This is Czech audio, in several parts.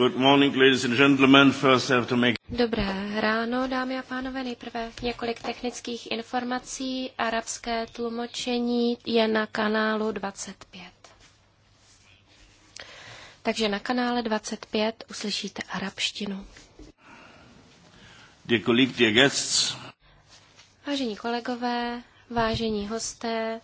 Good morning, ladies and gentlemen. First have to make... Dobré ráno, dámy a pánové. Nejprve několik technických informací. Arabské tlumočení je na kanálu 25. Takže na kanále 25 uslyšíte arabštinu. Dear colleague, dear guests. Vážení kolegové, vážení hosté,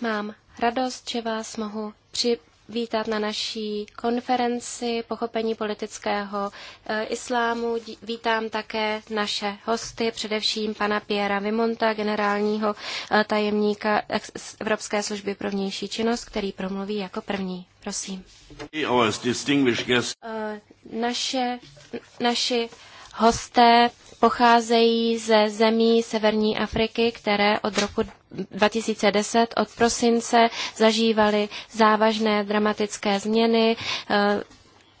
mám radost, že vás mohu při vítat na naší konferenci pochopení politického e, islámu. Vítám také naše hosty, především pana Piera Vimonta, generálního e, tajemníka Evropské služby pro vnější činnost, který promluví jako první. Prosím. E, naše, naši hosté pocházejí ze zemí Severní Afriky, které od roku 2010 od prosince zažívaly závažné dramatické změny. Eh,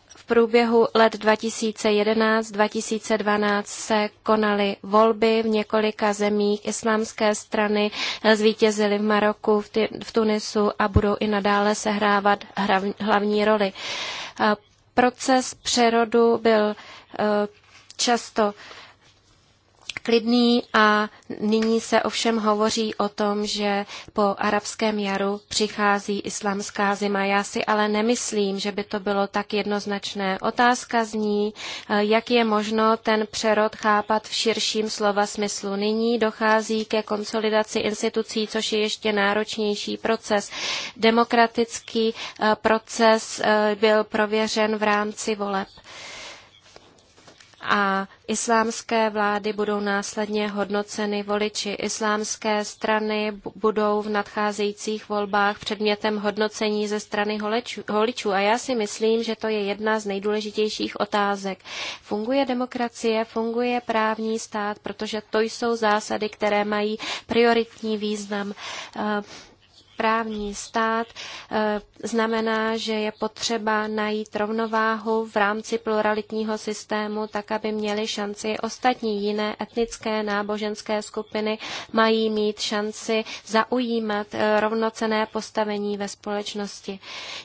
v průběhu let 2011-2012 se konaly volby v několika zemích. Islámské strany eh, zvítězily v Maroku, v Tunisu a budou i nadále sehrávat hlavní roli. Eh, proces přerodu byl často klidný a nyní se ovšem hovoří o tom, že po arabském jaru přichází islámská zima. Já si ale nemyslím, že by to bylo tak jednoznačné. Otázka zní, eh, jak je možno ten přerod chápat v širším slova smyslu. Nyní dochází ke konsolidaci institucí, což je ještě náročnější proces. Demokratický eh, proces eh, byl prověřen v rámci voleb a islámské vlády budou následně hodnoceny voliči. Islámské strany budou v nadcházejících volbách předmětem hodnocení ze strany voličů a já si myslím, že to je jedna z nejdůležitějších otázek. Funguje demokracie, funguje právní stát, protože to jsou zásady, které mají prioritní význam. Uh, právní stát eh, znamená, že je potřeba najít rovnováhu v rámci pluralitního systému, tak aby měli šanci ostatní jiné etnické náboženské skupiny mají mít šanci zaujímat eh, rovnocené postavení ve společnosti.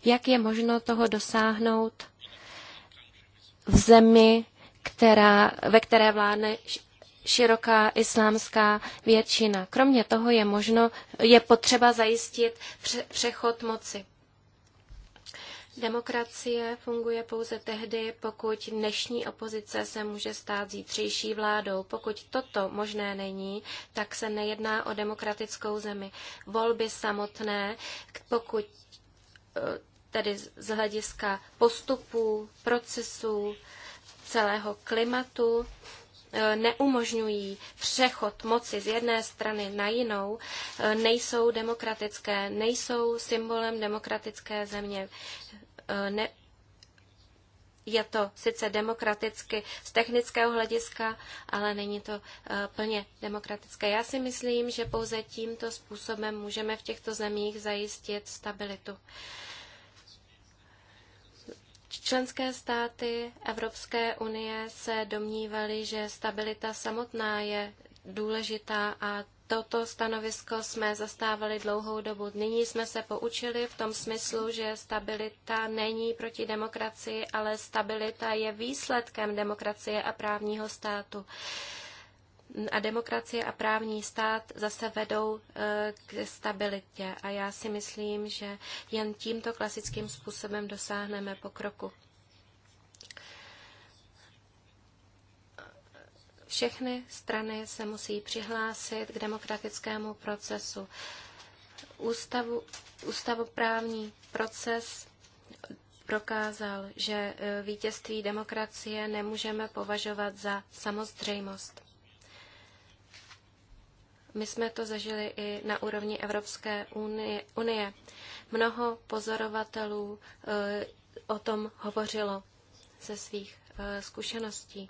Jak je možno toho dosáhnout v zemi, která, ve které vládne široká islámská většina. Kromě toho je možno, je potřeba zajistit přechod moci. Demokracie funguje pouze tehdy, pokud dnešní opozice se může stát zítřejší vládou. Pokud toto možné není, tak se nejedná o demokratickou zemi. Volby samotné, pokud eh, tedy z hlediska postupů, procesů, celého klimatu, E, neumožňují přechod moci z jedné strany na jinou, e, nejsou demokratické, nejsou symbolem demokratické země. E, ne, je to sice demokraticky z technického hlediska, ale není to plně demokratické. Já si myslím, že pouze tímto způsobem můžeme v těchto zemích zajistit stabilitu. Členské státy Evropské unie se domnívaly, že stabilita samotná je důležitá a toto stanovisko jsme zastávali dlouhou dobu. Nyní jsme se poučili v tom smyslu, že stabilita není proti demokracii, ale stabilita je výsledkem demokracie a právního státu a demokracie a právní stát zase vedou eh, k stabilitě. A já si myslím, že jen tímto klasickým způsobem dosáhneme pokroku. Všechny strany se musí přihlásit k demokratickému procesu. Ústavu, ústavoprávní proces prokázal, že eh, vítězství demokracie nemůžeme považovat za samozřejmost. My jsme to zažili i na úrovni Evropské unie. Mnoho pozorovatelů eh, o tom hovořilo ze svých eh, zkušeností.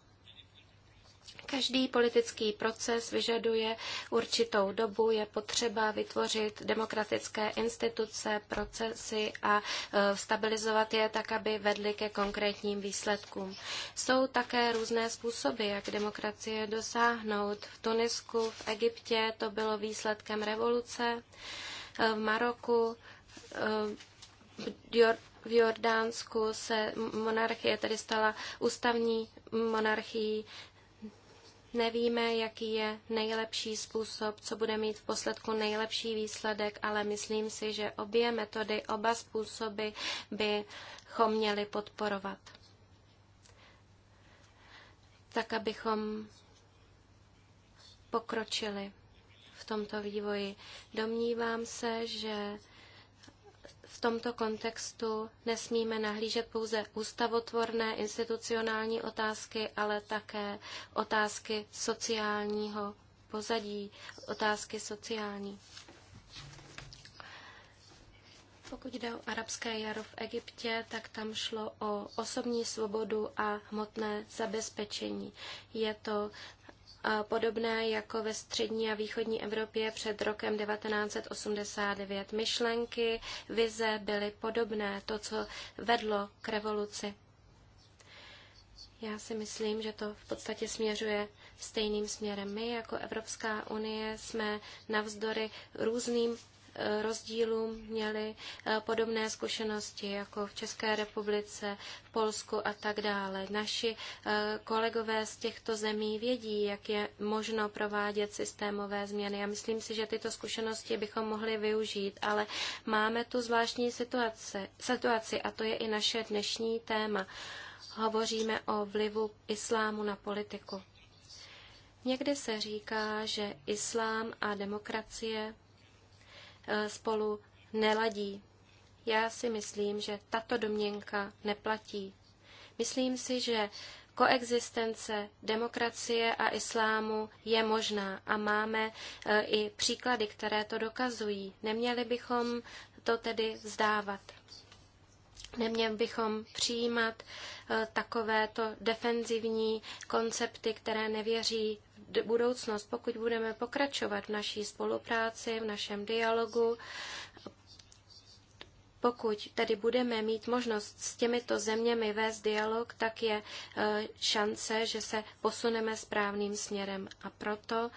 Každý politický proces vyžaduje určitou dobu, je potřeba vytvořit demokratické instituce, procesy a e, stabilizovat je tak, aby vedly ke konkrétním výsledkům. Jsou také různé způsoby, jak demokracie dosáhnout. V Tunisku, v Egyptě to bylo výsledkem revoluce, e, v Maroku, e, v Jordánsku se monarchie tedy stala ústavní monarchií Nevíme, jaký je nejlepší způsob, co bude mít v posledku nejlepší výsledek, ale myslím si, že obě metody, oba způsoby bychom měli podporovat. Tak, abychom pokročili v tomto vývoji. Domnívám se, že v tomto kontextu nesmíme nahlížet pouze ústavotvorné institucionální otázky, ale také otázky sociálního pozadí, otázky sociální. Pokud jde o arabské jaro v Egyptě, tak tam šlo o osobní svobodu a hmotné zabezpečení. Je to podobné jako ve střední a východní Evropě před rokem 1989. Myšlenky, vize byly podobné, to, co vedlo k revoluci. Já si myslím, že to v podstatě směřuje stejným směrem. My jako Evropská unie jsme navzdory různým Rozdílů měli eh, podobné zkušenosti jako v České republice, v Polsku a tak dále. Naši eh, kolegové z těchto zemí vědí, jak je možno provádět systémové změny Já myslím si, že tyto zkušenosti bychom mohli využít, ale máme tu zvláštní situace, situaci a to je i naše dnešní téma. Hovoříme o vlivu islámu na politiku. Někdy se říká, že islám a demokracie Eh, spolu neladí. Já si myslím, že tato domněnka neplatí. Myslím si, že koexistence demokracie a islámu je možná a máme eh, i příklady, které to dokazují. Neměli bychom to tedy vzdávat. Neměli bychom přijímat eh, takovéto defenzivní koncepty, které nevěří budoucnost, pokud budeme pokračovat v naší spolupráci, v našem dialogu, pokud tedy budeme mít možnost s těmito zeměmi vést dialog, tak je eh, šance, že se posuneme správným směrem. A proto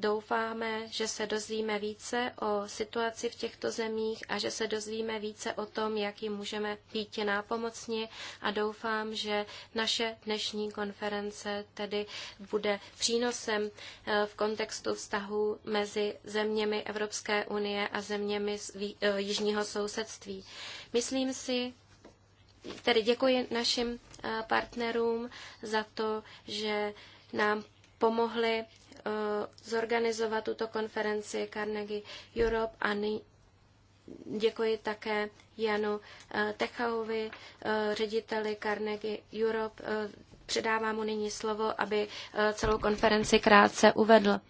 Doufáme, že se dozvíme více o situaci v těchto zemích a že se dozvíme více o tom, jak jim můžeme být nápomocni a doufám, že naše dnešní konference tedy bude přínosem eh, v kontextu vztahu mezi zeměmi Evropské unie a zeměmi eh, jižního sousedství. Myslím si, tedy děkuji našim eh, partnerům za to, že nám pomohli Eh, zorganizovat tuto konferenci Carnegie Europe a nyní děkuji také Janu eh, Techaovi, eh, řediteli Carnegie Europe. Předávám mu nyní slovo, aby eh, celou konferenci krátce uvedl.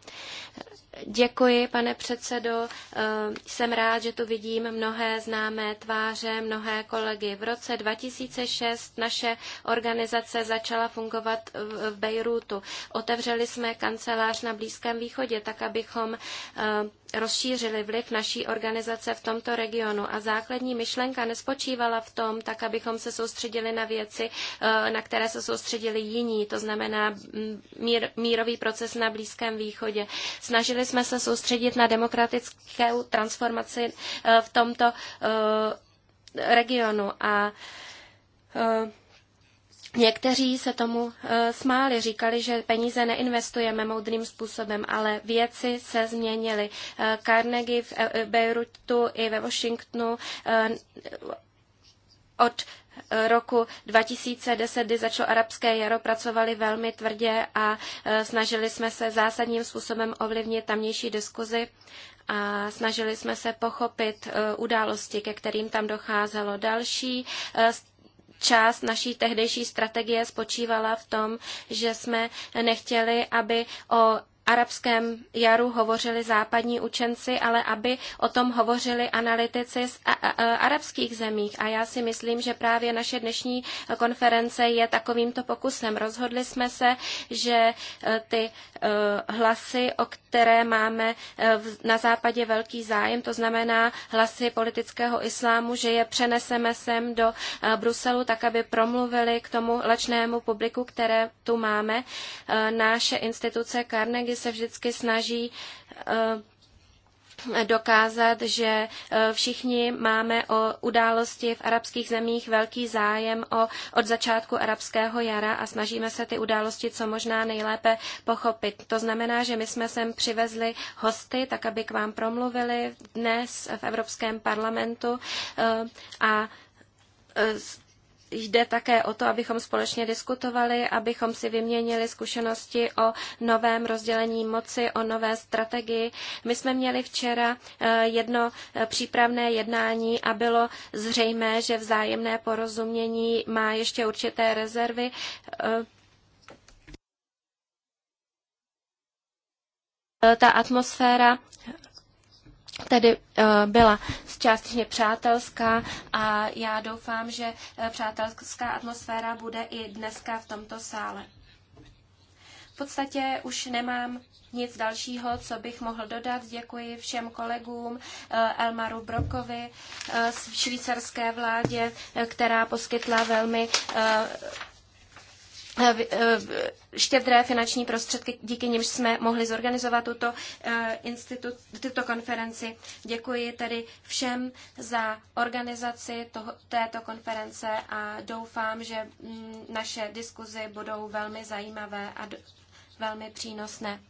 Děkuji, pane předsedo. Eh, jsem rád, že tu vidím mnohé známé tváře, mnohé kolegy. V roce 2006 naše organizace začala fungovat v Bejrútu. Otevřeli jsme kancelář na Blízkém východě, tak abychom eh, rozšířili vliv naší organizace v tomto regionu. A základní myšlenka nespočívala v tom, tak abychom se soustředili na věci, eh, na které se soustředili jiní, to znamená mm, mír, mírový proces na Blízkém východě. Snažili jsme se soustředit na demokratickou transformaci eh, v tomto eh, regionu a Někteří se tomu eh, smáli, říkali, že peníze neinvestujeme moudrým způsobem, ale věci se změnily. Eh, Carnegie v eh, Beirutu i ve Washingtonu od roku 2010, kdy začalo arabské jaro, pracovali velmi tvrdě a snažili jsme se zásadním způsobem ovlivnit tamnější diskuzi a snažili jsme se pochopit události, ke kterým tam docházelo. Další část naší tehdejší strategie spočívala v tom, že jsme nechtěli, aby o arabském jaru hovořili západní učenci, ale aby o tom hovořili analytici z e, arabských zemích. A já si myslím, že právě naše dnešní konference je takovýmto pokusem. Rozhodli jsme se, že e, ty e, hlasy, o které máme na západě velký zájem, to znamená hlasy politického islámu, že je přeneseme sem do Bruselu, tak aby promluvili k tomu lačnému publiku, které tu máme. Naše instituce Carnegie se vždycky snaží eh, dokázat, že eh, všichni máme o události v arabských zemích velký zájem o, od začátku arabského jara a snažíme se ty události co možná nejlépe pochopit. To znamená, že my jsme sem přivezli hosty, tak aby k vám promluvili dnes v Evropském parlamentu eh, a jde také o to, abychom společně diskutovali, abychom si vyměnili zkušenosti o novém rozdělení moci, o nové strategii. My jsme měli včera eh, jedno eh, přípravné jednání a bylo zřejmé, že vzájemné porozumění má ještě určité rezervy. Eh, ta atmosféra tedy eh, byla částečně přátelská a já doufám, že eh, přátelská atmosféra bude i dneska v tomto sále. V podstatě už nemám nic dalšího, co bych mohl dodat. Děkuji všem kolegům, eh, Elmaru Brokovi, švýcarské vládě, která poskytla velmi Eh, eh, štědré finanční prostředky, díky nimž jsme mohli zorganizovat tuto, eh, tuto konferenci. Děkuji tedy všem za organizaci toho, této konference a doufám, že mm, naše diskuzi budou velmi zajímavé a velmi přínosné.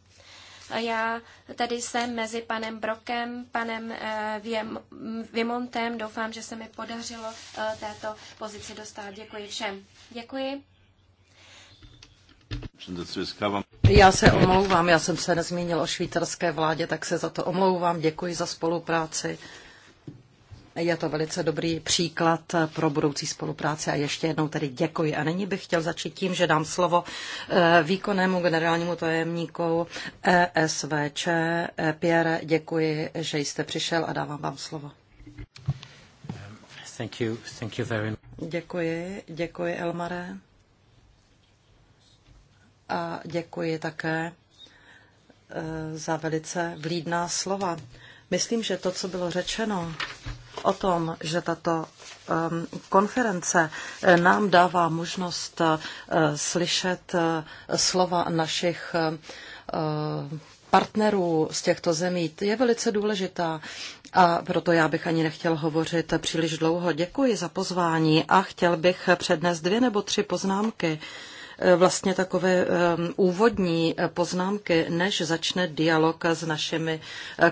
Já tady jsem mezi panem Brokem, panem Vimontem. Doufám, že se mi podařilo této pozici dostat. Děkuji všem. Děkuji. Já se omlouvám, já jsem se nezmínil o švýcarské vládě, tak se za to omlouvám. Děkuji za spolupráci. Je to velice dobrý příklad pro budoucí spolupráci a ještě jednou tedy děkuji. A nyní bych chtěl začít tím, že dám slovo eh, výkonnému generálnímu tajemníku ESVČ. Eh, Pierre, děkuji, že jste přišel a dávám vám slovo. Thank you, thank you very much. Děkuji, děkuji Elmare a děkuji také e, za velice vlídná slova. Myslím, že to, co bylo řečeno o tom, že tato konference e, nám dává možnost e, slyšet slova našich partnerů z těchto zemí, je velice důležitá. A proto já bych ani nechtěl hovořit příliš dlouho. Děkuji za pozvání a chtěl bych přednést dvě nebo tři poznámky Eh, vlastně takové eh, úvodní eh, poznámky, než začne dialog s našimi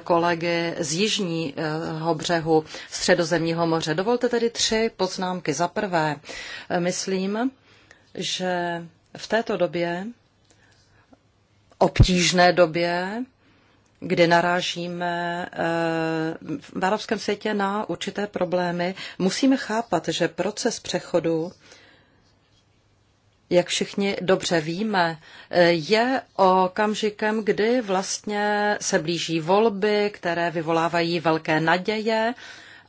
kolegy z jižního břehu Středozemního moře. Dovolte tedy tři poznámky. Za prvé, myslím, že v této době, obtížné době, kdy narážíme v arabském světě na určité problémy, musíme chápat, že proces přechodu jak všichni dobře víme, je okamžikem, kdy vlastně se blíží volby, které vyvolávají velké naděje.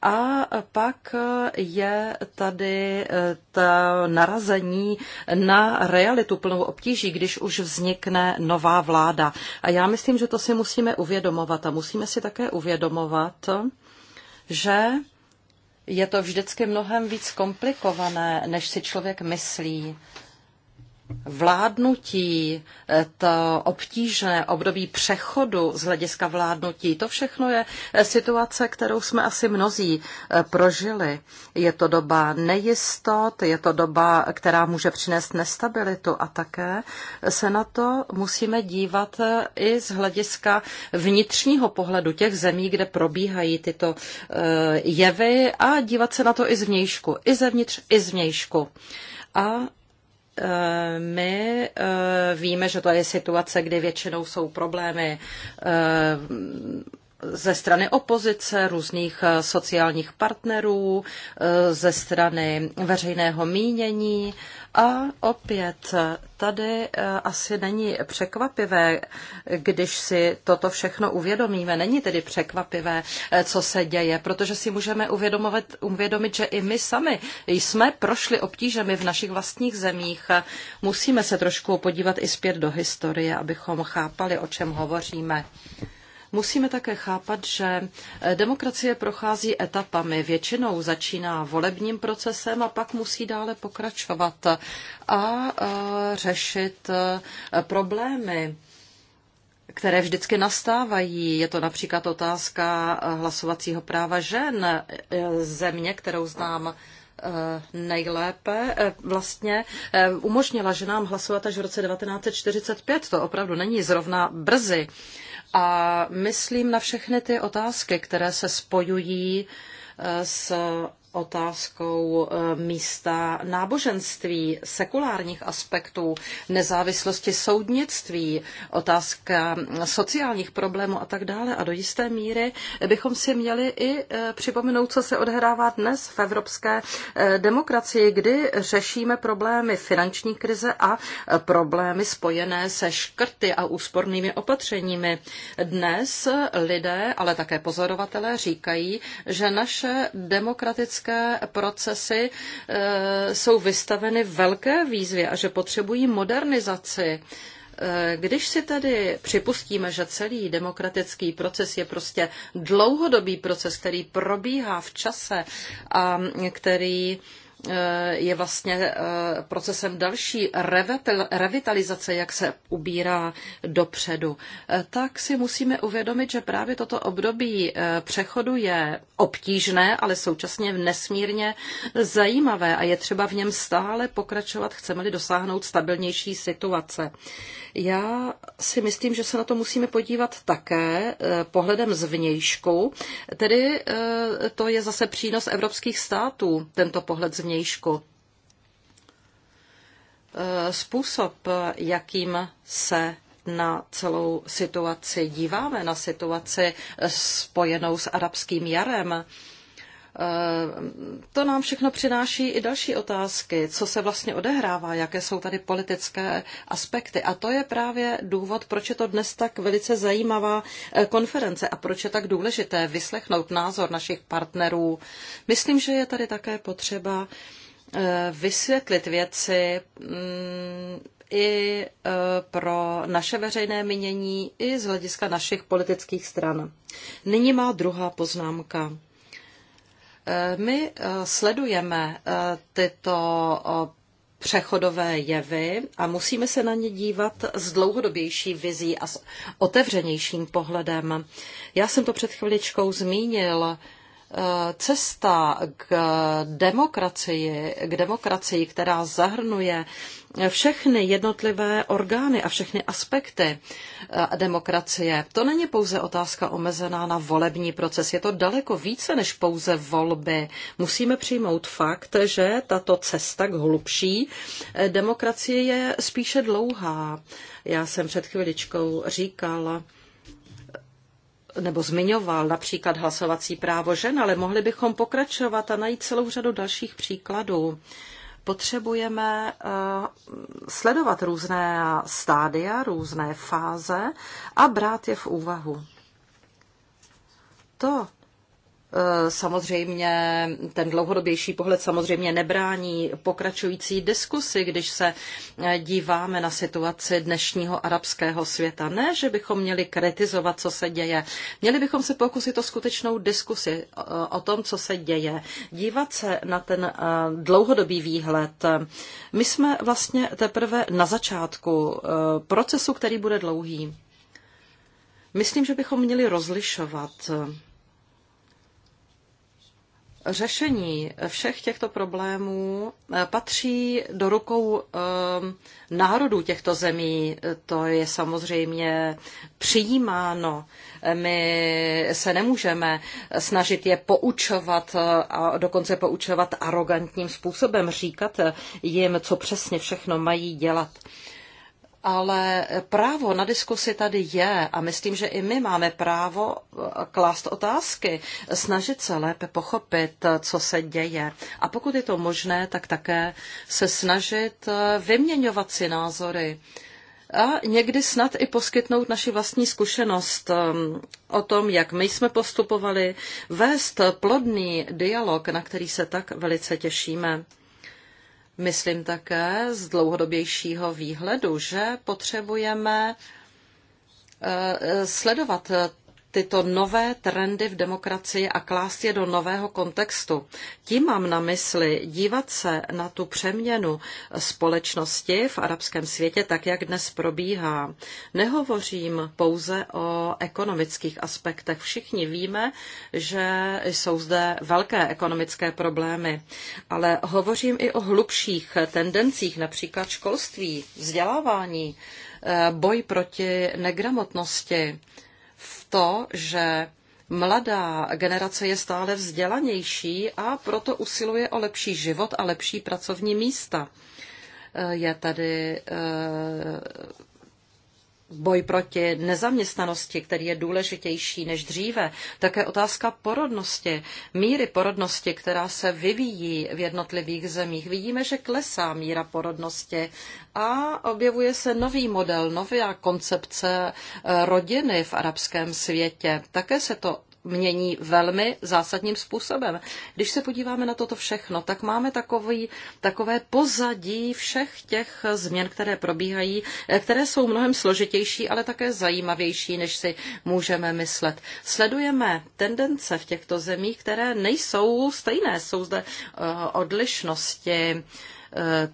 A pak je tady eh, ta narazení na realitu plnou obtíží, když už vznikne nová vláda. A já myslím, že to si musíme uvědomovat a musíme si také uvědomovat, že je to vždycky mnohem víc komplikované, než si člověk myslí vládnutí, eh, to obtížné období přechodu z hlediska vládnutí, to všechno je eh, situace, kterou jsme asi mnozí eh, prožili. Je to doba nejistot, je to doba, která může přinést nestabilitu a také se na to musíme dívat i z hlediska vnitřního pohledu těch zemí, kde probíhají tyto jevy a dívat se na to i zvnějšku, i zevnitř, i zvnějšku. A Eh, my eh, víme, že to je situace, kdy většinou jsou problémy eh, ze strany opozice, různých eh, sociálních partnerů, eh, ze strany veřejného mínění. A opět tady eh, asi není překvapivé, když si toto všechno uvědomíme. Není tedy překvapivé, co se děje, protože si můžeme uvědomovat, uvědomit, že i my sami jsme prošli obtížemi v našich vlastních zemích. Musíme se trošku podívat i zpět do historie, abychom chápali, o čem hovoříme. Musíme také chápat, že eh, demokracie prochází etapami. Většinou začíná volebním procesem a pak musí dále pokračovat a eh, řešit eh, problémy které vždycky nastávají. Je to například otázka hlasovacího práva žen, země, kterou znám nejlépe vlastně umožnila ženám hlasovat až v roce 1945. To opravdu není zrovna brzy. A myslím na všechny ty otázky, které se spojují eh, s otázkou e, místa náboženství, sekulárních aspektů, nezávislosti soudnictví, otázka sociálních problémů a tak dále. A do jisté míry bychom si měli i e, připomenout, co se odhrává dnes v evropské e, demokracii, kdy řešíme problémy finanční krize a problémy spojené se škrty a úspornými opatřeními. Dnes lidé, ale také pozorovatelé říkají, že naše demokratická demokratické procesy eh, jsou vystaveny velké výzvě a že potřebují modernizaci. Eh, když si tedy připustíme, že celý demokratický proces je prostě dlouhodobý proces, který probíhá v čase a který Eh, je vlastně eh, procesem další revitalizace, jak se ubírá dopředu, eh, tak si musíme uvědomit, že právě toto období přechodu je obtížné, ale současně nesmírně zajímavé a je třeba v něm stále pokračovat, chceme-li dosáhnout stabilnější situace. Já si myslím, že se na to musíme podívat také eh, pohledem zvnějšku, tedy eh, to je zase přínos evropských států, tento pohled zvnějšku. Eh, způsob, jakým se na celou situaci díváme, na situaci spojenou s arabským jarem, Eh, to nám všechno přináší i další otázky, co se vlastně odehrává, jaké jsou tady politické aspekty. A to je právě důvod, proč je to dnes tak velice zajímavá eh, konference a proč je tak důležité vyslechnout názor našich partnerů. Myslím, že je tady také potřeba eh, vysvětlit věci mm, i pro naše veřejné mínění, i z hlediska našich politických stran. Nyní má druhá poznámka. My eh, sledujeme eh, tyto přechodové jevy a musíme se na ně dívat s dlouhodobější vizí a s otevřenějším pohledem. Já jsem to před chviličkou zmínil cesta k demokracii, k demokracii, která zahrnuje všechny jednotlivé orgány a všechny aspekty e, demokracie. To není pouze otázka omezená na volební proces. Je to daleko více než pouze volby. Musíme přijmout fakt, že tato cesta k hlubší e, demokracie je spíše dlouhá. Já jsem před chviličkou říkala, nebo zmiňoval například hlasovací právo žen, ale mohli bychom pokračovat a najít celou řadu dalších příkladů. Potřebujeme eh, sledovat různé stádia, různé fáze a brát je v úvahu. To, Eh, samozřejmě ten dlouhodobější pohled samozřejmě nebrání pokračující diskusy, když se eh, díváme na situaci dnešního arabského světa. Ne, že bychom měli kritizovat, co se děje. Měli bychom se pokusit o skutečnou diskusi eh, o tom, co se děje. Dívat se na ten dlouhodobý výhled. My jsme vlastně teprve na začátku procesu, který bude dlouhý. Myslím, že bychom měli rozlišovat řešení všech těchto problémů eh, patří do rukou eh, národů těchto zemí. To je samozřejmě přijímáno. My se nemůžeme snažit je poučovat eh, a dokonce poučovat arrogantním způsobem, říkat jim, co přesně všechno mají dělat ale právo na diskusi tady je a myslím, že i my máme právo eh, klást otázky, snažit se lépe pochopit, eh, co se děje. A pokud je to možné, tak také se snažit eh, vyměňovat si názory a někdy snad i poskytnout naši vlastní zkušenost ehm, o tom, jak my jsme postupovali, vést plodný dialog, na který se tak velice těšíme. Myslím také z dlouhodobějšího výhledu, že potřebujeme eh, sledovat tyto nové trendy v demokracii a klást je do nového kontextu. Tím mám na mysli dívat se na tu přeměnu společnosti v arabském světě tak, jak dnes probíhá. Nehovořím pouze o ekonomických aspektech. Všichni víme, že jsou zde velké ekonomické problémy, ale hovořím i o hlubších tendencích, například školství, vzdělávání, eh, boj proti negramotnosti, to, že mladá generace je stále vzdělanější a proto usiluje o lepší život a lepší pracovní místa. Je tady eh, boj proti nezaměstnanosti, který je důležitější než dříve, také otázka porodnosti, míry porodnosti, která se vyvíjí v jednotlivých zemích. Vidíme, že klesá míra porodnosti a objevuje se nový model, nová koncepce eh, rodiny v arabském světě. Také se to mění velmi zásadním způsobem. Když se podíváme na toto všechno, tak máme takový, takové pozadí všech těch změn, které probíhají, eh, které jsou mnohem složitější, ale také zajímavější, než si můžeme myslet. Sledujeme tendence v těchto zemích, které nejsou stejné, jsou zde eh, odlišnosti eh,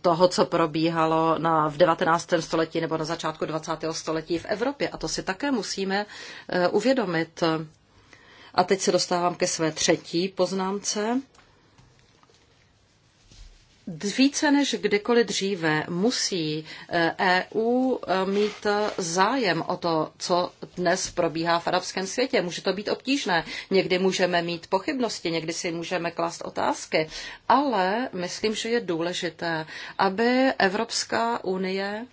toho, co probíhalo na, v 19. století nebo na začátku 20. století v Evropě. A to si také musíme uvědomit. A teď se dostávám ke své třetí poznámce. Více než kdekoliv dříve musí EU eh, e eh, mít zájem o to, co dnes probíhá v arabském světě. Může to být obtížné, někdy můžeme mít pochybnosti, někdy si můžeme klást otázky, ale myslím, že je důležité, aby Evropská unie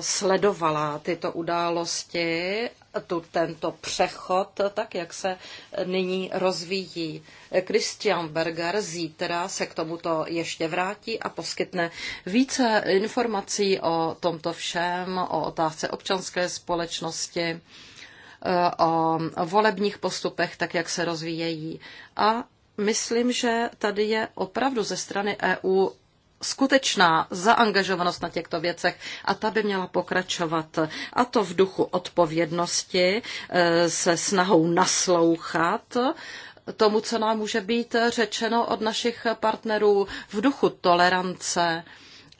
sledovala tyto události, tu, tento přechod, tak jak se nyní rozvíjí. Christian Berger zítra se k tomuto ještě vrátí a poskytne více informací o tomto všem, o otázce občanské společnosti, eh, o volebních postupech, tak jak se rozvíjejí. A myslím, že tady je opravdu ze strany EU skutečná zaangažovanost na těchto věcech a ta by měla pokračovat. A to v duchu odpovědnosti, eh, se snahou naslouchat tomu, co nám může být řečeno od našich partnerů v duchu tolerance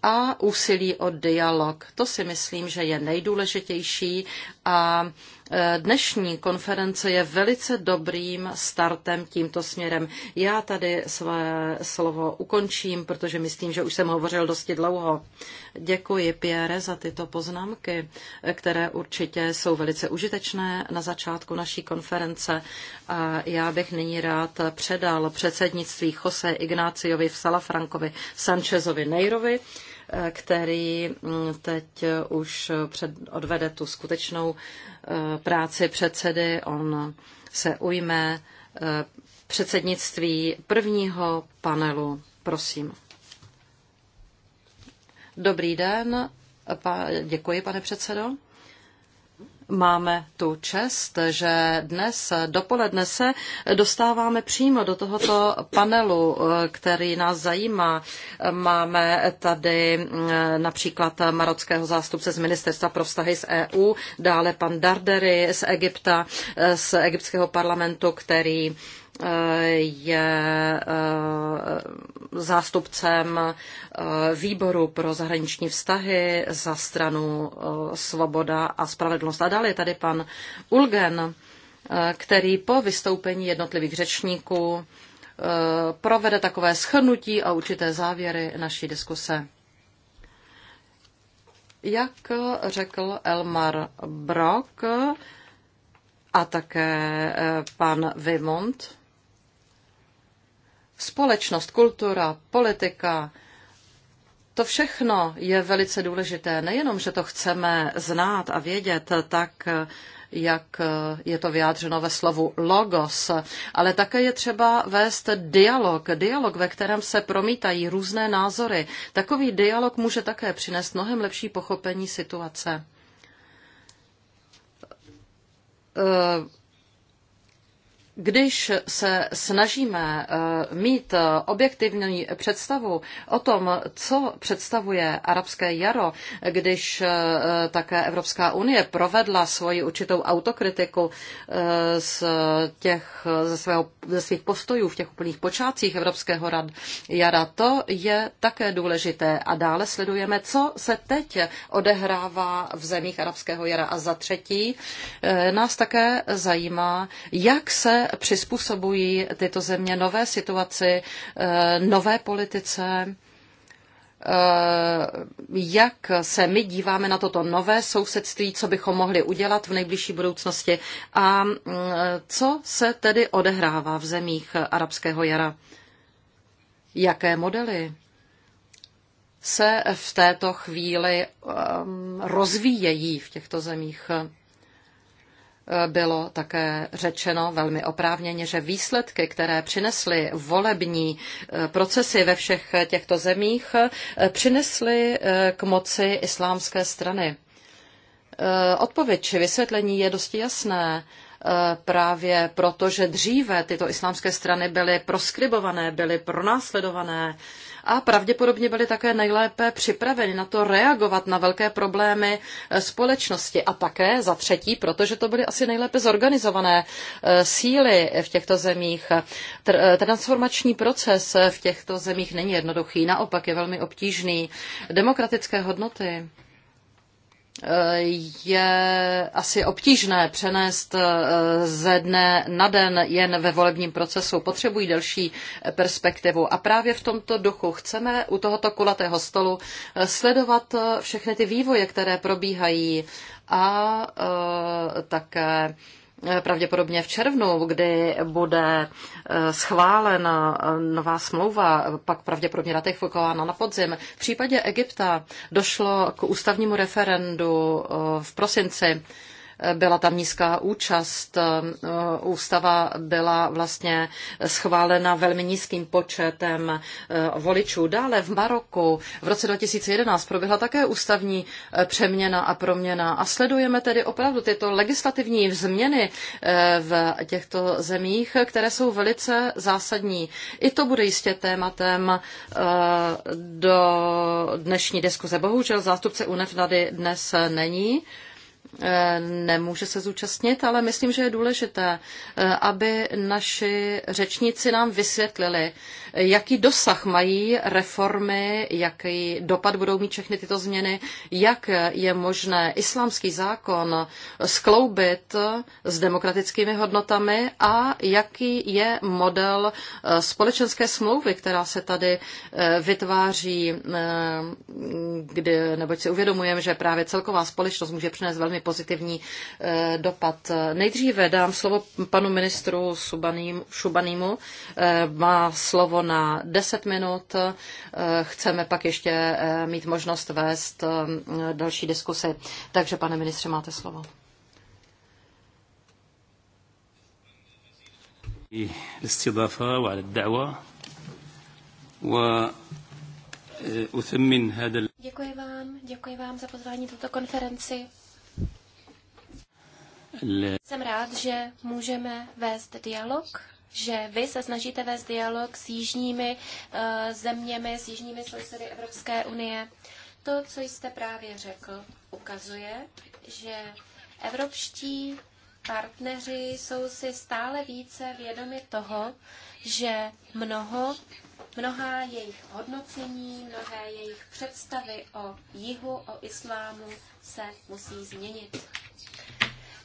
a úsilí o dialog. To si myslím, že je nejdůležitější a Eh, dnešní konference je velice dobrým startem tímto směrem. Já tady své slovo ukončím, protože myslím, že už jsem hovořil dosti dlouho. Děkuji, Pierre, za tyto poznámky, eh, které určitě jsou velice užitečné na začátku naší konference. A já bych nyní rád předal předsednictví Jose Ignáciovi v Salafrankovi Sanchezovi Nejrovi eh, který mm, teď už před, odvede tu skutečnou Eh, práci předsedy. On se ujme eh, předsednictví prvního panelu. Prosím. Dobrý den. Děkuji, pane předsedo. Máme tu čest, že dnes dopoledne se dostáváme přímo do tohoto panelu, který nás zajímá. Máme tady mm, například marockého zástupce z Ministerstva pro vztahy z EU, dále pan Dardery z Egypta, z egyptského parlamentu, který je eh, zástupcem eh, výboru pro zahraniční vztahy za stranu eh, Svoboda a spravedlnost. A dále je tady pan Ulgen, který po vystoupení jednotlivých řečníků provede takové schrnutí a určité závěry naší diskuse. Jak řekl Elmar Brock a také pan Vimont, Společnost, kultura, politika, to všechno je velice důležité. Nejenom, že to chceme znát a vědět, tak jak je to vyjádřeno ve slovu logos, ale také je třeba vést dialog, dialog, ve kterém se promítají různé názory. Takový dialog může také přinést mnohem lepší pochopení situace když se snažíme eh, mít eh, objektivní představu o tom, co představuje arabské jaro, když eh, také Evropská unie provedla svoji určitou autokritiku z, těch, ze, svého, ze svých postojů v těch úplných počátcích Evropského rad jara, to je také důležité. A dále sledujeme, co se teď odehrává v zemích arabského jara. A za třetí nás také zajímá, jak se přizpůsobují tyto země nové situaci, eh, nové politice eh, jak se my díváme na toto nové sousedství, co bychom mohli udělat v nejbližší budoucnosti a mm, co se tedy odehrává v zemích arabského jara. Jaké modely se v této chvíli eh, rozvíjejí v těchto zemích? bylo také řečeno velmi oprávněně, že výsledky, které přinesly volební e, procesy ve všech těchto zemích, e, přinesly e, k moci islámské strany. Odpověď či vysvětlení je dosti jasné právě proto, že dříve tyto islámské strany byly proskribované, byly pronásledované a pravděpodobně byli také nejlépe připraveni na to reagovat na velké problémy eh, společnosti. A také za třetí, protože to byly asi nejlépe zorganizované eh, síly v těchto zemích. Eh, transformační proces v těchto zemích není jednoduchý, naopak je velmi obtížný. Demokratické hodnoty je asi obtížné přenést eh, ze dne na den jen ve volebním procesu. Potřebují delší eh, perspektivu. A právě v tomto duchu chceme u tohoto kulatého stolu eh, sledovat všechny ty vývoje, které probíhají a také pravděpodobně v červnu, kdy bude eh, schválena eh, nová smlouva, pak pravděpodobně ratifikována na podzim. V případě Egypta došlo k ústavnímu referendu eh, v prosinci byla tam nízká účast. Eh, ústava byla vlastně schválena velmi nízkým početem eh, voličů. Dále v Maroku v roce 2011 proběhla také ústavní eh, přeměna a proměna. A sledujeme tedy opravdu tyto legislativní změny v těchto zemích, které jsou velice zásadní. I to bude jistě tématem do dnešní diskuze. Bohužel zástupce UNEF nady dnes není. Eh, nemůže se zúčastnit, ale myslím, že je důležité, eh, aby naši řečníci nám vysvětlili, jaký dosah mají reformy, jaký dopad budou mít všechny tyto změny, jak je možné islámský zákon skloubit s demokratickými hodnotami a jaký je model eh, společenské smlouvy, která se tady eh, vytváří, eh, kdy, neboť si uvědomujeme, že právě celková společnost může přinést velmi pozitivní dopad. Nejdříve dám slovo panu ministru Subaným, Šubanýmu. Má slovo na 10 minut. Eh, chceme pak ještě eh, mít možnost vést eh, další diskusy. Takže, pane ministře, máte slovo. Děkuji vám, děkuji vám za pozvání tuto konferenci. Jsem rád, že můžeme vést dialog že vy se snažíte vést dialog s jižními eh, zeměmi, s jižními sousedy Evropské unie. To, co jste právě řekl, ukazuje, že evropští partneři jsou si stále více vědomi toho, že mnoho, mnoha jejich hodnocení, mnohé jejich představy o jihu, o islámu se musí změnit.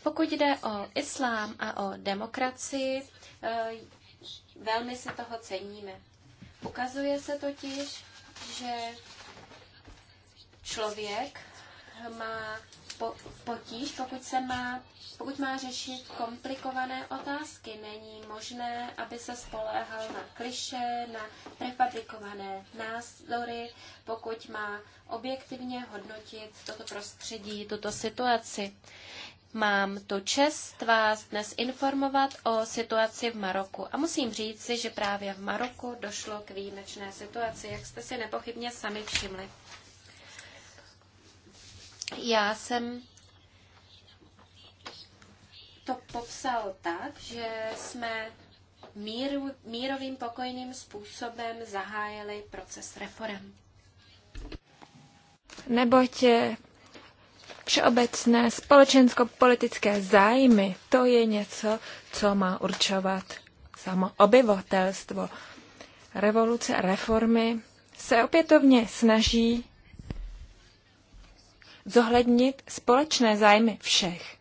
Pokud jde o islám a o demokracii, Eh, velmi si toho ceníme. Ukazuje se totiž, že člověk má potíž, pokud, se má, pokud má řešit komplikované otázky. Není možné, aby se spoléhal na kliše, na prefabrikované názory, pokud má objektivně hodnotit toto prostředí, tuto situaci. Mám tu čest vás dnes informovat o situaci v Maroku. A musím si, že právě v Maroku došlo k výjimečné situaci, jak jste si nepochybně sami všimli. Já jsem to popsal tak, že jsme míru, mírovým pokojným způsobem zahájili proces reform. Neboť eh, Všeobecné společensko-politické zájmy, to je něco, co má určovat samo obyvatelstvo. Revoluce, reformy se opětovně snaží zohlednit společné zájmy všech.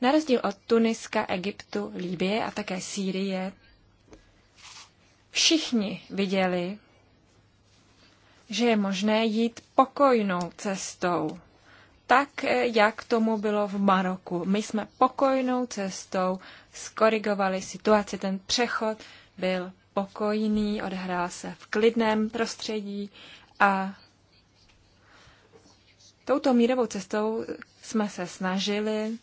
Na rozdíl od Tuniska, Egyptu, Líbie a také Sýrie, všichni viděli, že je možné jít pokojnou cestou tak, jak tomu bylo v Maroku. My jsme pokojnou cestou skorigovali situaci. Ten přechod byl pokojný, odehrál se v klidném prostředí a touto mírovou cestou jsme se snažili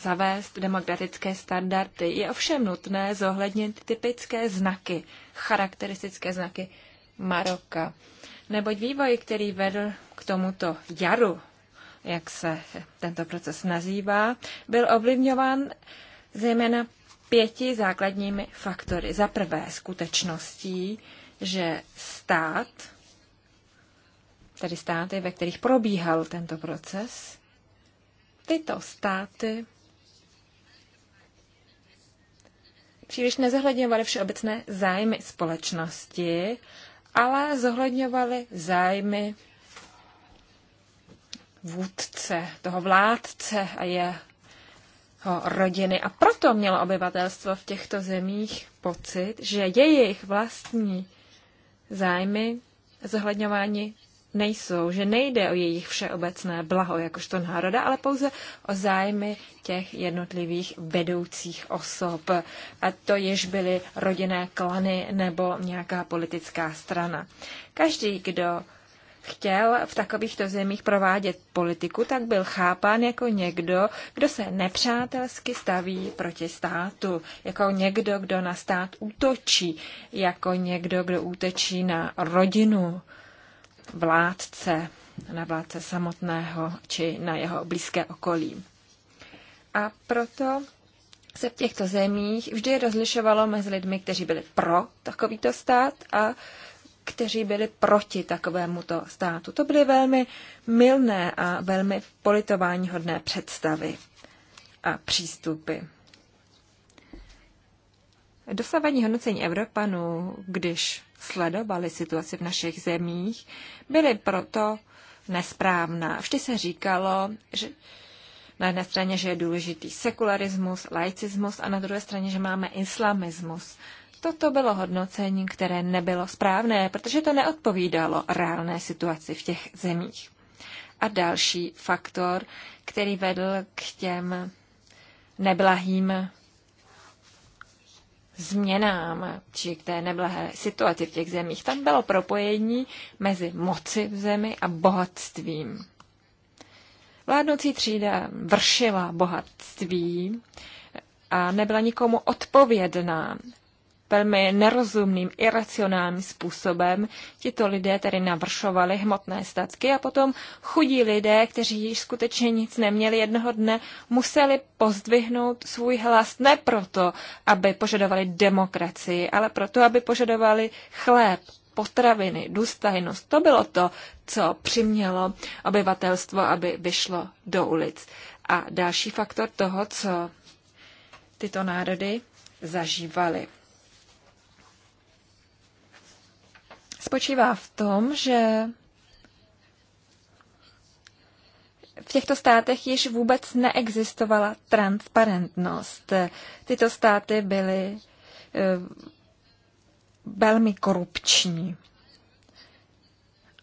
zavést demokratické standardy. Je ovšem nutné zohlednit typické znaky, charakteristické znaky Maroka. Neboť vývoj, který vedl k tomuto jaru jak se tento proces nazývá, byl ovlivňován zejména pěti základními faktory. Za prvé skutečností, že stát, tedy státy, ve kterých probíhal tento proces, tyto státy příliš nezohledňovaly všeobecné zájmy společnosti, ale zohledňovaly zájmy vůdce, toho vládce a je jeho rodiny. A proto mělo obyvatelstvo v těchto zemích pocit, že jejich vlastní zájmy zohledňování nejsou, že nejde o jejich všeobecné blaho jakožto národa, ale pouze o zájmy těch jednotlivých vedoucích osob. A to jež byly rodinné klany nebo nějaká politická strana. Každý, kdo chtěl v takovýchto zemích provádět politiku, tak byl chápán jako někdo, kdo se nepřátelsky staví proti státu, jako někdo, kdo na stát útočí, jako někdo, kdo útočí na rodinu vládce, na vládce samotného či na jeho blízké okolí. A proto se v těchto zemích vždy rozlišovalo mezi lidmi, kteří byli pro takovýto stát a kteří byli proti takovémuto státu. To byly velmi milné a velmi politováníhodné představy a přístupy. Dosavadní hodnocení Evropanů, když sledovali situaci v našich zemích, byly proto nesprávná. Vždy se říkalo, že na jedné straně, že je důležitý sekularismus, laicismus a na druhé straně, že máme islamismus. Toto bylo hodnocení, které nebylo správné, protože to neodpovídalo reálné situaci v těch zemích. A další faktor, který vedl k těm neblahým změnám, či k té neblahé situaci v těch zemích. Tam bylo propojení mezi moci v zemi a bohatstvím. Vládnoucí třída vršila bohatství a nebyla nikomu odpovědná velmi nerozumným, iracionálním způsobem. Tito lidé tedy navršovali hmotné statky a potom chudí lidé, kteří již skutečně nic neměli jednoho dne, museli pozdvihnout svůj hlas ne proto, aby požadovali demokracii, ale proto, aby požadovali chléb, potraviny, důstojnost. To bylo to, co přimělo obyvatelstvo, aby vyšlo do ulic. A další faktor toho, co tyto národy zažívaly. spočívá v tom, že v těchto státech již vůbec neexistovala transparentnost. Tyto státy byly eh, velmi korupční.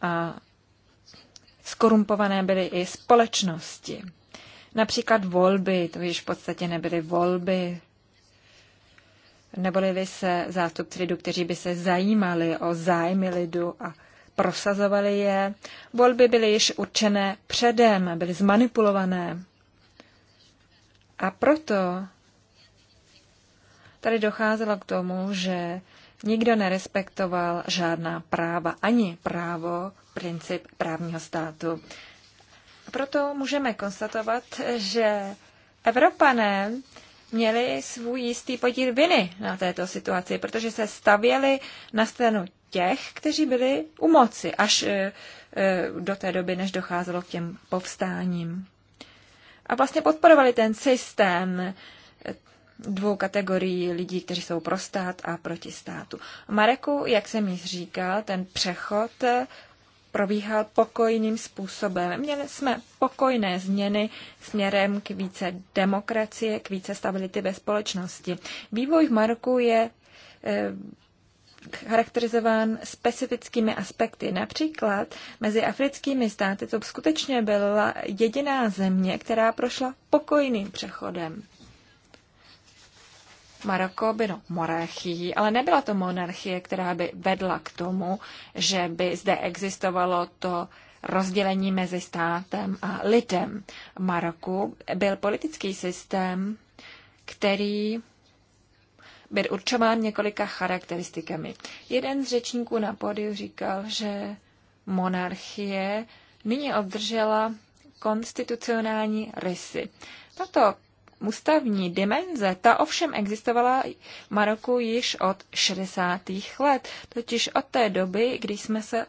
A skorumpované byly i společnosti. Například volby, to již v podstatě nebyly volby, Nebyli se zástupci lidu, kteří by se zajímali o zájmy lidu a prosazovali je. Volby byly již určené předem, byly zmanipulované. A proto tady docházelo k tomu, že nikdo nerespektoval žádná práva, ani právo, princip právního státu. Proto můžeme konstatovat, že Evropané měli svůj jistý podíl viny na této situaci, protože se stavěli na stranu těch, kteří byli u moci, až e, e, do té doby, než docházelo k těm povstáním. A vlastně podporovali ten systém e, dvou kategorií lidí, kteří jsou pro stát a proti státu. Mareku, jak jsem již říkal, ten přechod probíhal pokojným způsobem. Měli jsme pokojné změny směrem k více demokracie, k více stability ve společnosti. Vývoj v Maroku je eh, charakterizován specifickými aspekty. Například mezi africkými státy to skutečně byla jediná země, která prošla pokojným přechodem. Maroko bylo monarchií, ale nebyla to monarchie, která by vedla k tomu, že by zde existovalo to rozdělení mezi státem a lidem. Maroku byl politický systém, který byl určován několika charakteristikami. Jeden z řečníků na pódiu říkal, že monarchie nyní obdržela konstitucionální rysy. Tato ústavní dimenze, ta ovšem existovala v Maroku již od 60. let, totiž od té doby, kdy jsme se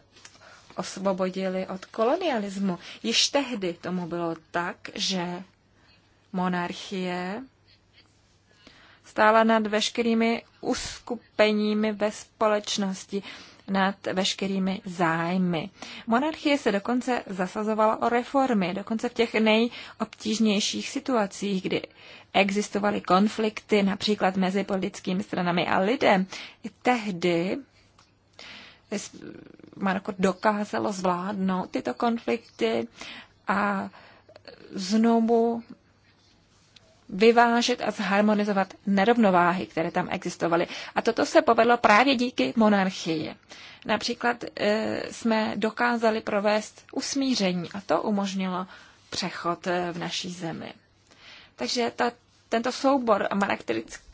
osvobodili od kolonialismu. Již tehdy tomu bylo tak, že monarchie stála nad veškerými uskupeními ve společnosti nad veškerými zájmy. Monarchie se dokonce zasazovala o reformy, dokonce v těch nejobtížnějších situacích, kdy existovaly konflikty například mezi politickými stranami a lidem. I tehdy Marko dokázalo zvládnout tyto konflikty a znovu vyvážet a zharmonizovat nerovnováhy, které tam existovaly. A toto se povedlo právě díky monarchii. Například e, jsme dokázali provést usmíření a to umožnilo přechod e, v naší zemi. Takže ta, tento soubor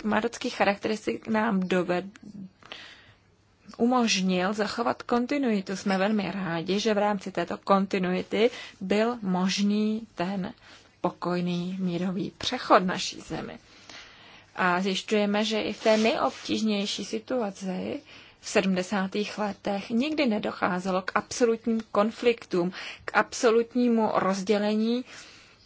marockých charakteristik nám doved, umožnil zachovat kontinuitu. Jsme velmi rádi, že v rámci této kontinuity byl možný ten pokojný mírový přechod naší zemi. A zjišťujeme, že i v té nejobtížnější situaci v 70. letech nikdy nedocházelo k absolutním konfliktům, k absolutnímu rozdělení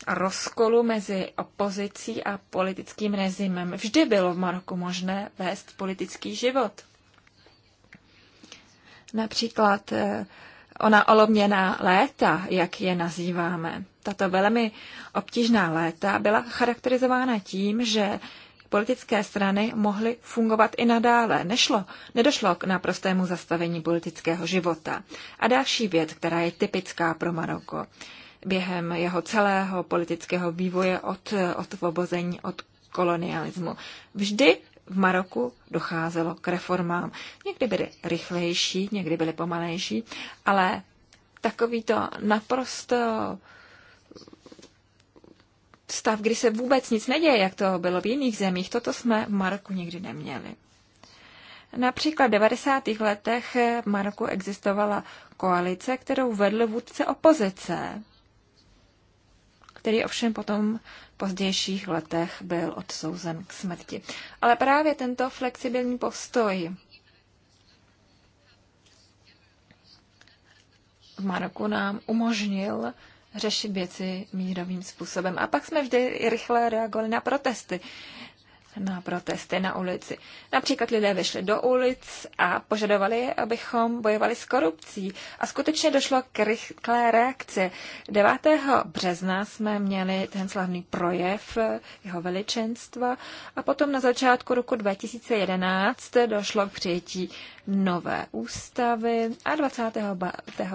rozkolu mezi opozicí a politickým rezimem. Vždy bylo v Maroku možné vést politický život. Například eh, ona olovněná léta, jak je nazýváme, tato velmi obtížná léta byla charakterizována tím, že politické strany mohly fungovat i nadále. Nešlo, nedošlo k naprostému zastavení politického života. A další věc, která je typická pro Maroko během jeho celého politického vývoje od osvobození od kolonialismu. Vždy v Maroku docházelo k reformám. Někdy byly rychlejší, někdy byly pomalejší, ale takovýto naprosto stav, kdy se vůbec nic neděje, jak to bylo v jiných zemích, toto jsme v Maroku nikdy neměli. Například v 90. letech v Maroku existovala koalice, kterou vedl vůdce opozice který ovšem potom v pozdějších letech byl odsouzen k smrti. Ale právě tento flexibilní postoj v Maroku nám umožnil řešit věci mírovým způsobem. A pak jsme vždy rychle reagovali na protesty na protesty na ulici. Například lidé vyšli do ulic a požadovali, abychom bojovali s korupcí. A skutečně došlo k rychlé reakci. 9. března jsme měli ten slavný projev jeho veličenstva a potom na začátku roku 2011 došlo k přijetí nové ústavy a 20.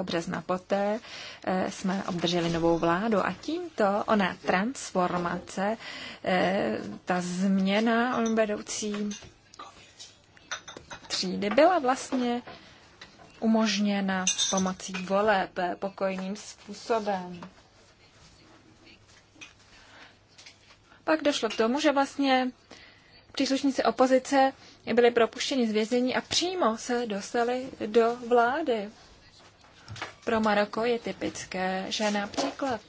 března poté eh, jsme obdrželi novou vládu a tímto ona transformace, eh, ta změna žena vedoucí třídy byla vlastně umožněna pomocí voleb pokojným způsobem. Pak došlo k tomu, že vlastně příslušníci opozice byli propuštěni z vězení a přímo se dostali do vlády. Pro Maroko je typické, že například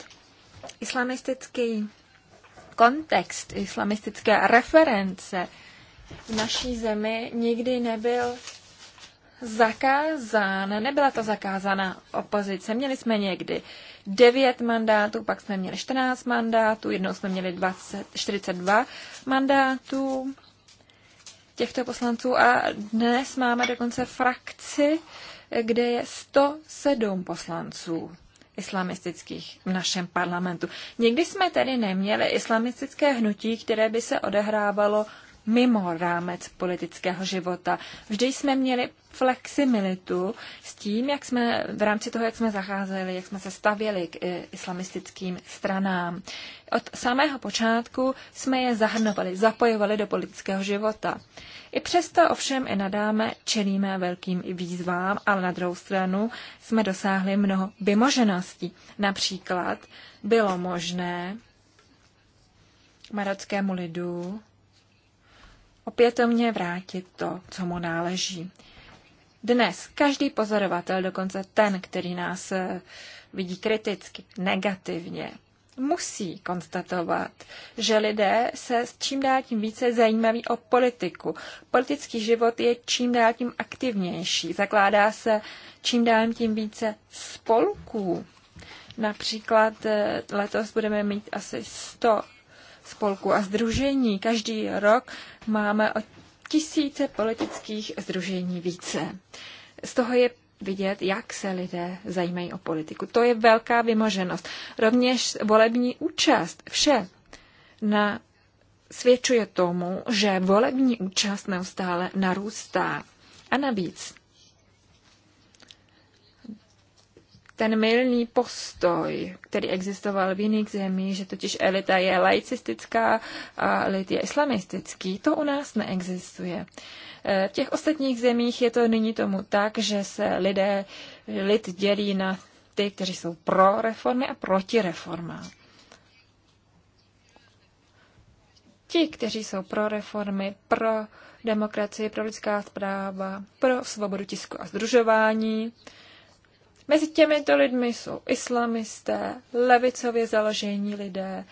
islamistický kontext islamistické reference v naší zemi nikdy nebyl zakázán, nebyla to zakázaná opozice. Měli jsme někdy 9 mandátů, pak jsme měli 14 mandátů, jednou jsme měli 20, 42 mandátů těchto poslanců a dnes máme dokonce frakci, kde je 107 poslanců islamistických v našem parlamentu. Nikdy jsme tedy neměli islamistické hnutí, které by se odehrávalo mimo rámec politického života. Vždy jsme měli flexibilitu s tím, jak jsme v rámci toho, jak jsme zacházeli, jak jsme se stavěli k eh, islamistickým stranám. Od samého počátku jsme je zahrnovali, zapojovali do politického života. I přesto ovšem i nadáme čelíme velkým výzvám, ale na druhou stranu jsme dosáhli mnoho vymožeností. Například bylo možné marockému lidu opětovně vrátit to, co mu náleží. Dnes každý pozorovatel, dokonce ten, který nás eh, vidí kriticky, negativně, musí konstatovat, že lidé se s čím dál tím více zajímaví o politiku. Politický život je čím dál tím aktivnější, zakládá se čím dál tím více spolků. Například eh, letos budeme mít asi 100 spolků a združení. Každý rok máme o tisíce politických združení více. Z toho je vidět, jak se lidé zajímají o politiku. To je velká vymoženost. Rovněž volební účast, vše na, svědčuje tomu, že volební účast neustále narůstá. A navíc ten milný postoj, který existoval v jiných zemích, že totiž elita je laicistická a elit je islamistický, to u nás neexistuje. Eh, v těch ostatních zemích je to nyní tomu tak, že se lidé, lid dělí na ty, kteří jsou pro reformy a proti reformám. Ti, kteří jsou pro reformy, pro demokracii, pro lidská práva, pro svobodu tisku a združování, Mezi těmito lidmi jsou islamisté, levicově založení lidé,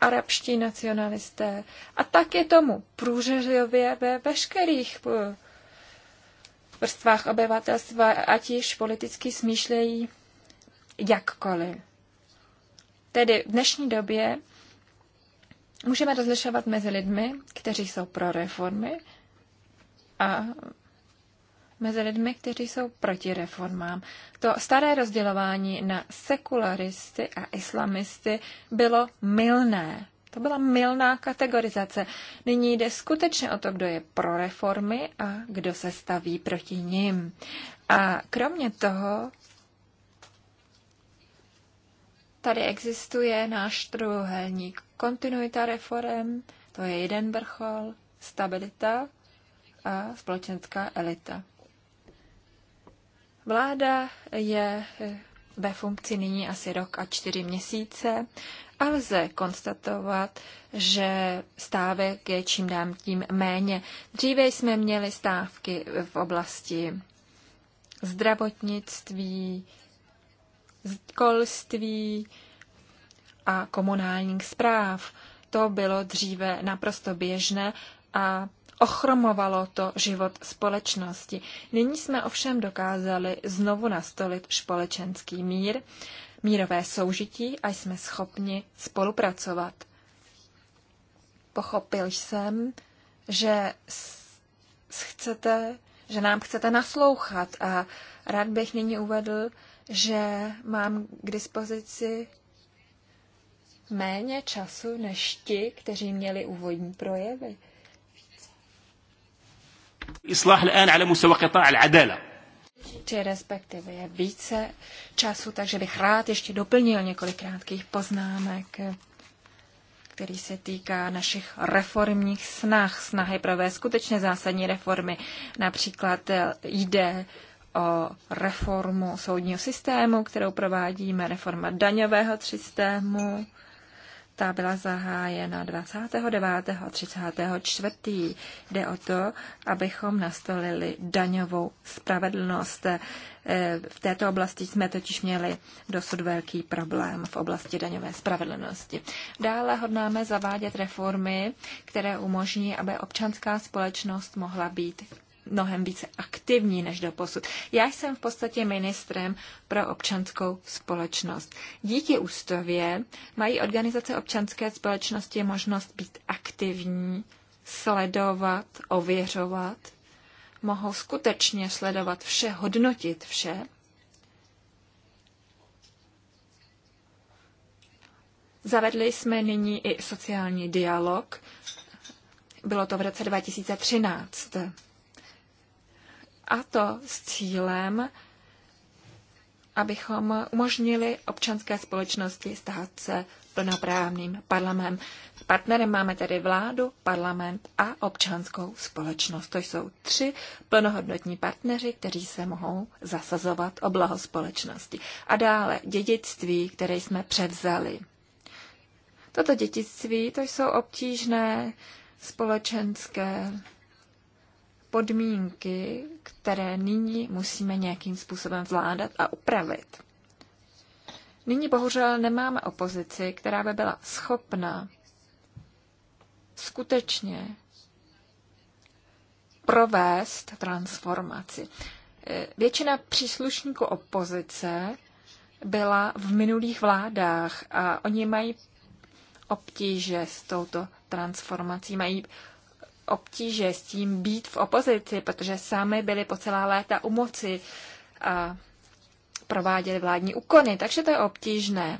arabští nacionalisté. A tak je tomu průřezově ve veškerých eh, vrstvách obyvatelstva, ať již politicky smýšlejí jakkoliv. Tedy v dnešní době můžeme rozlišovat mezi lidmi, kteří jsou pro reformy a mezi lidmi, kteří jsou proti reformám. To staré rozdělování na sekularisty a islamisty bylo milné. To byla milná kategorizace. Nyní jde skutečně o to, kdo je pro reformy a kdo se staví proti nim. A kromě toho tady existuje náš trojuhelník. Kontinuita reform, to je jeden vrchol, stabilita a společenská elita. Vláda je eh, ve funkci nyní asi rok a čtyři měsíce a lze konstatovat, že stávek je čím dám tím méně. Dříve jsme měli stávky v oblasti zdravotnictví, školství a komunálních zpráv. To bylo dříve naprosto běžné a Ochromovalo to život společnosti. Nyní jsme ovšem dokázali znovu nastolit společenský mír, mírové soužití a jsme schopni spolupracovat. Pochopil jsem, že chcete, že nám chcete naslouchat a rád bych nyní uvedl, že mám k dispozici méně času než ti, kteří měli úvodní projevy. إصلاح الآن على مستوى قطاع Ty respektive je více času, takže bych rád ještě doplnil několik krátkých poznámek, který se týká našich reformních snah, snahy provést skutečně zásadní reformy. Například eh, jde o reformu soudního systému, kterou provádíme, reforma daňového systému, ta byla zahájena 29. a 34. Jde o to, abychom nastolili daňovou spravedlnost. E, v této oblasti jsme totiž měli dosud velký problém v oblasti daňové spravedlnosti. Dále hodnáme zavádět reformy, které umožní, aby občanská společnost mohla být mnohem více aktivní než do posud. Já jsem v podstatě ministrem pro občanskou společnost. Díky ústavě mají organizace občanské společnosti možnost být aktivní, sledovat, ověřovat, mohou skutečně sledovat vše, hodnotit vše. Zavedli jsme nyní i sociální dialog. Bylo to v roce 2013 a to s cílem, abychom umožnili občanské společnosti stát se plnoprávným parlamentem. Partnerem máme tedy vládu, parlament a občanskou společnost. To jsou tři plnohodnotní partneři, kteří se mohou zasazovat o blaho společnosti. A dále dědictví, které jsme převzali. Toto dědictví to jsou obtížné společenské podmínky, které nyní musíme nějakým způsobem zvládat a upravit. Nyní bohužel nemáme opozici, která by byla schopna skutečně provést transformaci. Většina příslušníků opozice byla v minulých vládách a oni mají obtíže s touto transformací, mají obtíže s tím být v opozici, protože sami byli po celá léta u moci a prováděli vládní úkony, takže to je obtížné.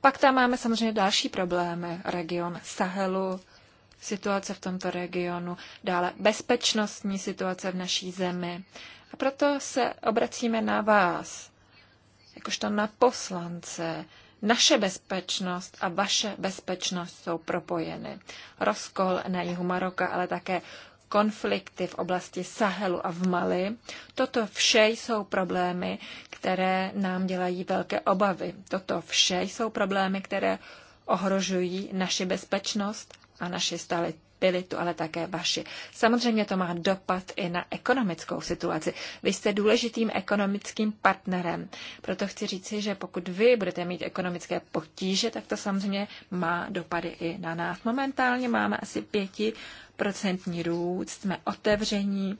Pak tam máme samozřejmě další problémy. Region Sahelu, situace v tomto regionu, dále bezpečnostní situace v naší zemi. A proto se obracíme na vás, jakožto na poslance, naše bezpečnost a vaše bezpečnost jsou propojeny. Rozkol na jihu Maroka, ale také konflikty v oblasti Sahelu a v Mali. Toto vše jsou problémy, které nám dělají velké obavy. Toto vše jsou problémy, které ohrožují naši bezpečnost a naši tu ale také vaši. Samozřejmě to má dopad i na ekonomickou situaci. Vy jste důležitým ekonomickým partnerem. Proto chci říci, že pokud vy budete mít ekonomické potíže, tak to samozřejmě má dopady i na nás. Momentálně máme asi pětiprocentní růst, jsme otevření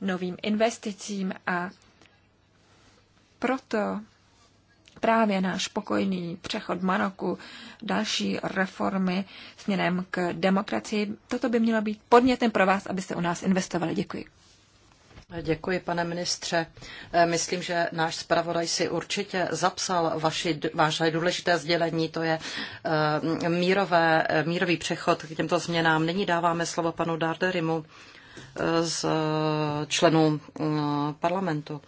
novým investicím a proto právě náš pokojný přechod Maroku, další reformy směrem k demokracii. Toto by mělo být podnětem pro vás, abyste u nás investovali. Děkuji. Děkuji, pane ministře. Eh, myslím, že náš zpravodaj si určitě zapsal vaši, vaše důležité sdělení, to je eh, mírové, eh, mírový přechod k těmto změnám. Nyní dáváme slovo panu Darderimu z členů parlamentu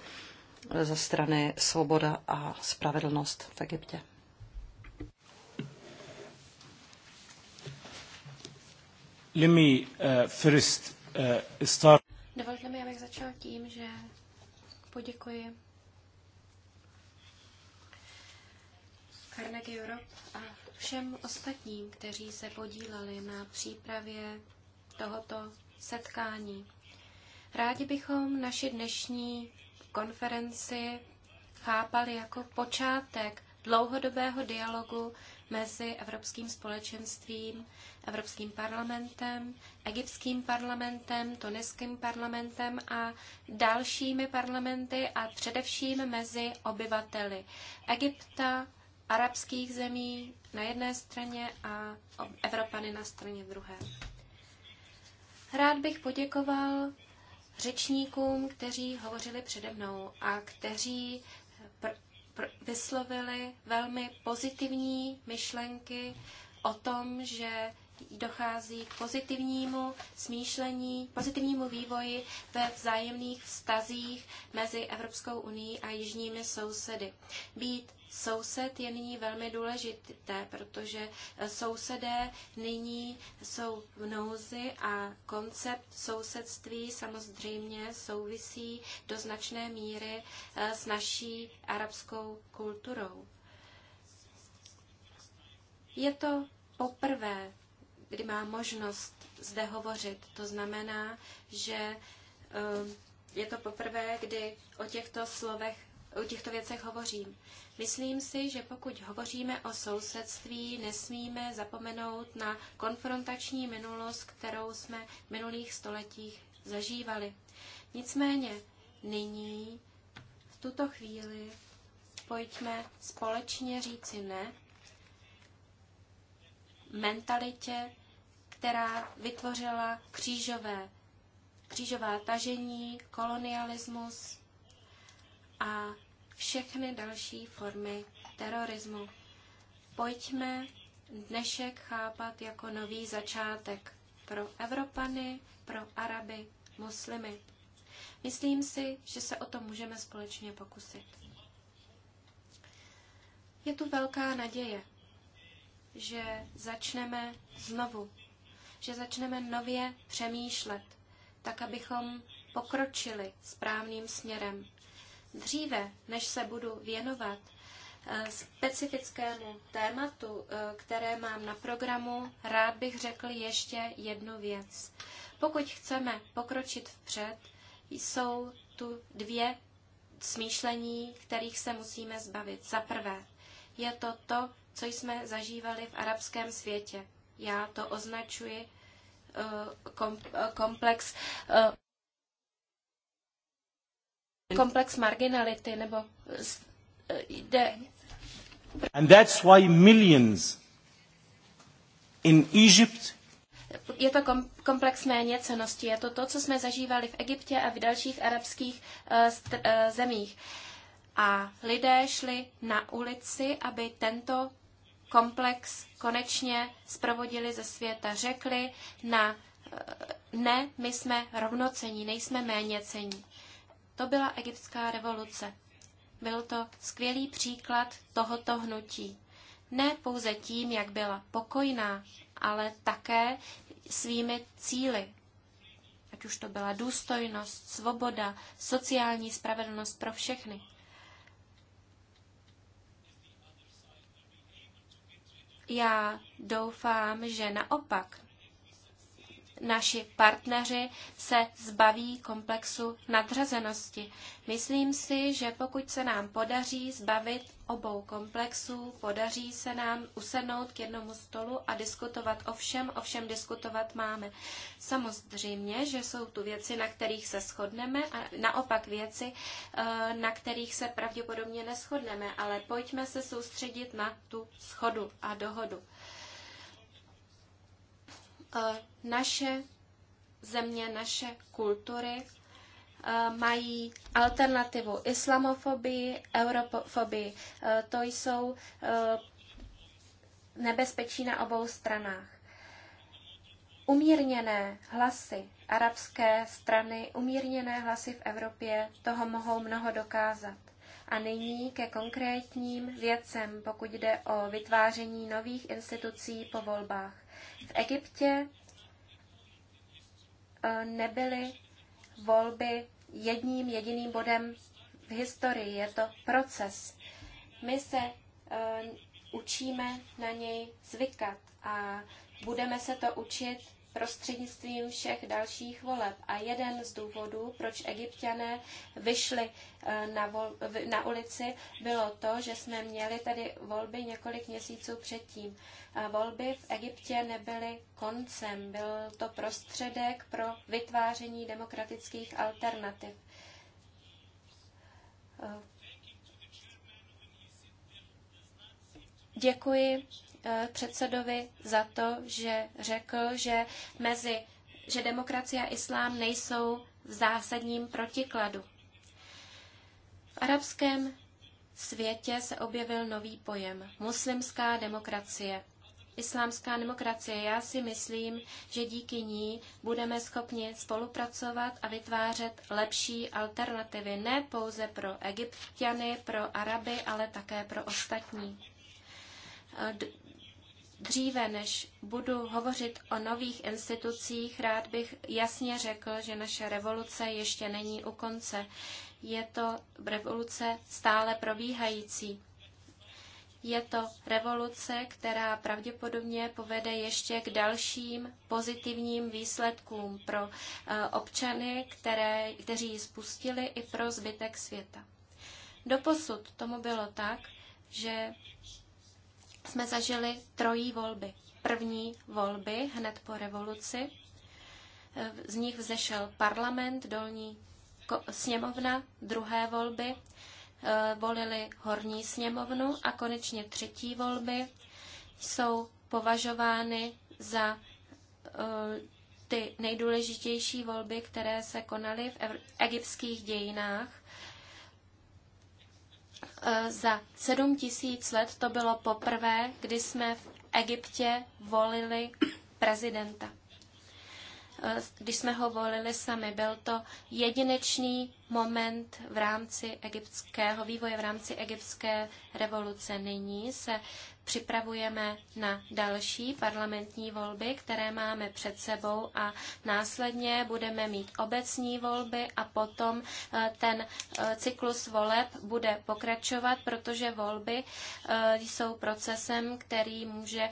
ze strany Svoboda a Spravedlnost v Egyptě. Uh, uh, Dovolte mi, abych začal tím, že poděkuji Carnegie Europe a všem ostatním, kteří se podíleli na přípravě tohoto setkání. Rádi bychom naši dnešní konferenci chápal jako počátek dlouhodobého dialogu mezi Evropským společenstvím, Evropským parlamentem, Egyptským parlamentem, Tuniským parlamentem a dalšími parlamenty a především mezi obyvateli Egypta, arabských zemí na jedné straně a Evropany na straně druhé. Rád bych poděkoval řečníkům, kteří hovořili přede mnou a kteří pr- pr- vyslovili velmi pozitivní myšlenky o tom, že dochází k pozitivnímu smýšlení, pozitivnímu vývoji ve vzájemných vztazích mezi Evropskou unii a jižními sousedy. Být Soused je nyní velmi důležité, protože eh, sousedé nyní jsou v nouzi a koncept sousedství samozřejmě souvisí do značné míry eh, s naší arabskou kulturou. Je to poprvé, kdy má možnost zde hovořit. To znamená, že eh, je to poprvé, kdy o těchto slovech, o těchto věcech hovořím. Myslím si, že pokud hovoříme o sousedství, nesmíme zapomenout na konfrontační minulost, kterou jsme v minulých stoletích zažívali. Nicméně nyní, v tuto chvíli, pojďme společně říci ne mentalitě, která vytvořila křížové, křížová tažení, kolonialismus a všechny další formy terorismu. Pojďme dnešek chápat jako nový začátek pro Evropany, pro Araby, muslimy. Myslím si, že se o to můžeme společně pokusit. Je tu velká naděje, že začneme znovu, že začneme nově přemýšlet, tak abychom pokročili správným směrem. Dříve, než se budu věnovat eh, specifickému tématu, eh, které mám na programu, rád bych řekl ještě jednu věc. Pokud chceme pokročit vpřed, jsou tu dvě smýšlení, kterých se musíme zbavit. Za prvé, je to to, co jsme zažívali v arabském světě. Já to označuji eh, komplex komplex marginality, nebo eh, eh, jde... And that's why millions in Egypt je to komplex méně cenosti. Je to to, co jsme zažívali v Egyptě a v dalších arabských eh, zemích. A lidé šli na ulici, aby tento komplex konečně zprovodili ze světa. Řekli na ne, my jsme rovnocení, nejsme méně cení. To byla egyptská revoluce. Byl to skvělý příklad tohoto hnutí. Ne pouze tím, jak byla pokojná, ale také svými cíly. Ať už to byla důstojnost, svoboda, sociální spravedlnost pro všechny. Já doufám, že naopak naši partneři se zbaví komplexu nadřazenosti. Myslím si, že pokud se nám podaří zbavit obou komplexů, podaří se nám usednout k jednomu stolu a diskutovat o všem, o všem diskutovat máme. Samozřejmě, že jsou tu věci, na kterých se shodneme a naopak věci, eh, na kterých se pravděpodobně neschodneme, ale pojďme se soustředit na tu schodu a dohodu. Eh, naše země, naše kultury eh, mají alternativu islamofobii, europofobii. Eh, to jsou nebezpečí na obou stranách. Umírněné hlasy arabské strany, umírněné hlasy v Evropě toho mohou mnoho dokázat. A nyní ke konkrétním věcem, pokud jde o vytváření nových institucí po volbách. V Egyptě eh, nebyly volby jedním jediným bodem v historii. Je to proces. My se eh, učíme na něj zvykat a budeme se to učit prostřednictvím všech dalších voleb. A jeden z důvodů, proč egyptiané vyšli eh, na, vol, na ulici, bylo to, že jsme měli tady volby několik měsíců předtím. A volby v Egyptě nebyly koncem, byl to prostředek pro vytváření demokratických alternativ. Eh, děkuji Eh, předsedovi za to, že řekl, že mezi že demokracie a islám nejsou v zásadním protikladu. V arabském světě se objevil nový pojem muslimská demokracie. Islámská demokracie, já si myslím, že díky ní budeme schopni spolupracovat a vytvářet lepší alternativy ne pouze pro egyptiany, pro Araby, ale také pro ostatní. Eh, Dříve než budu hovořit o nových institucích, rád bych jasně řekl, že naše revoluce ještě není u konce. Je to revoluce stále probíhající. Je to revoluce, která pravděpodobně povede ještě k dalším pozitivním výsledkům pro eh, občany, které, kteří ji spustili, i pro zbytek světa. Doposud tomu bylo tak, že jsme zažili trojí volby. První volby hned po revoluci, z nich vzešel parlament, dolní sněmovna, druhé volby, volili horní sněmovnu a konečně třetí volby jsou považovány za eh, ty nejdůležitější volby, které se konaly v egyptských dějinách. Eh, za 7 tisíc let to bylo poprvé, kdy jsme v Egyptě volili prezidenta. Eh, když jsme ho volili sami, byl to jedinečný moment v rámci egyptského vývoje, v rámci egyptské revoluce. Nyní se připravujeme na další parlamentní volby, které máme před sebou a následně budeme mít obecní volby a potom eh, ten eh, cyklus voleb bude pokračovat, protože volby eh, jsou procesem, který může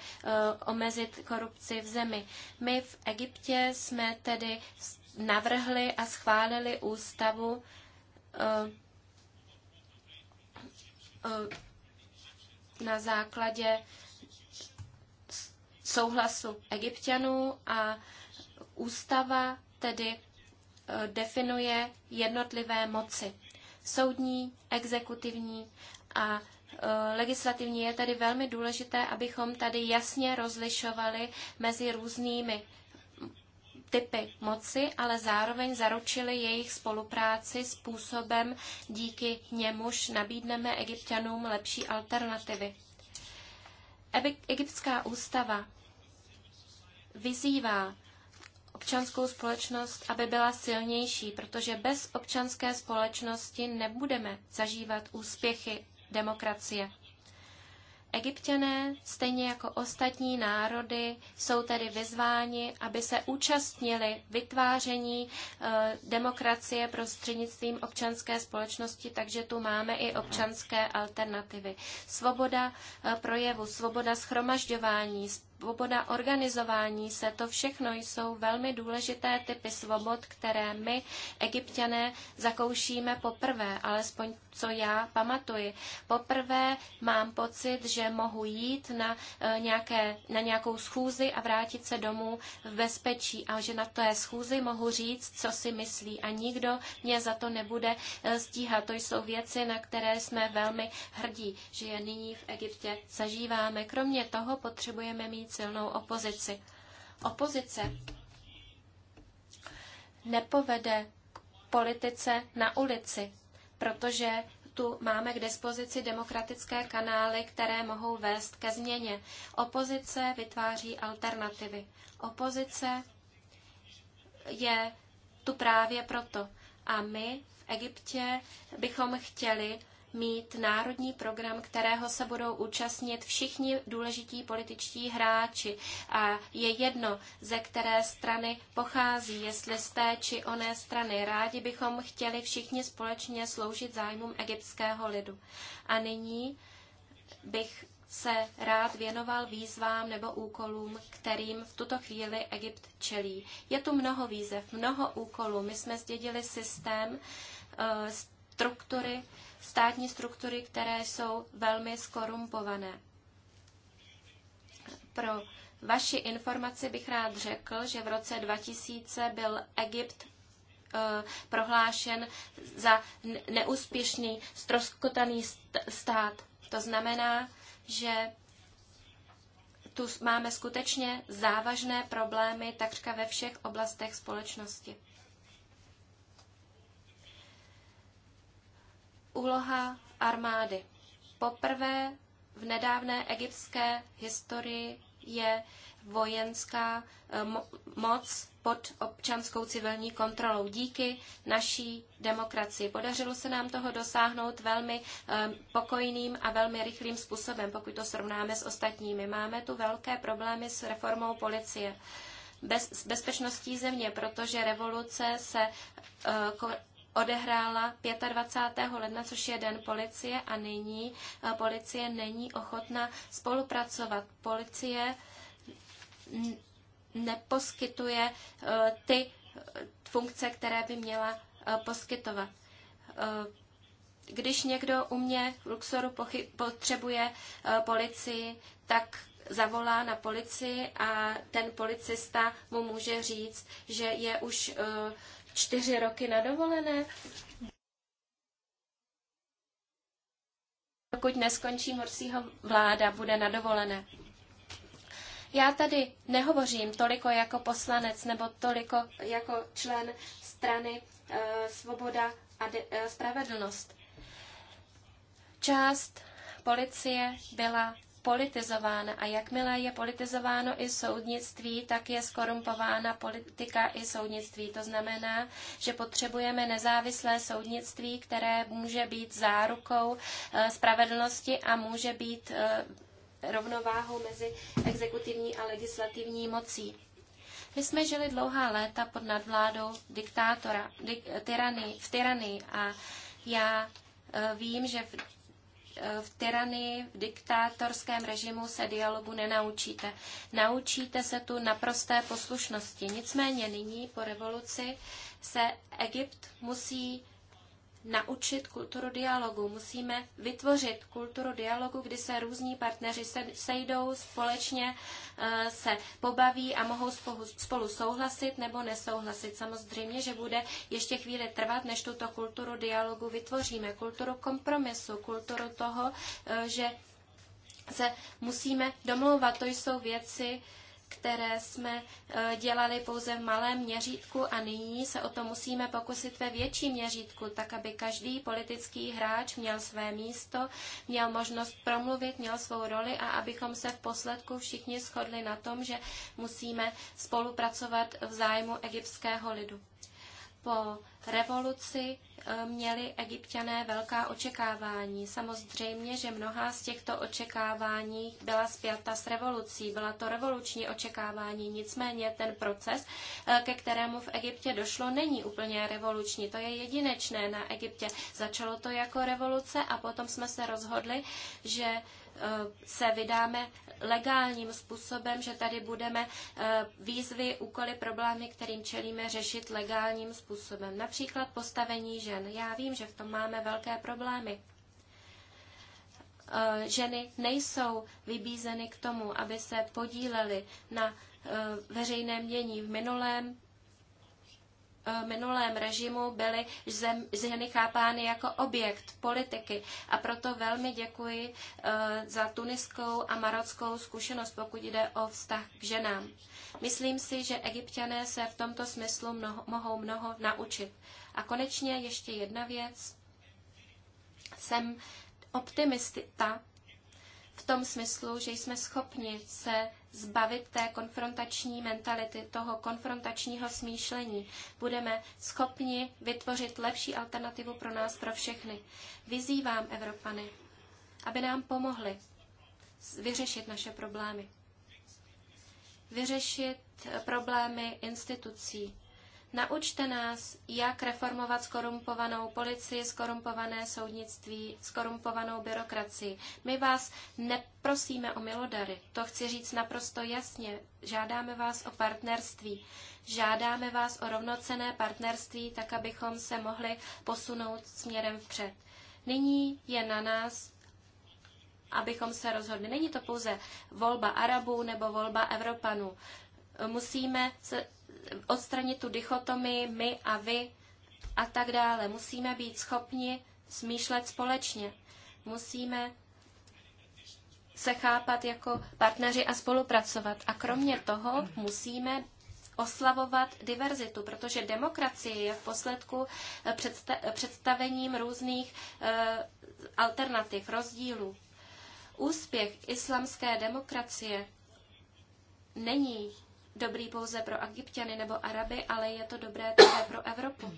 omezit korupci v zemi. My v Egyptě jsme tedy navrhli a schválili ústavu na základě souhlasu egyptianů a ústava tedy e, definuje jednotlivé moci. Soudní, exekutivní a e, legislativní je tedy velmi důležité, abychom tady jasně rozlišovali mezi různými typy moci, ale zároveň zaručili jejich spolupráci způsobem, díky němuž nabídneme egyptianům lepší alternativy. Egyptská ústava vyzývá občanskou společnost, aby byla silnější, protože bez občanské společnosti nebudeme zažívat úspěchy demokracie. Egyptěné, stejně jako ostatní národy, jsou tedy vyzváni, aby se účastnili vytváření e, demokracie prostřednictvím občanské společnosti, takže tu máme i občanské alternativy. Svoboda e, projevu, svoboda schromažďování, svoboda organizování se, to všechno jsou velmi důležité typy svobod, které my, egyptiané, zakoušíme poprvé, alespoň co já pamatuji. Poprvé mám pocit, že mohu jít na, e, nějaké, na nějakou schůzi a vrátit se domů v bezpečí a že na té schůzi mohu říct, co si myslí a nikdo mě za to nebude e, stíhat. To jsou věci, na které jsme velmi hrdí, že je nyní v Egyptě zažíváme. Kromě toho potřebujeme mít silnou opozici. Opozice nepovede k politice na ulici, protože tu máme k dispozici demokratické kanály, které mohou vést ke změně. Opozice vytváří alternativy. Opozice je tu právě proto. A my v Egyptě bychom chtěli mít národní program, kterého se budou účastnit všichni důležití političtí hráči a je jedno, ze které strany pochází, jestli z té či oné strany. Rádi bychom chtěli všichni společně sloužit zájmům egyptského lidu. A nyní bych se rád věnoval výzvám nebo úkolům, kterým v tuto chvíli Egypt čelí. Je tu mnoho výzev, mnoho úkolů. My jsme zdědili systém, eh, struktury, státní struktury, které jsou velmi skorumpované. Pro vaši informaci bych rád řekl, že v roce 2000 byl Egypt eh, prohlášen za neúspěšný, stroskotaný stát. To znamená, že tu máme skutečně závažné problémy takřka ve všech oblastech společnosti. úloha armády. Poprvé v nedávné egyptské historii je vojenská eh, moc pod občanskou civilní kontrolou. Díky naší demokracii. Podařilo se nám toho dosáhnout velmi eh, pokojným a velmi rychlým způsobem, pokud to srovnáme s ostatními. Máme tu velké problémy s reformou policie bez, s bezpečností země, protože revoluce se eh, odehrála 25. ledna, což je den policie a nyní eh, policie není ochotna spolupracovat. Policie neposkytuje eh, ty eh, funkce, které by měla poskytovat. Když někdo u mě v Luxoru potřebuje policii, tak zavolá na policii a ten policista mu může říct, že je už čtyři roky na dovolené. Pokud neskončí Morsího vláda, bude na dovolené. Já tady nehovořím toliko jako poslanec nebo toliko jako člen strany e, Svoboda a de, e, Spravedlnost. Část policie byla politizována a jakmile je politizováno i soudnictví, tak je skorumpována politika i soudnictví. To znamená, že potřebujeme nezávislé soudnictví, které může být zárukou eh, spravedlnosti a může být eh, rovnováhou mezi exekutivní a legislativní mocí. My jsme žili dlouhá léta pod nadvládou diktátora, dik, tyranii, v tyranii a já eh, vím, že v v tyranii, v diktátorském režimu se dialogu nenaučíte. Naučíte se tu naprosté poslušnosti. Nicméně nyní po revoluci se Egypt musí naučit kulturu dialogu. Musíme vytvořit kulturu dialogu, kdy se různí partneři sejdou, společně eh, se pobaví a mohou spolu souhlasit nebo nesouhlasit. Samozřejmě, že bude ještě chvíli trvat, než tuto kulturu dialogu vytvoříme. Kulturu kompromisu, kulturu toho, eh, že se musíme domlouvat. To jsou věci, které jsme eh, dělali pouze v malém měřítku a nyní se o to musíme pokusit ve větším měřítku, tak aby každý politický hráč měl své místo, měl možnost promluvit, měl svou roli a abychom se v posledku všichni shodli na tom, že musíme spolupracovat v zájmu egyptského lidu. Po revoluci e, měli egyptiané velká očekávání. Samozřejmě, že mnoha z těchto očekávání byla spjata s revolucí. Byla to revoluční očekávání, nicméně ten proces, e, ke kterému v Egyptě došlo, není úplně revoluční. To je jedinečné na Egyptě. Začalo to jako revoluce a potom jsme se rozhodli, že Eh, se vydáme legálním způsobem, že tady budeme eh, výzvy, úkoly, problémy, kterým čelíme, řešit legálním způsobem. Například postavení žen. Já vím, že v tom máme velké problémy. Eh, ženy nejsou vybízeny k tomu, aby se podílely na veřejném dění. V minulém minulém režimu byly ženy chápány jako objekt politiky a proto velmi děkuji eh, za tuniskou a marockou zkušenost, pokud jde o vztah k ženám. Myslím si, že egyptiané se v tomto smyslu mnoho, mohou mnoho naučit. A konečně ještě jedna věc. Jsem optimista v tom smyslu, že jsme schopni se zbavit té konfrontační mentality, toho konfrontačního smýšlení. Budeme schopni vytvořit lepší alternativu pro nás, pro všechny. Vyzývám Evropany, aby nám pomohli vyřešit naše problémy. Vyřešit problémy institucí, Naučte nás, jak reformovat skorumpovanou policii, skorumpované soudnictví, skorumpovanou byrokracii. My vás neprosíme o milodary, to chci říct naprosto jasně. Žádáme vás o partnerství. Žádáme vás o rovnocené partnerství, tak abychom se mohli posunout směrem vpřed. Nyní je na nás, abychom se rozhodli. Není to pouze volba Arabů nebo volba Evropanů musíme odstranit tu dichotomii my a vy a tak dále. Musíme být schopni smýšlet společně. Musíme se chápat jako partneři a spolupracovat. A kromě toho musíme oslavovat diverzitu, protože demokracie je v posledku eh, představením různých eh, alternativ, rozdílů. Úspěch islamské demokracie není dobrý pouze pro Egyptiany nebo Araby, ale je to dobré také pro Evropu.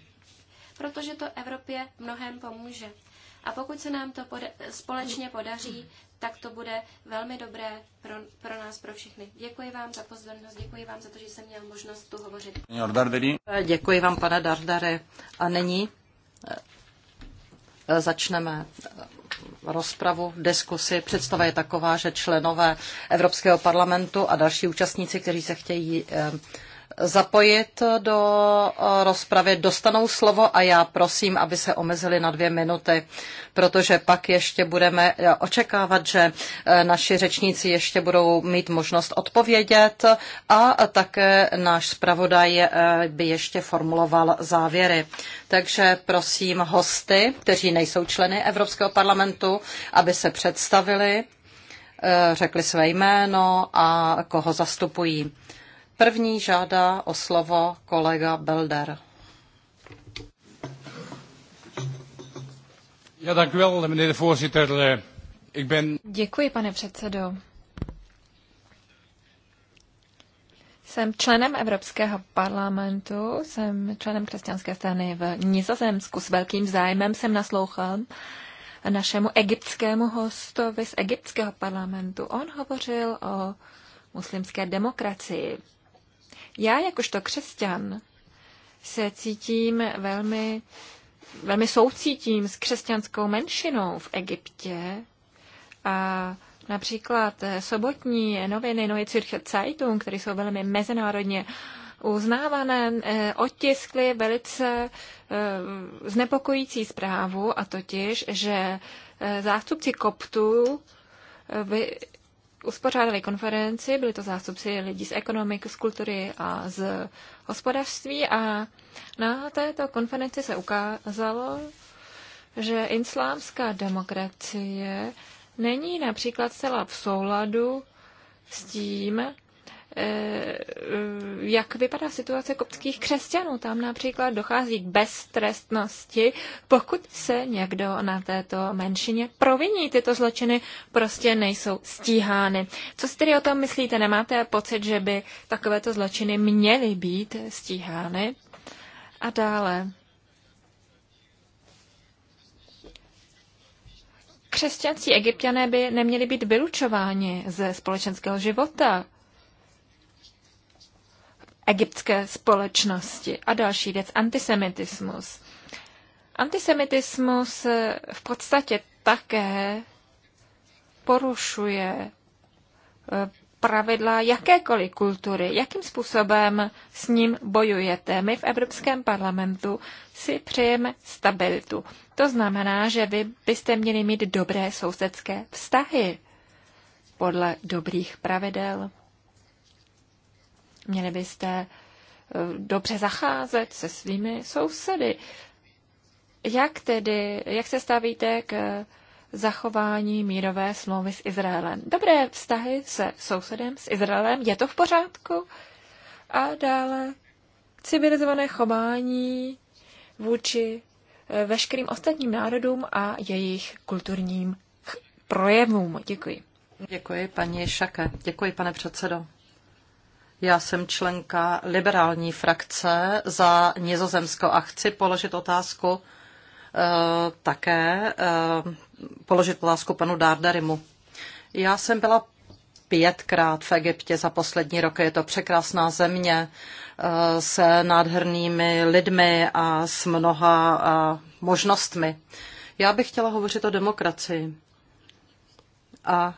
Protože to Evropě mnohem pomůže. A pokud se nám to poda- společně podaří, tak to bude velmi dobré pro, pro nás, pro všechny. Děkuji vám za pozornost, děkuji vám za to, že jsem měl možnost tu hovořit. Eh, děkuji vám, pane Dardare. A nyní eh, začneme rozpravu, diskusi. Představa je taková, že členové Evropského parlamentu a další účastníci, kteří se chtějí eh, zapojit do rozpravy, dostanou slovo a já prosím, aby se omezili na dvě minuty, protože pak ještě budeme očekávat, že eh, naši řečníci ještě budou mít možnost odpovědět a také náš zpravodaj eh, by ještě formuloval závěry. Takže prosím hosty, kteří nejsou členy Evropského parlamentu, aby se představili, eh, řekli své jméno a koho zastupují. První žádá o slovo kolega Belder. Ja, dank u wel, meneer de voorzitter. Eh, ik ben... Děkuji, pane předsedo. Jsem členem Evropského parlamentu, jsem členem křesťanské strany v Nizozemsku. S velkým zájmem jsem naslouchal našemu egyptskému hostovi z egyptského parlamentu. On hovořil o muslimské demokracii. Já jakožto křesťan se cítím velmi, velmi soucítím s křesťanskou menšinou v Egyptě a například sobotní noviny Neue Zürcher Zeitung, které jsou velmi mezinárodně uznávané, eh, otiskly velice eh, znepokojící zprávu a totiž, že eh, zástupci koptů uspořádali konferenci, byli to zástupci lidí z ekonomik, z kultury a z hospodářství a na této konferenci se ukázalo, že islámská demokracie není například celá v souladu s tím, Eh, eh, jak vypadá situace koptských křesťanů. Tam například dochází k beztrestnosti, pokud se někdo na této menšině proviní. Tyto zločiny prostě nejsou stíhány. Co si tedy o tom myslíte? Nemáte pocit, že by takovéto zločiny měly být stíhány? A dále. křesťanci egyptiané by neměli být vylučováni ze společenského života egyptské společnosti. A další věc, antisemitismus. Antisemitismus eh, v podstatě také porušuje eh, pravidla jakékoliv kultury, jakým způsobem s ním bojujete. My v Evropském parlamentu si přejeme stabilitu. To znamená, že vy byste měli mít dobré sousedské vztahy podle dobrých pravidel. Měli byste eh, dobře zacházet se svými sousedy. Jak tedy, jak se stavíte k eh, zachování mírové smlouvy s Izraelem? Dobré vztahy se sousedem, s Izraelem, je to v pořádku? A dále civilizované chování vůči eh, veškerým ostatním národům a jejich kulturním projevům. Děkuji. Děkuji, paní Šake. Děkuji, pane předsedo. Já jsem členka liberální frakce za Nizozemsko a chci položit otázku eh, také, eh, položit otázku panu Dardarimu. Já jsem byla pětkrát v Egyptě za poslední roky. Je to překrásná země eh, s nádhernými lidmi a s mnoha možnostmi. Já bych chtěla hovořit o demokracii. A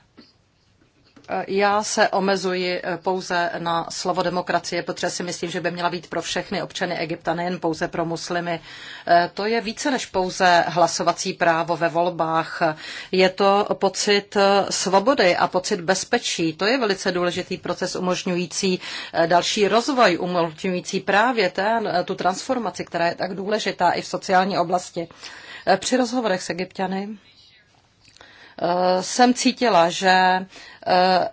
já se omezuji eh, pouze na slovo demokracie, protože si myslím, že by měla být pro všechny občany Egypta, nejen pouze pro muslimy. Eh, to je více než pouze hlasovací právo ve volbách. Je to pocit eh, svobody a pocit bezpečí. To je velice důležitý proces umožňující další rozvoj, umožňující právě ten, tu transformaci, která je tak důležitá i v sociální oblasti. Při rozhovorech s egyptiany Eh, jsem cítila, že eh,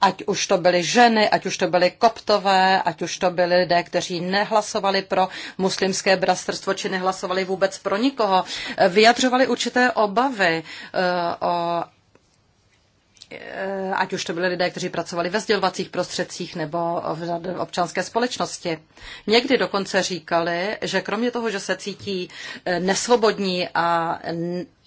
ať už to byly ženy, ať už to byly koptové, ať už to byli lidé, kteří nehlasovali pro muslimské bratrstvo, či nehlasovali vůbec pro nikoho, eh, vyjadřovali určité obavy o Eh, ať už to byly lidé, kteří pracovali ve sdělovacích prostředcích nebo v občanské společnosti. Někdy dokonce říkali, že kromě toho, že se cítí eh, nesvobodní a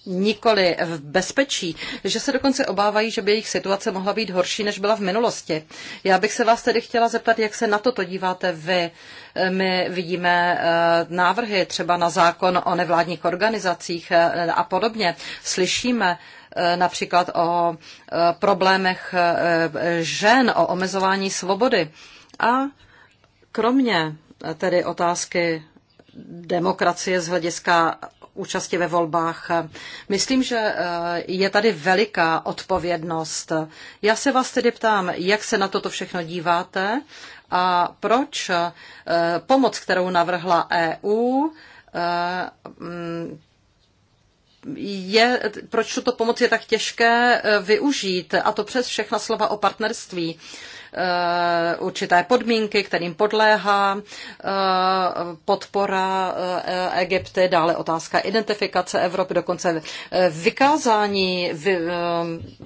nikoli v bezpečí, že se dokonce obávají, že by jejich situace mohla být horší, než byla v minulosti. Já bych se vás tedy chtěla zeptat, jak se na toto díváte vy. Eh, my vidíme návrhy třeba na zákon o nevládních organizacích a podobně. Slyšíme E, například o e, problémech e, žen, o omezování svobody. A kromě tedy otázky demokracie z hlediska účasti ve volbách. Myslím, že je tady veliká odpovědnost. Já se vás tedy ptám, jak se na toto všechno díváte a proč pomoc, kterou navrhla EU, je, proč tuto pomoc je tak těžké eh, využít, a to přes všechna slova o partnerství. Eh, určité podmínky, kterým podléhá eh, podpora eh, Egypty, dále otázka identifikace Evropy, dokonce vykázání,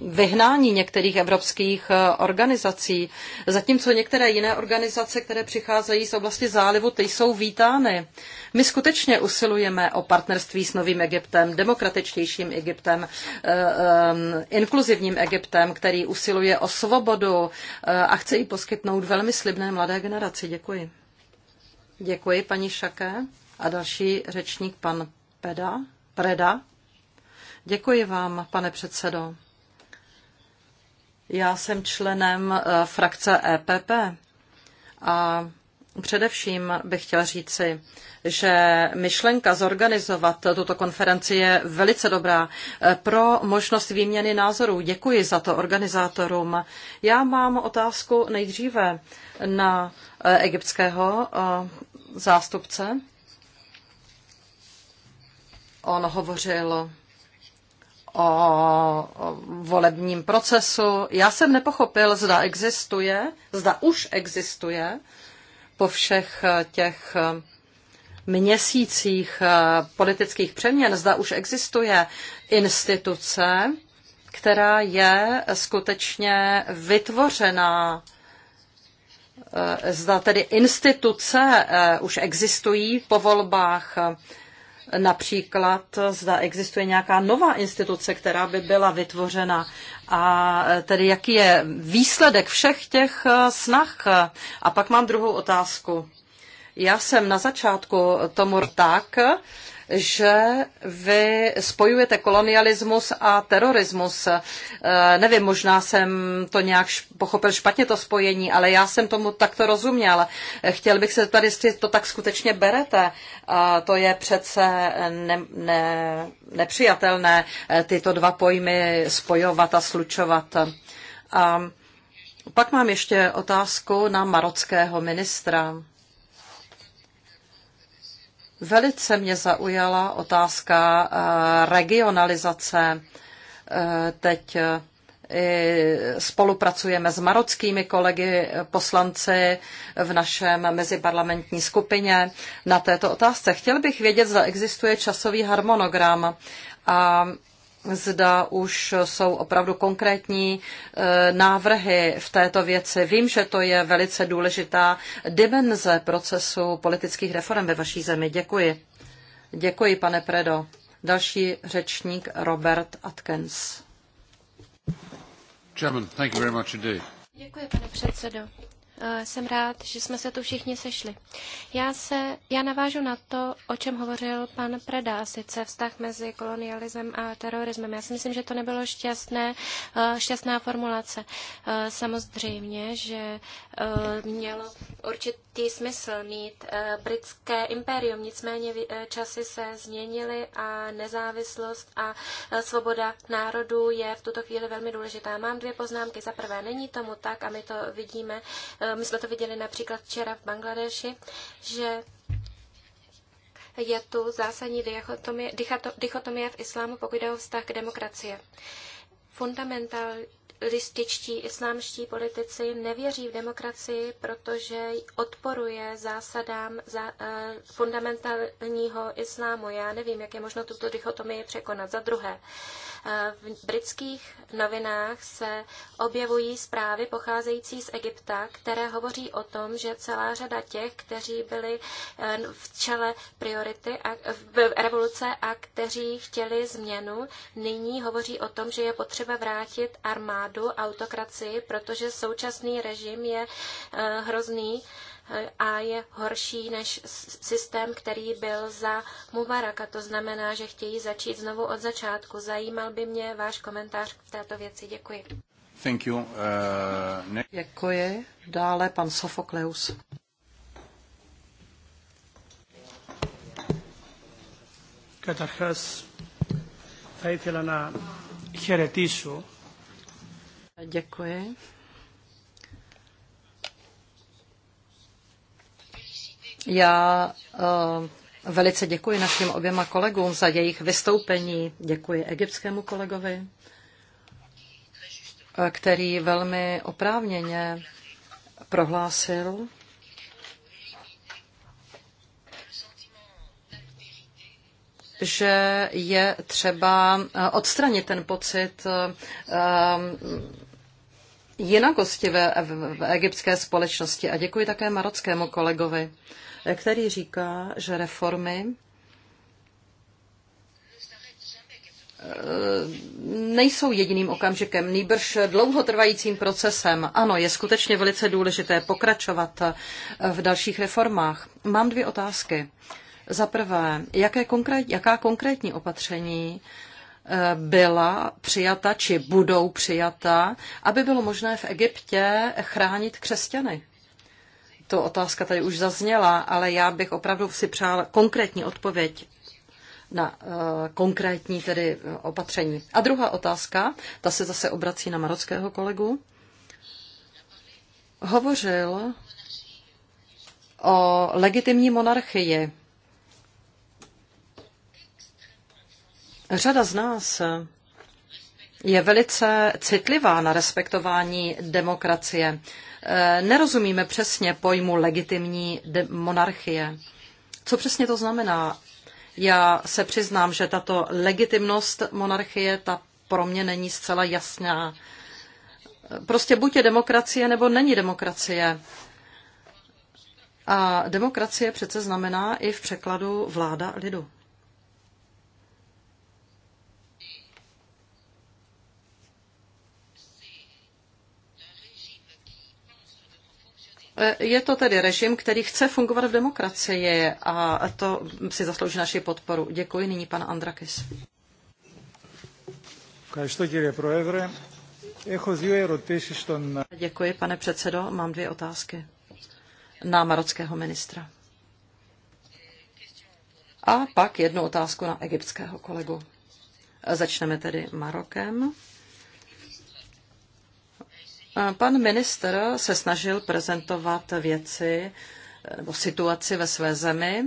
vyhnání některých evropských organizací, zatímco některé jiné organizace, které přicházejí z oblasti zálivu, ty jsou vítány. My skutečně usilujeme o partnerství s novým Egyptem, demokratičtějším Egyptem, inkluzivním Egyptem, který usiluje o svobodu a chce ji poskytnout velmi slibné mladé generaci. Děkuji. Děkuji, paní Šaké. A další řečník, pan Peda, Preda. Děkuji vám, pane předsedo. Já jsem členem eh, frakce EPP a Především bych chtěla říci, že myšlenka zorganizovat tuto konferenci je velice dobrá eh, pro možnost výměny názorů. Děkuji za to organizátorům. Já mám otázku nejdříve na eh, egyptského eh, zástupce. On hovořil o volebním procesu. Já jsem nepochopil, zda existuje, zda už existuje po všech eh, těch eh, měsících eh, politických přeměn, zda už existuje instituce, která je skutečně vytvořená zda tedy instituce už existují po volbách například zda existuje nějaká nová instituce, která by byla vytvořena a e, tedy jaký je výsledek všech těch e, snah. A pak mám druhou otázku. Já jsem na začátku tomu tak, že vy spojujete kolonialismus a terorismus. Eh, nevím, možná jsem to nějak pochopil špatně, to spojení, ale já jsem tomu takto rozuměl. Chtěl bych se tady, jestli to tak skutečně berete. Eh, to je přece ne, ne, nepřijatelné eh, tyto dva pojmy spojovat a slučovat. A pak mám ještě otázku na marockého ministra. Velice mě zaujala otázka eh, regionalizace. Eh, teď eh, spolupracujeme s marockými kolegy poslanci v našem meziparlamentní skupině na této otázce. Chtěl bych vědět, zda existuje časový harmonogram a zda už jsou opravdu konkrétní eh, návrhy v této věci. Vím, že to je velice důležitá dimenze procesu politických reform ve vaší zemi. Děkuji. Děkuji, pane Predo. Další řečník Robert Atkins. Chairman, thank you very much indeed. Děkuji, pane předsedo jsem rád, že jsme se tu všichni sešli. Já, se, já navážu na to, o čem hovořil pan Preda, a sice vztah mezi kolonialismem a terorismem. Já si myslím, že to nebylo šťastné, eh, šťastná formulace. Eh, samozřejmě, že eh, mělo určitý smysl mít britské impérium, nicméně časy se změnily a nezávislost a svoboda národů je v tuto chvíli velmi důležitá. Mám dvě poznámky. Za prvé, není tomu tak a my to vidíme Eh, my jsme to viděli například včera v Bangladeši, že je tu zásadní dichotomie, dichotomie v islámu, pokud jde o vztah k demokracie. Fundamentální terorističtí islámští politici nevěří v demokracii, protože odporuje zásadám za, uh, fundamentálního islámu. Já nevím, jak je možno tuto dichotomii překonat. Za druhé, eh, v britských novinách se objevují zprávy pocházející z Egypta, které hovoří o tom, že celá řada těch, kteří byli eh, v čele priority a, v revoluce a kteří chtěli změnu, nyní hovoří o tom, že je potřeba vrátit armádu vládu, autokracii, protože současný režim je eh, hrozný eh, a je horší než systém, který byl za Mubaraka. To znamená, že chtějí začít znovu od začátku. Zajímal by mě váš komentář k této věci. Děkuji. Thank you. Uh, Děkuji. Dále pan Sofokleus. Καταρχάς θα ήθελα να χαιρετήσω Děkuji. Já uh, velice děkuji našim oběma kolegům za jejich vystoupení. Děkuji egyptskému kolegovi, eh, který velmi oprávněně prohlásil, že je třeba eh, odstranit ten pocit jinakosti ve, v, v egyptské společnosti. A děkuji také marockému kolegovi, který říká, že reformy eh, nejsou jediným okamžikem, nýbrž dlouhotrvajícím procesem. Ano, je skutečně velice důležité pokračovat eh, v dalších reformách. Mám dvě otázky. Za prvé, jaké konkrét, jaká konkrétní opatření uh, byla přijata či budou přijata, aby bylo možné v Egyptě chránit křesťany? To otázka tady už zazněla, ale já bych opravdu si přála konkrétní odpověď na eh, konkrétní tedy eh, opatření. A druhá otázka, ta se zase obrací na marockého kolegu. Hovořil o legitimní monarchii Řada z nás je velice citlivá na respektování demokracie. E, nerozumíme přesně pojmu legitimní monarchie. Co přesně to znamená? Já se přiznám, že tato legitimnost monarchie, ta pro mě není zcela jasná. Prostě buď je demokracie, nebo není demokracie. A demokracie přece znamená i v překladu vláda lidu. Eh, je to tedy režim, který chce fungovat v demokracii a to si zaslouží naši podporu. Děkuji nyní pan Andrakis. Děkuji, pane předsedo. Mám dvě otázky na marockého ministra. A pak jednu otázku na egyptského kolegu. Začneme tedy Marokem. Pan minister se snažil prezentovat věci eh, nebo situaci ve své zemi,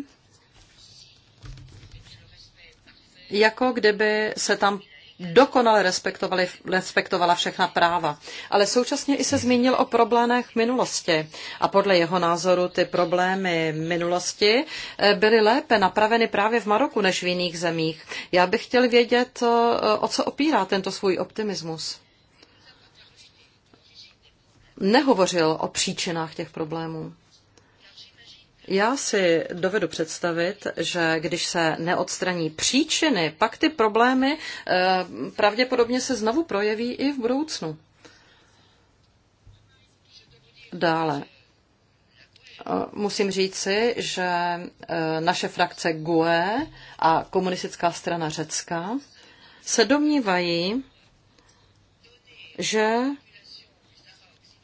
jako kdyby se tam dokonale respektovala všechna práva. Ale současně i se zmínil o problémech minulosti. A podle jeho názoru ty problémy minulosti eh, byly lépe napraveny právě v Maroku než v jiných zemích. Já bych chtěl vědět, eh, o co opírá tento svůj optimismus nehovořil o příčinách těch problémů. Já si dovedu představit, že když se neodstraní příčiny, pak ty problémy eh, pravděpodobně se znovu projeví i v budoucnu. Dále. Eh, musím říci, že eh, naše frakce GUE a komunistická strana Řecka se domnívají, že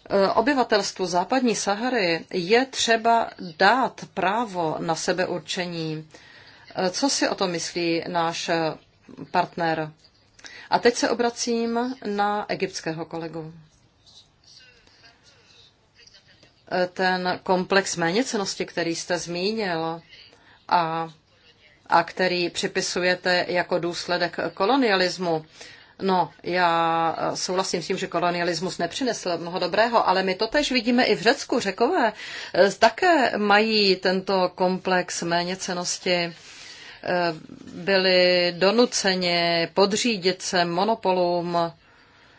Eh, obyvatelstvu západní Sahary je třeba dát právo na sebeurčení. Eh, co si o tom myslí náš eh, partner? A teď se obracím na egyptského kolegu. Ten komplex méněcenosti, který jste zmínil a, a který připisujete jako důsledek kolonialismu, No, já eh, souhlasím s tím, že kolonialismus nepřinesl mnoho dobrého, ale my to tež vidíme i v Řecku. Řekové eh, také mají tento komplex méněcenosti. Eh, byli donuceni podřídit se monopolům,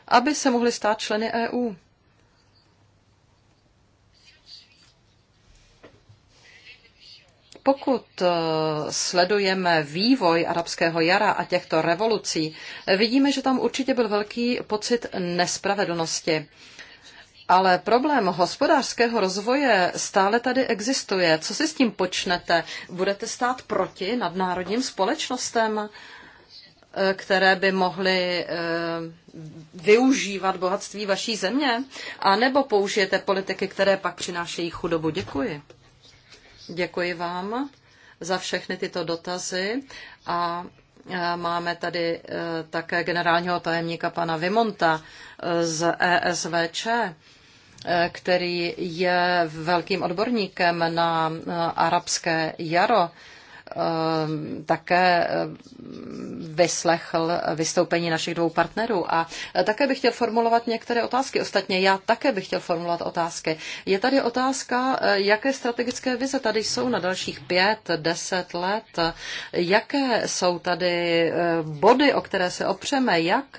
aby se mohli stát členy EU. pokud eh, sledujeme vývoj arabského jara a těchto revolucí, eh, vidíme, že tam určitě byl velký pocit nespravedlnosti. Ale problém hospodářského rozvoje stále tady existuje. Co si s tím počnete? Budete stát proti nadnárodním společnostem, eh, které by mohly využívat bohatství vaší země? A nebo použijete politiky, které pak přinášejí chudobu? Děkuji. Děkuji vám za všechny tyto dotazy a e, máme tady e, také generálního tajemníka pana Vimonta e, z ESVČ který je velkým odborníkem na arabské jaro Eh, také eh, vyslechl vystoupení našich dvou partnerů a eh, také bych chtěl formulovat některé otázky. Ostatně já také bych chtěl formulovat otázky. Je tady otázka, jaké strategické vize tady jsou na dalších pět, deset let, jaké jsou tady body, o které se opřeme, jak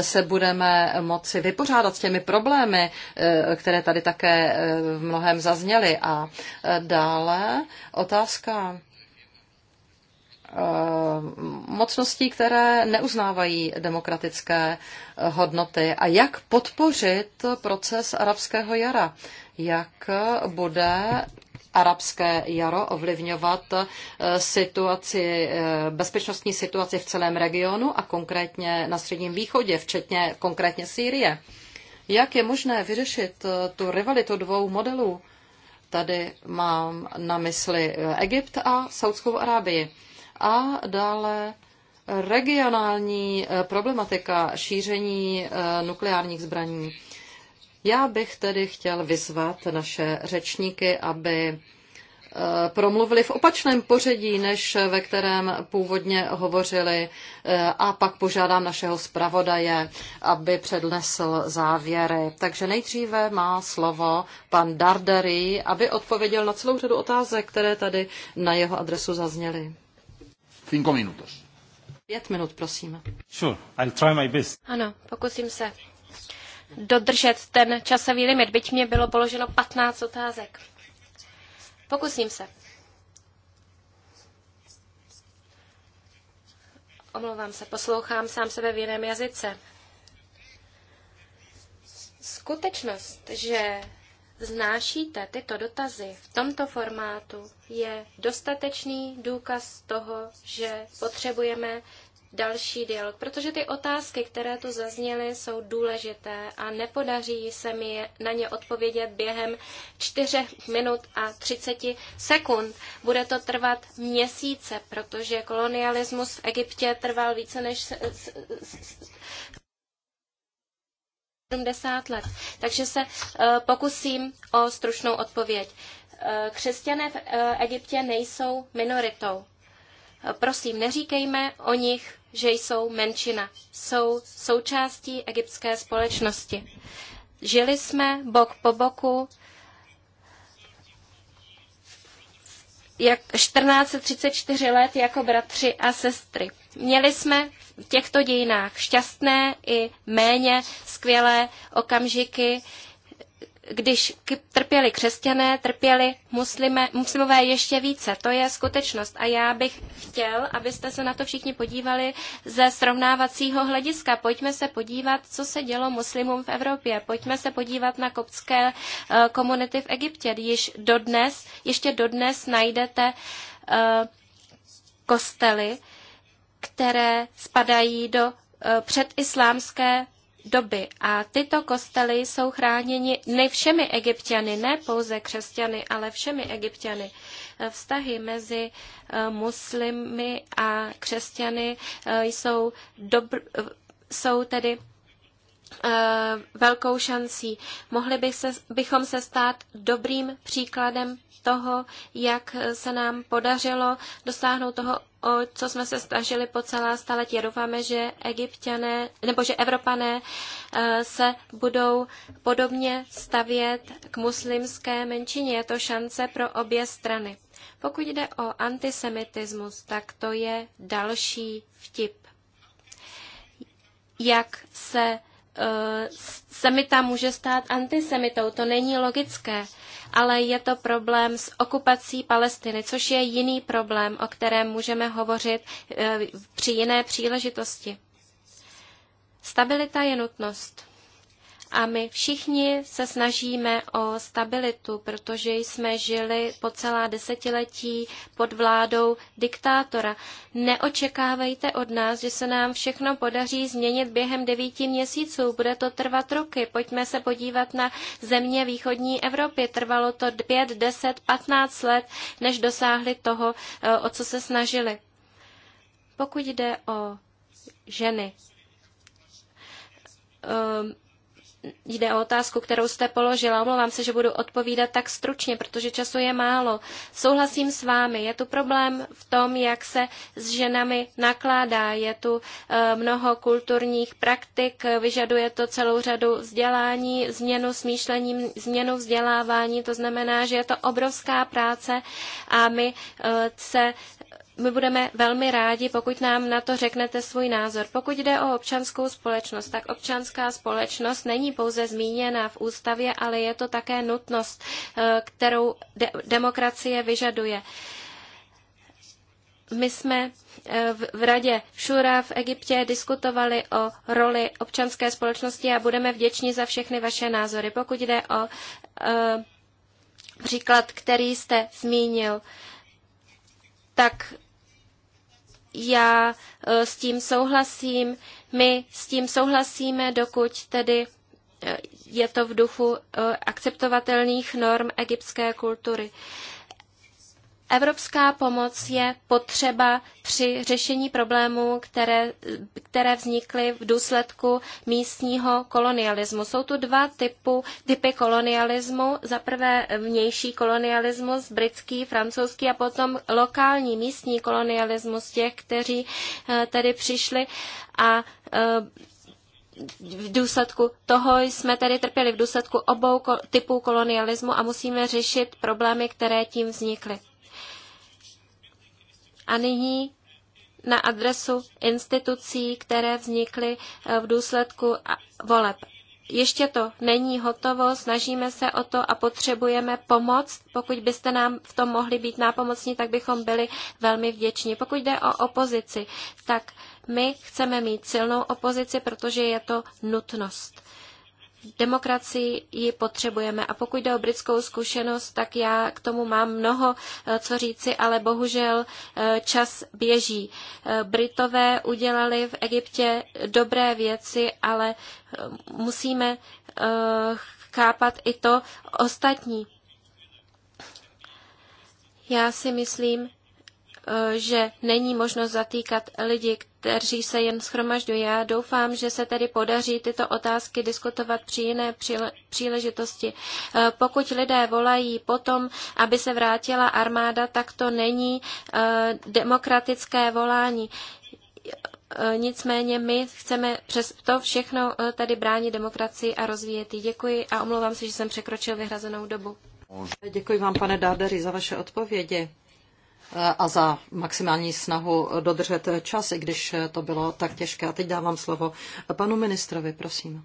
se budeme moci vypořádat s těmi problémy, které tady také v mnohem zazněly. A dále otázka Eh, mocností, které neuznávají demokratické eh, hodnoty a jak podpořit proces arabského jara, jak bude arabské jaro ovlivňovat eh, situaci, bezpečnostní situaci v celém regionu a konkrétně na Středním východě, včetně konkrétně Sýrie. Jak je možné vyřešit tu rivalitu dvou modelů? Tady mám na mysli Egypt a Saudskou Arábii. A dále regionální eh, problematika šíření eh, nukleárních zbraní. Já bych tedy chtěl vyzvat naše řečníky, aby eh, promluvili v opačném pořadí, než ve kterém původně hovořili a pak požádám našeho zpravodaje, aby přednesl závěry. Takže nejdříve má slovo pan Dardery, aby odpověděl na celou řadu otázek, které tady na jeho adresu zazněly. Cinco minutos. Pět minut, prosím. Sure, I'll try my best. Ano, pokusím se dodržet ten časový limit, byť mě bylo položeno 15 otázek. Pokusím se. Omlouvám se, poslouchám sám sebe v jiném jazyce. Skutečnost, že znášíte tyto dotazy v tomto formátu, je dostatečný důkaz toho, že potřebujeme další dialog, protože ty otázky, které tu zazněly, jsou důležité a nepodaří se mi na ně odpovědět během 4 minut a 30 sekund. Bude to trvat měsíce, protože kolonialismus v Egyptě trval více než 70 let. Takže se eh, pokusím o stručnou odpověď. Eh, křesťané v eh, Egyptě nejsou minoritou. Prosím, neříkejme o nich, že jsou menšina. Jsou součástí egyptské společnosti. Žili jsme bok po boku jak 1434 let jako bratři a sestry. Měli jsme v těchto dějinách šťastné i méně skvělé okamžiky, když trpěli křesťané, trpěli muslime, muslimové ještě více. To je skutečnost. A já bych chtěl, abyste se na to všichni podívali ze srovnávacího hlediska. Pojďme se podívat, co se dělo muslimům v Evropě. Pojďme se podívat na koptské uh, komunity v Egyptě. Již dodnes, ještě dodnes najdete uh, kostely, které spadají do eh, předislámské doby a tyto kostely jsou chráněni ne všemi egyptiany, ne pouze křesťany, ale všemi egyptiany. Eh, vztahy mezi eh, muslimy a křesťany jsou, dobr, jsou tedy velkou šancí. Mohli bych se, bychom se stát dobrým příkladem toho, jak se nám podařilo dosáhnout toho, o co jsme se snažili po celá staletí. Doufáme, že egyptiané, nebo že Evropané eh, se budou podobně stavět k muslimské menšině. Je to šance pro obě strany. Pokud jde o antisemitismus, tak to je další vtip. Jak se uh, eh, semita může stát antisemitou? To není logické ale je to problém s okupací Palestiny, což je jiný problém, o kterém můžeme hovořit eh, při jiné příležitosti. Stabilita je nutnost. A my všichni se snažíme o stabilitu, protože jsme žili po celá desetiletí pod vládou diktátora. Neočekávejte od nás, že se nám všechno podaří změnit během devíti měsíců. Bude to trvat roky. Pojďme se podívat na země východní Evropy. Trvalo to pět, deset, patnáct let, než dosáhli toho, eh, o co se snažili. Pokud jde o ženy, um, jde o otázku, kterou jste položila. Omlouvám se, že budu odpovídat tak stručně, protože času je málo. Souhlasím s vámi, je tu problém v tom, jak se s ženami nakládá. Je tu eh, mnoho kulturních praktik, vyžaduje to celou řadu vzdělání, změnu smýšlení, změnu vzdělávání. To znamená, že je to obrovská práce a my eh, se my budeme velmi rádi, pokud nám na to řeknete svůj názor. Pokud jde o občanskou společnost, tak občanská společnost není pouze zmíněna v ústavě, ale je to také nutnost, eh, kterou de- demokracie vyžaduje. My jsme eh, v radě Šura v Egyptě diskutovali o roli občanské společnosti a budeme vděční za všechny vaše názory. Pokud jde o eh, příklad, který jste zmínil, tak já eh, s tím souhlasím, my s tím souhlasíme, dokud tedy eh, je to v duchu eh, akceptovatelných norm egyptské kultury. Evropská pomoc je potřeba při řešení problémů, které, které vznikly v důsledku místního kolonialismu. Jsou tu dva typu, typy kolonialismu. Za prvé vnější kolonialismus, britský, francouzský a potom lokální místní kolonialismus těch, kteří eh, tedy přišli a eh, v důsledku toho jsme tedy trpěli v důsledku obou typů kolonialismu a musíme řešit problémy, které tím vznikly. A nyní na adresu institucí, které vznikly eh, v důsledku voleb. Ještě to není hotovo, snažíme se o to a potřebujeme pomoc. Pokud byste nám v tom mohli být nápomocní, tak bychom byli velmi vděční. Pokud jde o opozici, tak my chceme mít silnou opozici, protože je to nutnost demokracii ji potřebujeme. A pokud jde o britskou zkušenost, tak já k tomu mám mnoho eh, co říci, ale bohužel eh, čas běží. Eh, Britové udělali v Egyptě dobré věci, ale musíme chápat i to ostatní. Já si myslím, Eh, že není možnost zatýkat lidi, kteří se jen schromažďují. Já doufám, že se tedy podaří tyto otázky diskutovat při jiné příležitosti. Eh, pokud lidé volají potom, aby se vrátila armáda, tak to není eh, demokratické volání. Nicméně my chceme přes to všechno tady bránit demokracii a rozvíjet ji. Děkuji a omlouvám se, že jsem překročil vyhrazenou dobu. Děkuji vám, pane Dáderi, za vaše odpovědi. Eh, a za maximální snahu dodržet čas, i když to bylo tak těžké. A teď dávám slovo panu ministrovi, prosím.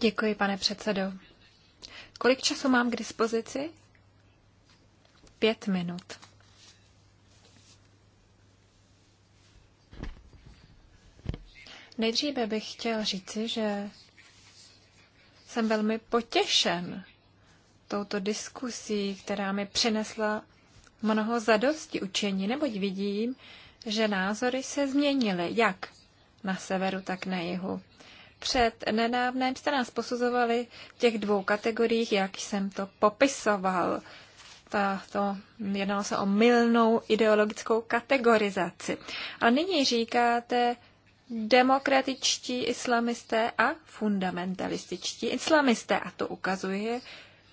Děkuji, pane předsedo. Kolik času mám k dispozici? Pět minut. Nejdříve bych chtěl říci, že jsem velmi potěšen touto diskusí, která mi přinesla mnoho zadosti učení, neboť vidím, že názory se změnily, jak na severu, tak na jihu. Před nedávném jste nás posuzovali v těch dvou kategoriích, jak jsem to popisoval. Ta, to jednalo se o milnou ideologickou kategorizaci. A nyní říkáte, demokratičtí islamisté a fundamentalističtí islamisté. A to ukazuje,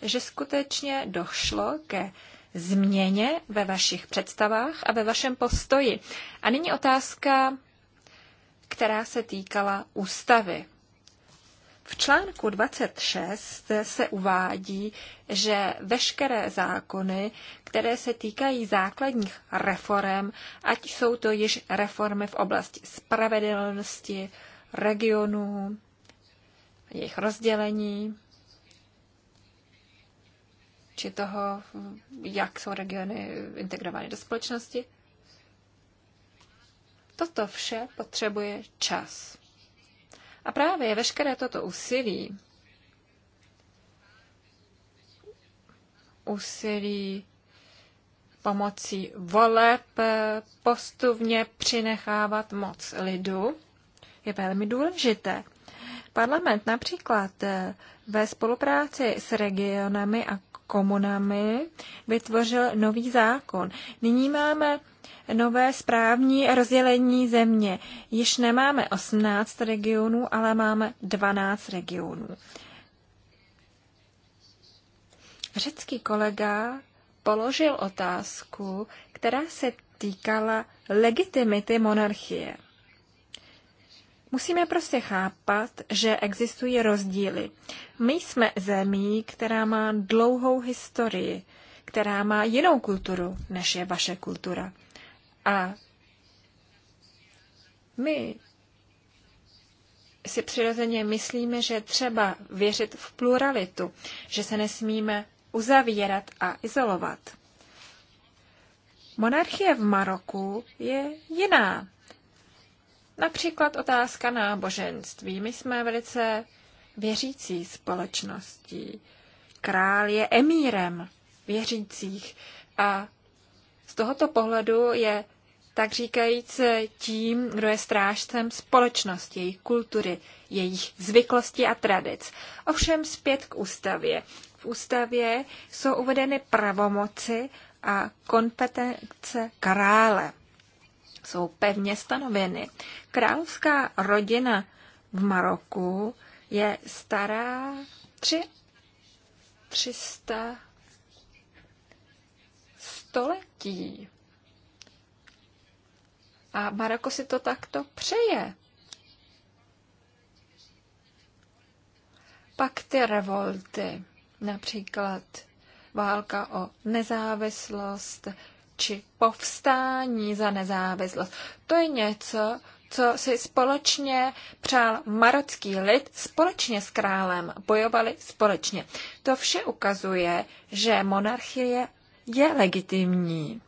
že skutečně došlo ke změně ve vašich představách a ve vašem postoji. A nyní otázka, která se týkala ústavy. V článku 26 se uvádí, že veškeré zákony, které se týkají základních reform, ať jsou to již reformy v oblasti spravedlnosti, regionů, jejich rozdělení, či toho, jak jsou regiony integrovány do společnosti. Toto vše potřebuje čas. A právě veškeré toto úsilí, úsilí pomocí voleb eh, postupně přinechávat moc lidu je velmi důležité. Parlament například eh, ve spolupráci s regionami a komunami vytvořil nový zákon. Nyní máme nové správní rozdělení země. Již nemáme 18 regionů, ale máme 12 regionů. Řecký kolega položil otázku, která se týkala legitimity monarchie. Musíme prostě chápat, že existují rozdíly. My jsme zemí, která má dlouhou historii, která má jinou kulturu, než je vaše kultura. A my si přirozeně myslíme, že třeba věřit v pluralitu, že se nesmíme uzavírat a izolovat. Monarchie v Maroku je jiná. Například otázka náboženství. My jsme velice věřící společností. Král je emírem věřících a z tohoto pohledu je tak říkajíc tím, kdo je strážcem společnosti, jejich kultury, jejich zvyklosti a tradic. Ovšem zpět k ústavě v ústavě jsou uvedeny pravomoci a kompetence krále. Jsou pevně stanoveny. Královská rodina v Maroku je stará tři 300 století. A Maroko si to takto přeje. Pak ty revolty například válka o nezávislost či povstání za nezávislost. To je něco, co si společně přál marocký lid společně s králem, bojovali společně. To vše ukazuje, že monarchie je legitimní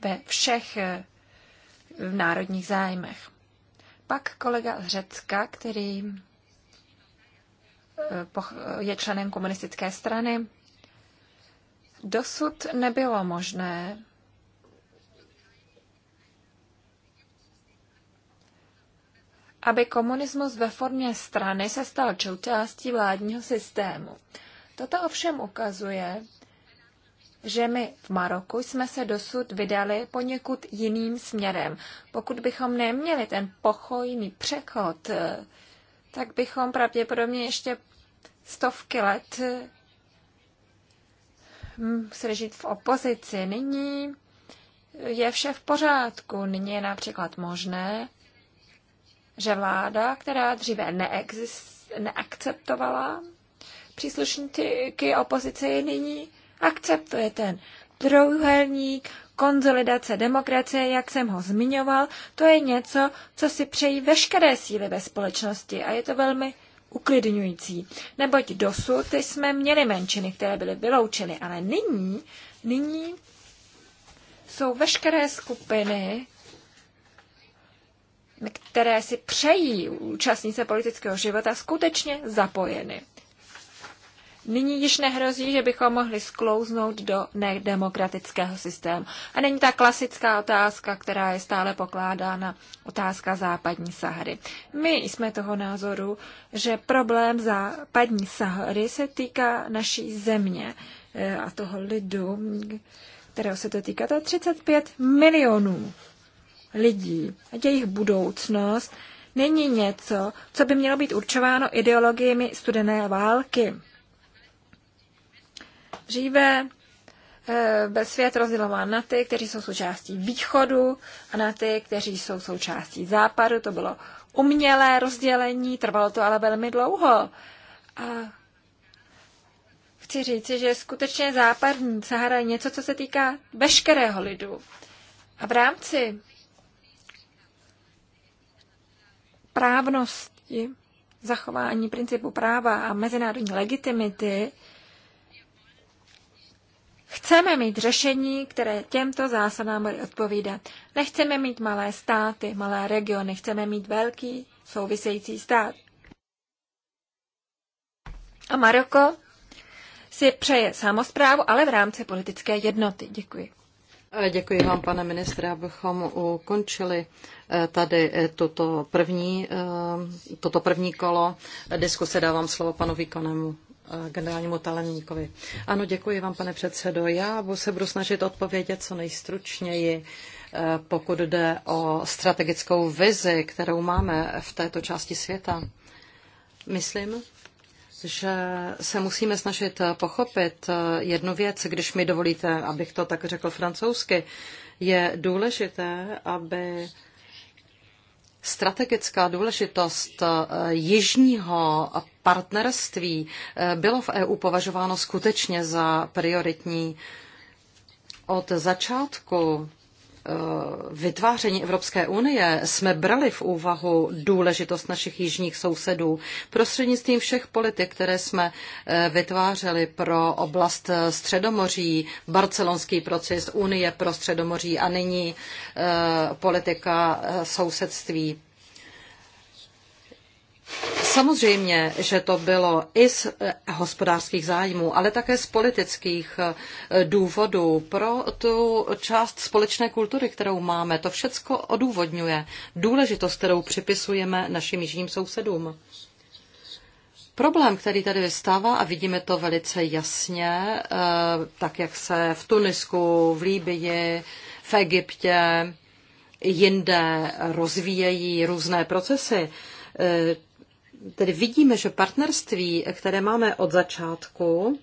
ve všech eh, národních zájmech. Pak kolega Řecka, který je členem komunistické strany. Dosud nebylo možné aby komunismus ve formě strany se stal součástí vládního systému. Toto ovšem ukazuje, že my v Maroku jsme se dosud vydali poněkud jiným směrem. Pokud bychom neměli ten pochojný přechod eh, tak bychom pravděpodobně ještě stovky let hm, museli žít v opozici. Nyní je vše v pořádku. Nyní je například možné, že vláda, která dříve neexist, neakceptovala příslušníky opozice, je nyní akceptuje ten trojuhelník konzolidace demokracie, jak jsem ho zmiňoval, to je něco, co si přejí veškeré síly ve společnosti a je to velmi uklidňující. Neboť dosud jsme měli menšiny, které byly vyloučeny, ale nyní, nyní jsou veškeré skupiny, které si přejí účastnit se politického života, skutečně zapojeny nyní již nehrozí, že bychom mohli sklouznout do nedemokratického systému. A není ta klasická otázka, která je stále pokládána, otázka západní Sahary. My jsme toho názoru, že problém západní Sahary se týká naší země eh, a toho lidu, kterého se to týká, to je 35 milionů lidí a jejich budoucnost není něco, co by mělo být určováno ideologiemi studené války. Dříve eh, byl svět rozdělován na ty, kteří jsou součástí východu a na ty, kteří jsou součástí západu. To bylo umělé rozdělení, trvalo to ale velmi dlouho. A chci říci, že skutečně západní Sahara je něco, co se týká veškerého lidu. A v rámci právnosti, zachování principu práva a mezinárodní legitimity, Chceme mít řešení, které těmto zásadám bude odpovídat. Nechceme mít malé státy, malé regiony, chceme mít velký související stát. A Maroko si přeje samozprávu, ale v rámci politické jednoty. Děkuji. Děkuji vám, pane ministře, abychom ukončili eh, tady eh, tuto první, eh, toto první kolo. Diskuse dávám slovo panu Výkonnému generálnímu talenníkovi. Ano, děkuji vám, pane předsedo. Já se budu snažit odpovědět co nejstručněji, eh, pokud jde o strategickou vizi, kterou máme v této části světa. Myslím, že se musíme snažit pochopit eh, jednu věc, když mi dovolíte, abych to tak řekl francouzsky. Je důležité, aby strategická důležitost eh, jižního partnerství eh, bylo v EU považováno skutečně za prioritní. Od začátku Eh, vytváření Evropské unie jsme brali v úvahu důležitost našich jižních sousedů prostřednictvím všech politik, které jsme eh, vytvářeli pro oblast eh, Středomoří, barcelonský proces Unie pro Středomoří a nyní politika sousedství. Samozřejmě, že to bylo i z eh, hospodářských zájmů, ale také z politických eh, důvodů pro tu část společné kultury, kterou máme. To všecko odůvodňuje důležitost, kterou připisujeme našim jižním sousedům. Problém, který tady vystává, a vidíme to velice jasně, eh, tak jak se v Tunisku, v Líbyi, v Egyptě, jinde rozvíjejí různé procesy, tedy vidíme, že partnerství, které máme od začátku,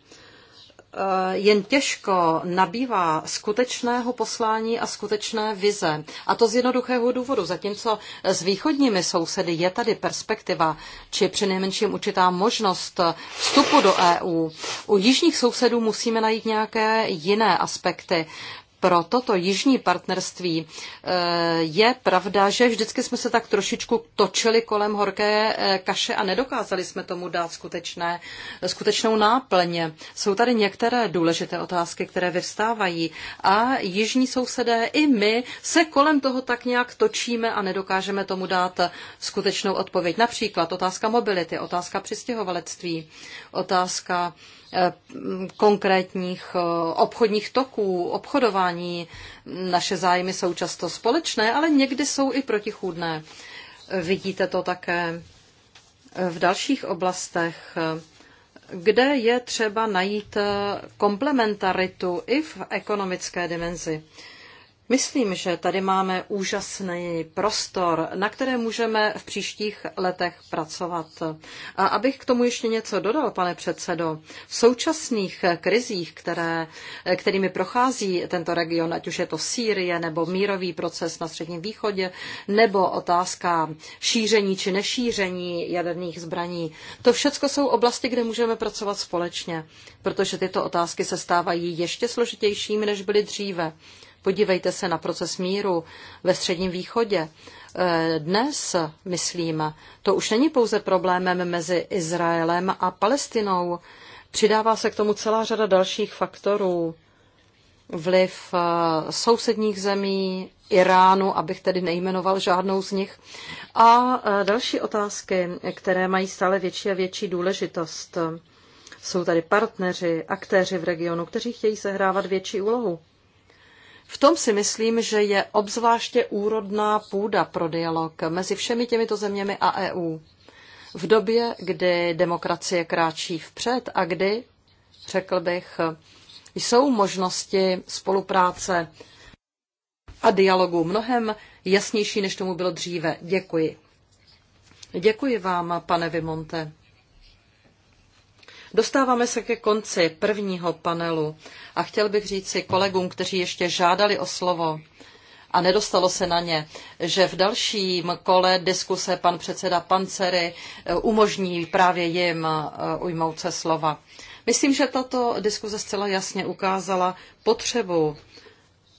eh, jen těžko nabývá skutečného poslání a skutečné vize. A to z jednoduchého důvodu. Zatímco s východními sousedy je tady perspektiva, či přinejmenším určitá možnost vstupu do EU. U jižních sousedů musíme najít nějaké jiné aspekty pro toto jižní partnerství eh, je pravda, že vždycky jsme se tak trošičku točili kolem horké eh, kaše a nedokázali jsme tomu dát skutečné, skutečnou náplň. Jsou tady některé důležité otázky, které vyvstávají a jižní sousedé i my se kolem toho tak nějak točíme a nedokážeme tomu dát skutečnou odpověď. Například otázka mobility, otázka přistěhovalectví, otázka Eh, konkrétních eh, obchodních toků, obchodování. Naše zájmy jsou často společné, ale někdy jsou i protichůdné. Vidíte to také v dalších oblastech, kde je třeba najít eh, komplementaritu i v ekonomické dimenzi. Myslím, že tady máme úžasný prostor, na které můžeme v příštích letech pracovat. A abych k tomu ještě něco dodal, pane předsedo, v současných krizích, které, kterými prochází tento region, ať už je to Sýrie nebo mírový proces na Středním východě, nebo otázka šíření či nešíření jaderných zbraní, to všechno jsou oblasti, kde můžeme pracovat společně, protože tyto otázky se stávají ještě složitějšími, než byly dříve. Podívejte se na proces míru ve Středním východě. Eh, dnes, myslím, to už není pouze problémem mezi Izraelem a Palestinou. Přidává se k tomu celá řada dalších faktorů. Vliv eh, sousedních zemí, Iránu, abych tedy nejmenoval žádnou z nich. A eh, další otázky, které mají stále větší a větší důležitost. Jsou tady partneři, aktéři v regionu, kteří chtějí sehrávat větší úlohu. V tom si myslím, že je obzvláště úrodná půda pro dialog mezi všemi těmito zeměmi a EU. V době, kdy demokracie kráčí vpřed a kdy, řekl bych, jsou možnosti spolupráce a dialogu mnohem jasnější, než tomu bylo dříve. Děkuji. Děkuji vám, pane Vimonte. Dostáváme se ke konci prvního panelu a chtěl bych říci kolegům, kteří ještě žádali o slovo a nedostalo se na ně, že v dalším kole diskuse pan předseda Pancery eh, umožní právě jim eh, ujmout se slova. Myslím, že tato diskuze zcela jasně ukázala potřebu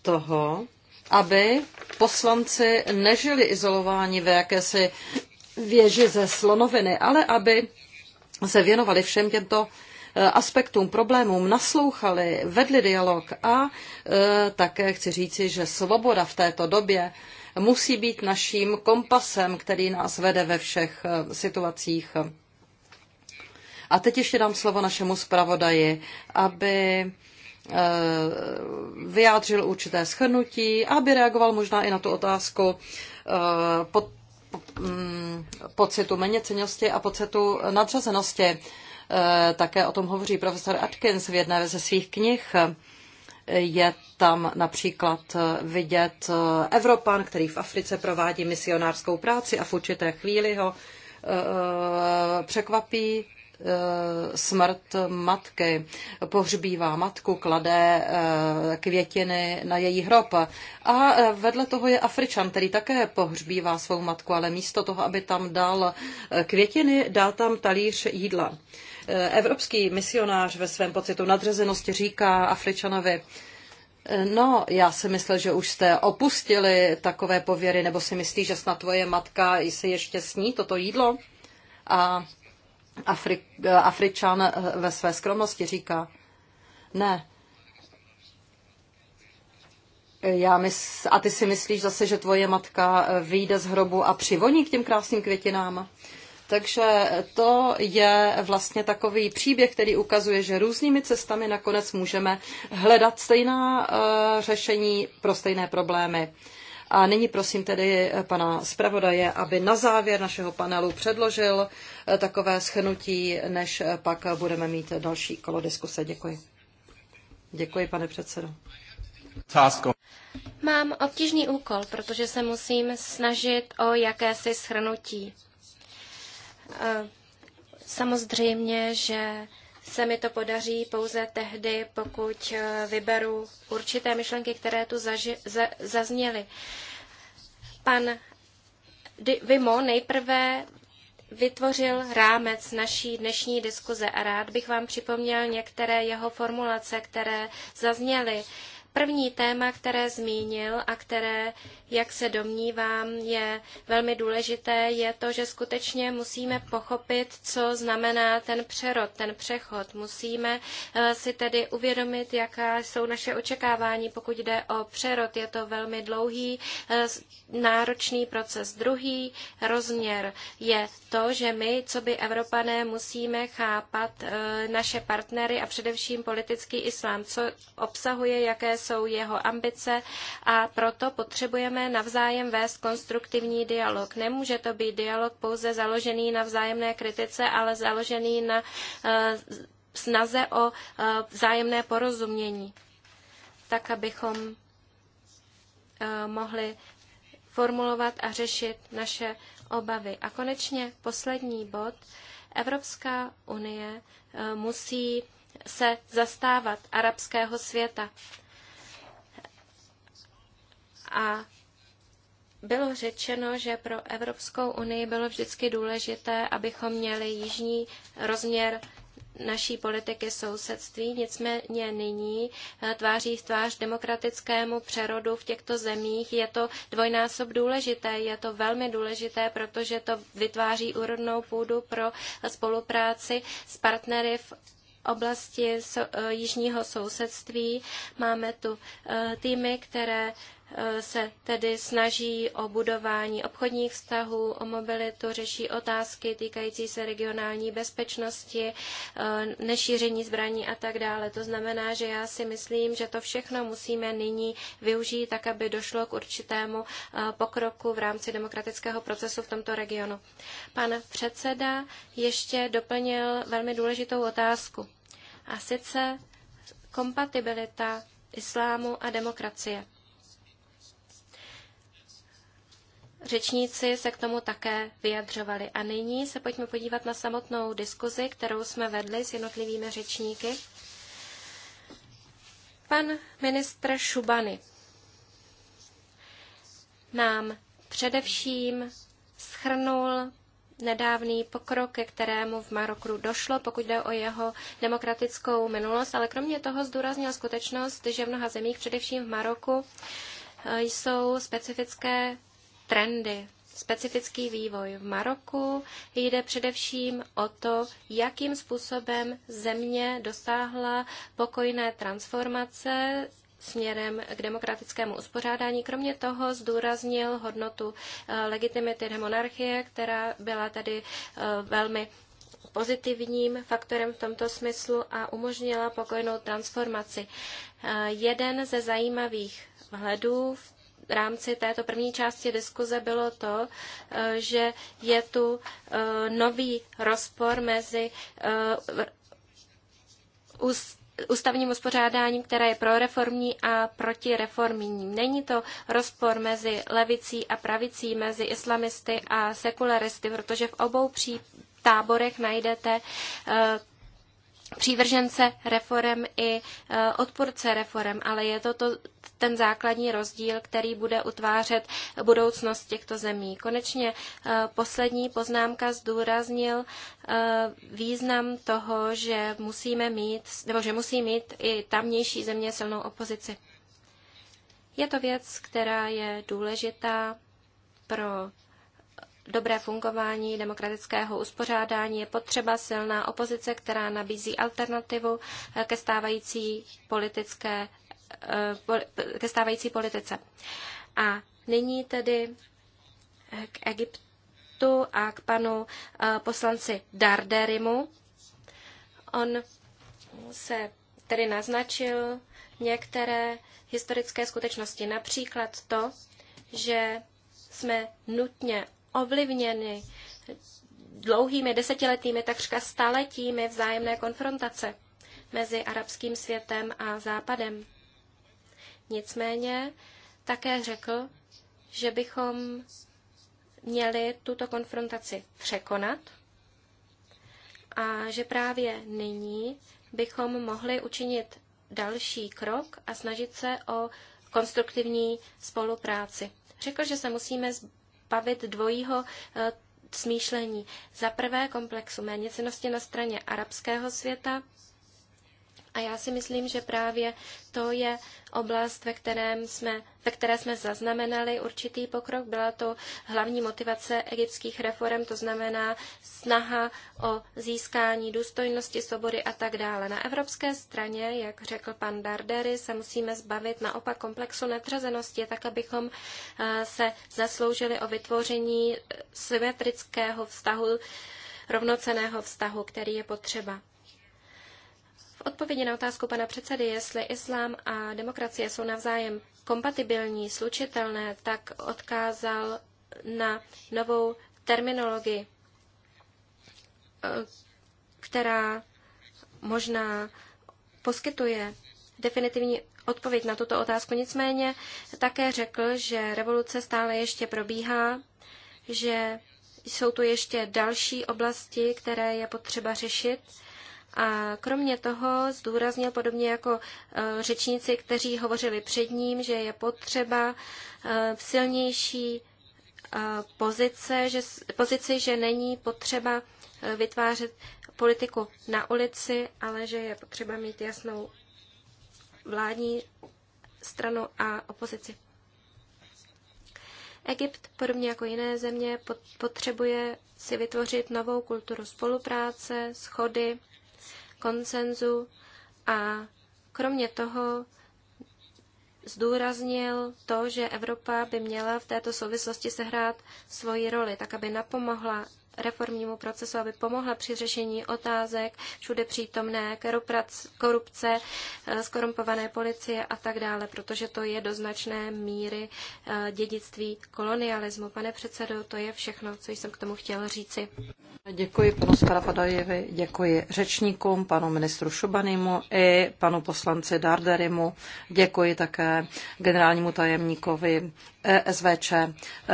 toho, aby poslanci nežili izolováni ve jakési věži ze slonoviny, ale aby se věnovali všem těmto eh, aspektům, problémům, naslouchali, vedli dialog a eh, také chci říci, že svoboda v této době musí být naším kompasem, který nás vede ve všech eh, situacích. A teď ještě dám slovo našemu zpravodaji, aby vyjádřil určité schrnutí, aby reagoval možná i na tu otázku pod Mm, pocitu méněcenosti a pocitu nadřazenosti. E, také o tom hovoří profesor Atkins v jedné ze svých knih. Je tam například vidět e, Evropan, který v Africe provádí misionářskou práci a v určité chvíli ho e, překvapí Eh, smrt matky. Pohřbívá matku, kladé eh, květiny na její hrob. A eh, vedle toho je Afričan, který také pohřbívá svou matku, ale místo toho, aby tam dal květiny, dá tam talíř jídla. Evropský misionář ve svém pocitu nadřazenosti říká Afričanovi, No, já si myslel, že už jste opustili takové pověry, nebo si myslíš, že snad tvoje matka si ještě sní toto jídlo? A Afri- Afričan eh, ve své skromnosti říká, ne, já mys- a ty si myslíš zase, že tvoje matka eh, vyjde z hrobu a přivoní k těm krásným květinám? Takže to je vlastně takový příběh, který ukazuje, že různými cestami nakonec můžeme hledat stejná eh, řešení pro stejné problémy. A nyní prosím tedy pana zpravodaje, aby na závěr našeho panelu předložil eh, takové schnutí, než pak budeme mít další kolo diskuse. Děkuji. Děkuji, pane předsedo. Tásko. Mám obtížný úkol, protože se musím snažit o jakési schrnutí. Eh, samozřejmě, že se mi to podaří pouze tehdy, pokud eh, vyberu určité myšlenky, které tu zaži- za- zazněly. Pan Vimo nejprve vytvořil rámec naší dnešní diskuze a rád bych vám připomněl některé jeho formulace, které zazněly První téma, které zmínil a které, jak se domnívám, je velmi důležité, je to, že skutečně musíme pochopit, co znamená ten přerod, ten přechod. Musíme eh, si tedy uvědomit, jaká jsou naše očekávání, pokud jde o přerod. Je to velmi dlouhý, eh, náročný proces. Druhý rozměr je to, že my, co by Evropané, musíme chápat eh, naše partnery a především politický islám, co obsahuje, jaké jsou jeho ambice a proto potřebujeme navzájem vést konstruktivní dialog. Nemůže to být dialog pouze založený na vzájemné kritice, ale založený na eh, snaze o eh, vzájemné porozumění, tak abychom eh, mohli formulovat a řešit naše obavy. A konečně poslední bod. Evropská unie musí se zastávat arabského světa a bylo řečeno, že pro Evropskou unii bylo vždycky důležité, abychom měli jižní rozměr naší politiky sousedství, nicméně nyní eh, tváří v tvář demokratickému přerodu v těchto zemích je to dvojnásob důležité, je to velmi důležité, protože to vytváří úrodnou půdu pro spolupráci s partnery v oblasti eh, jižního sousedství. Máme tu eh, týmy, které se tedy snaží o budování obchodních vztahů, o mobilitu, řeší otázky týkající se regionální bezpečnosti, e, nešíření zbraní a tak dále. To znamená, že já si myslím, že to všechno musíme nyní využít tak, aby došlo k určitému e, pokroku v rámci demokratického procesu v tomto regionu. Pan předseda ještě doplnil velmi důležitou otázku. A sice kompatibilita islámu a demokracie. Řečníci se k tomu také vyjadřovali. A nyní se pojďme podívat na samotnou diskuzi, kterou jsme vedli s jednotlivými řečníky. Pan ministr Šubany nám především schrnul nedávný pokrok, ke kterému v Maroku došlo, pokud jde o jeho demokratickou minulost, ale kromě toho zdůraznil skutečnost, že v mnoha zemích, především v Maroku, jsou specifické trendy, specifický vývoj v Maroku. Jde především o to, jakým způsobem země dosáhla pokojné transformace směrem k demokratickému uspořádání. Kromě toho zdůraznil hodnotu eh, legitimity monarchie, která byla tady eh, velmi pozitivním faktorem v tomto smyslu a umožnila pokojnou transformaci. Eh, jeden ze zajímavých vhledů v rámci této první části diskuze bylo to, e, že je tu e, nový rozpor mezi e, ústavním uspořádáním, které je proreformní a protireformní. Není to rozpor mezi levicí a pravicí, mezi islamisty a sekularisty, protože v obou pří, táborech najdete přívržence reform i e, odporce reform, ale je to, to ten základní rozdíl, který bude utvářet budoucnost těchto zemí. Konečně e, poslední poznámka zdůraznil e, význam toho, že musíme mít, nebo že musí mít i tamnější země silnou opozici. Je to věc, která je důležitá pro dobré fungování demokratického uspořádání je potřeba silná opozice, která nabízí alternativu eh, ke stávající politické eh, ke stávající politice. A nyní tedy eh, k Egyptu a k panu poslanci Darderimu. On se tedy naznačil některé historické skutečnosti, například to, že jsme nutně ovlivněny dlouhými desetiletými, takřka staletími vzájemné konfrontace mezi arabským světem a západem. Nicméně také řekl, že bychom měli tuto konfrontaci překonat a že právě nyní bychom mohli učinit další krok a snažit se o konstruktivní spolupráci. Řekl, že se musíme zbavit dvojího eh, smýšlení. Za prvé komplexu méněcenosti na straně arabského světa a já si myslím, že právě to je oblast, ve, kterém jsme, ve které jsme zaznamenali určitý pokrok. Byla to hlavní motivace egyptských reform, to znamená snaha o získání důstojnosti, svobody a tak dále. Na evropské straně, jak řekl pan Dardery, se musíme zbavit naopak komplexu nadřazenosti, tak abychom eh, se zasloužili o vytvoření eh, symetrického vztahu, rovnoceného vztahu, který je potřeba odpovědi na otázku pana předsedy, jestli islám a demokracie jsou navzájem kompatibilní, slučitelné, tak odkázal na novou terminologii, eh, která možná poskytuje definitivní odpověď na tuto otázku. Nicméně také řekl, že revoluce stále ještě probíhá, že jsou tu ještě další oblasti, které je potřeba řešit a kromě toho zdůraznil podobně jako e, řečníci, kteří hovořili před ním, že je potřeba e, silnější e, pozice, že, pozici, že není potřeba vytvářet politiku na ulici, ale že je potřeba mít jasnou vládní stranu a opozici. Egypt, podobně jako jiné země, potřebuje si vytvořit novou kulturu spolupráce, schody, koncenzu a kromě toho zdůraznil to, že Evropa by měla v této souvislosti sehrát svoji roli, tak aby napomohla reformnímu procesu, aby pomohla při řešení otázek všude přítomné korupce, eh, skorumpované policie a tak dále, protože to je do značné míry eh, dědictví kolonialismu. Pane předsedo, to je všechno, co jsem k tomu chtěla říci. Děkuji panu Skarapadajevi, děkuji řečníkům, panu ministru Šubanimu i panu poslanci Darderimu. Děkuji také generálnímu tajemníkovi ESVČ. E,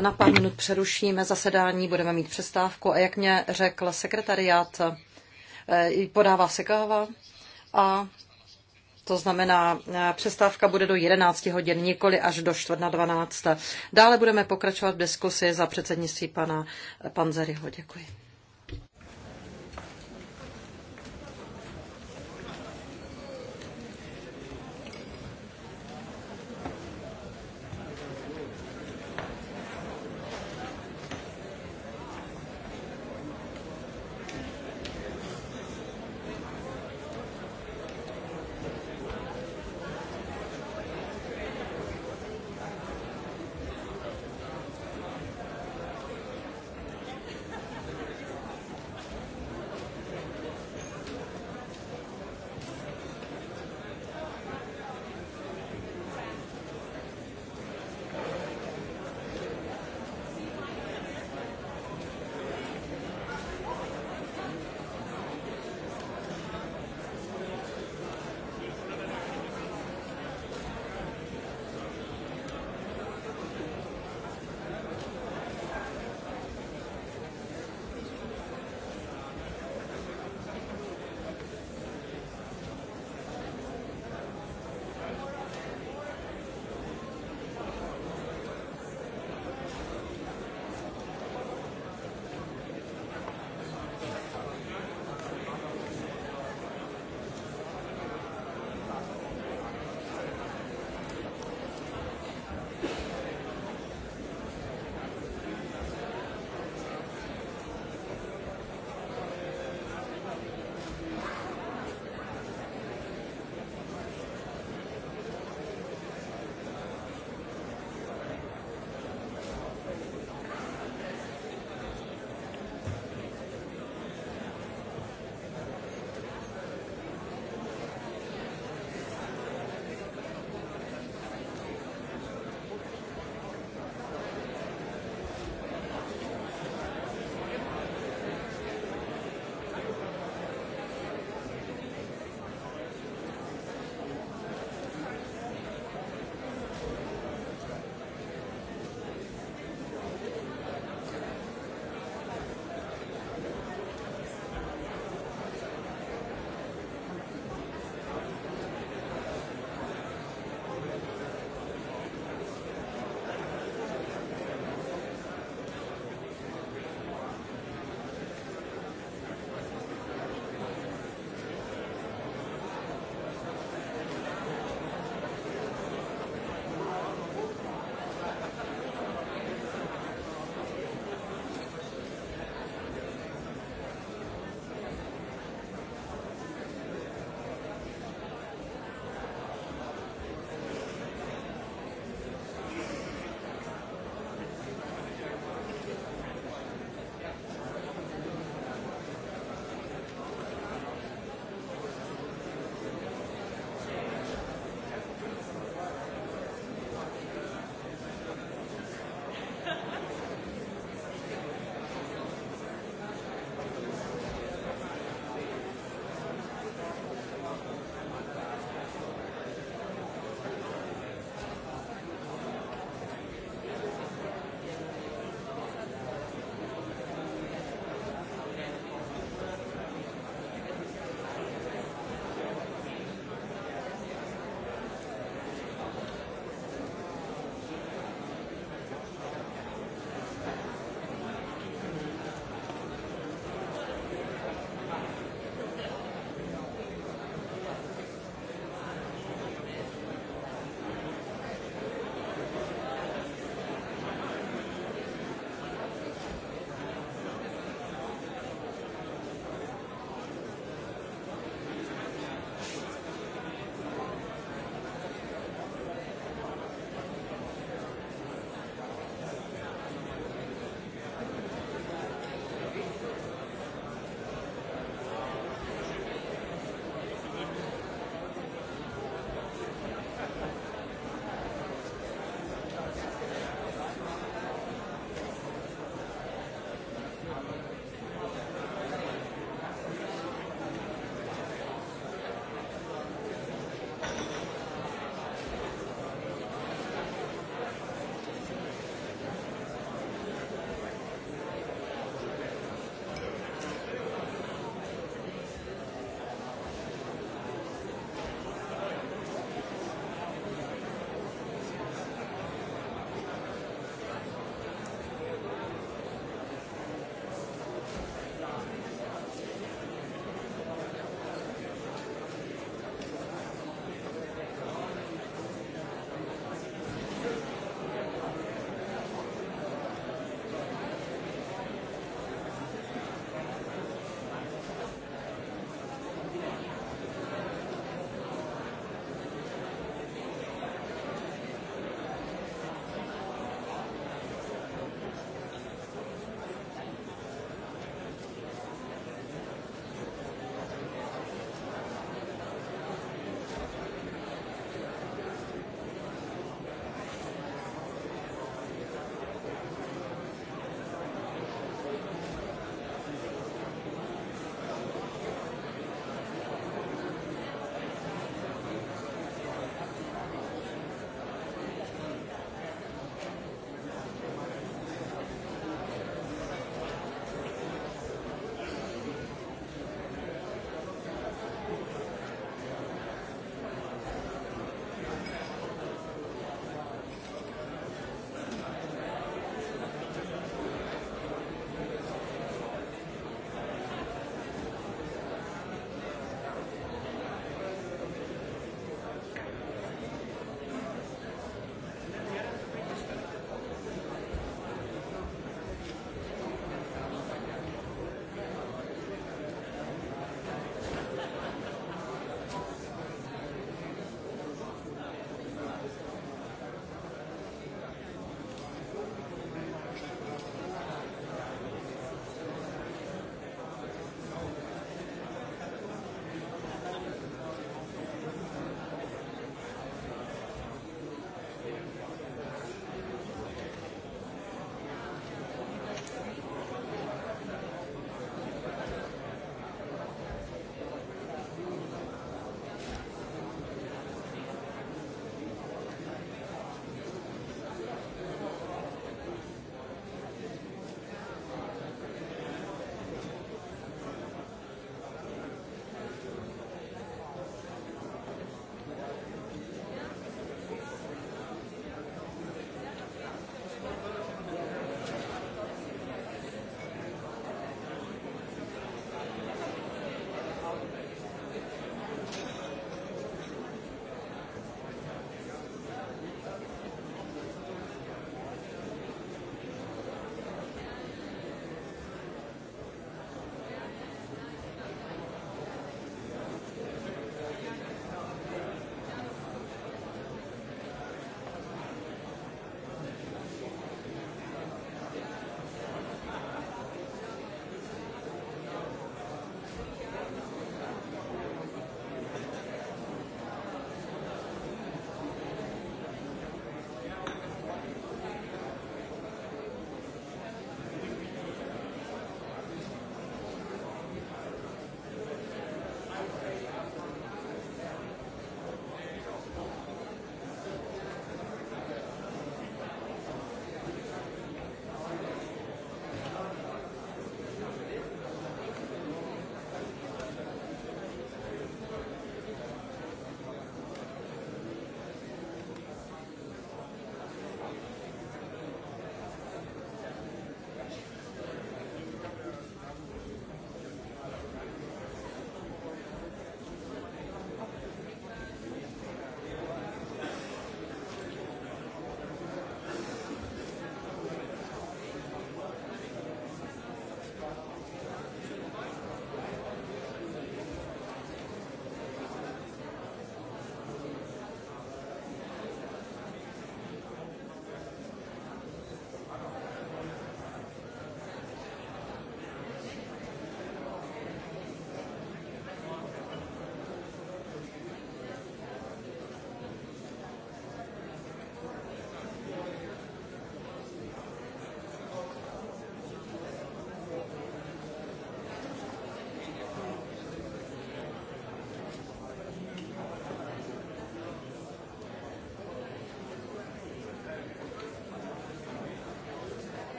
na pár minut přerušíme zasedání, budeme mít přestávku a jak mě řekl sekretariát, e, podává se káva a to znamená, e, přestávka bude do 11 hodin, nikoli až do čtvrt na 12. Dále budeme pokračovat v diskusi za předsednictví pana Panzeryho. Děkuji.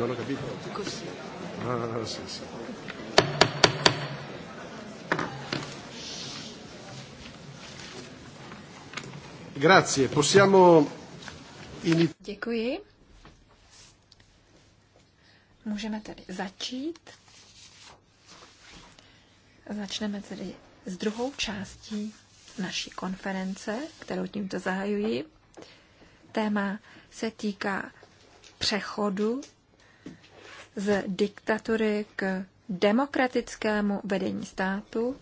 Non ho capito. Così. Ah, sì, sì. Grazie, possiamo Děkuji. Můžeme tedy začít. Začneme tedy s druhou částí naší konference, kterou tímto zahajuji. Téma se týká přechodu z diktatury k demokratickému vedení státu,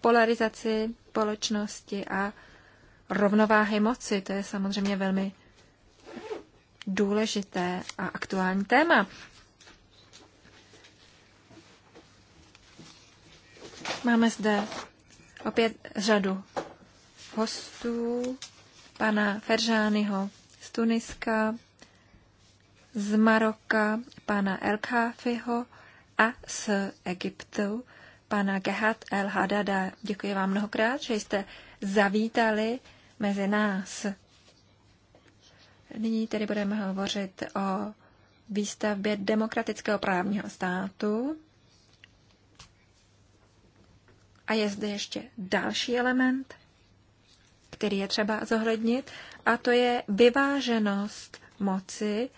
polarizaci společnosti a rovnováhy moci. To je samozřejmě velmi důležité a aktuální téma. Máme zde opět řadu hostů, pana Feržányho z Tuniska, z Maroka pana El a z Egyptu pana Gehat El Hadada. Děkuji vám mnohokrát, že jste zavítali mezi nás. Nyní tedy budeme hovořit o výstavbě demokratického právního státu. A je zde ještě další element, který je třeba zohlednit, a to je vyváženost moci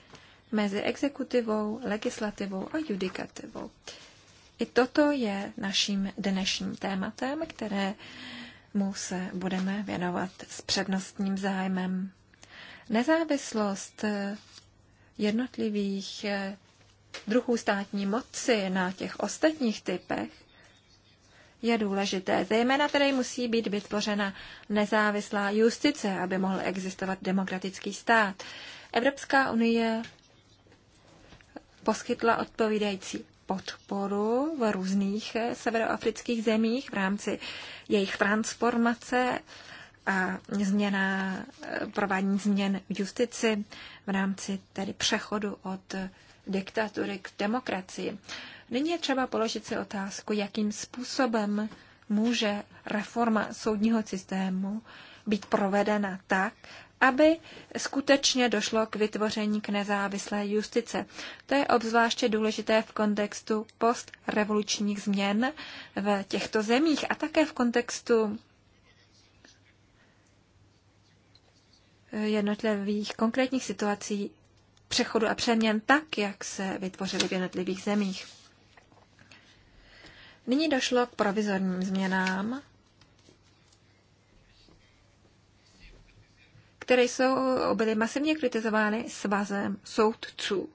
mezi exekutivou, legislativou a judikativou. I toto je naším dnešním tématem, které mu se budeme věnovat s přednostním zájmem. Nezávislost jednotlivých eh, druhů státní moci na těch ostatních typech je důležité. Zejména tedy musí být vytvořena nezávislá justice, aby mohl existovat demokratický stát. Evropská unie poskytla odpovídající podporu v různých eh, severoafrických zemích v rámci jejich transformace a změna, eh, provádění změn v justici v rámci tedy přechodu od eh, diktatury k demokracii. Nyní je třeba položit si otázku, jakým způsobem může reforma soudního systému být provedena tak, aby skutečně došlo k vytvoření k nezávislé justice. To je obzvláště důležité v kontextu postrevolučních změn v těchto zemích a také v kontextu jednotlivých konkrétních situací přechodu a přeměn tak, jak se vytvořily v jednotlivých zemích. Nyní došlo k provizorním změnám které jsou byly masivně kritizovány svazem soudců.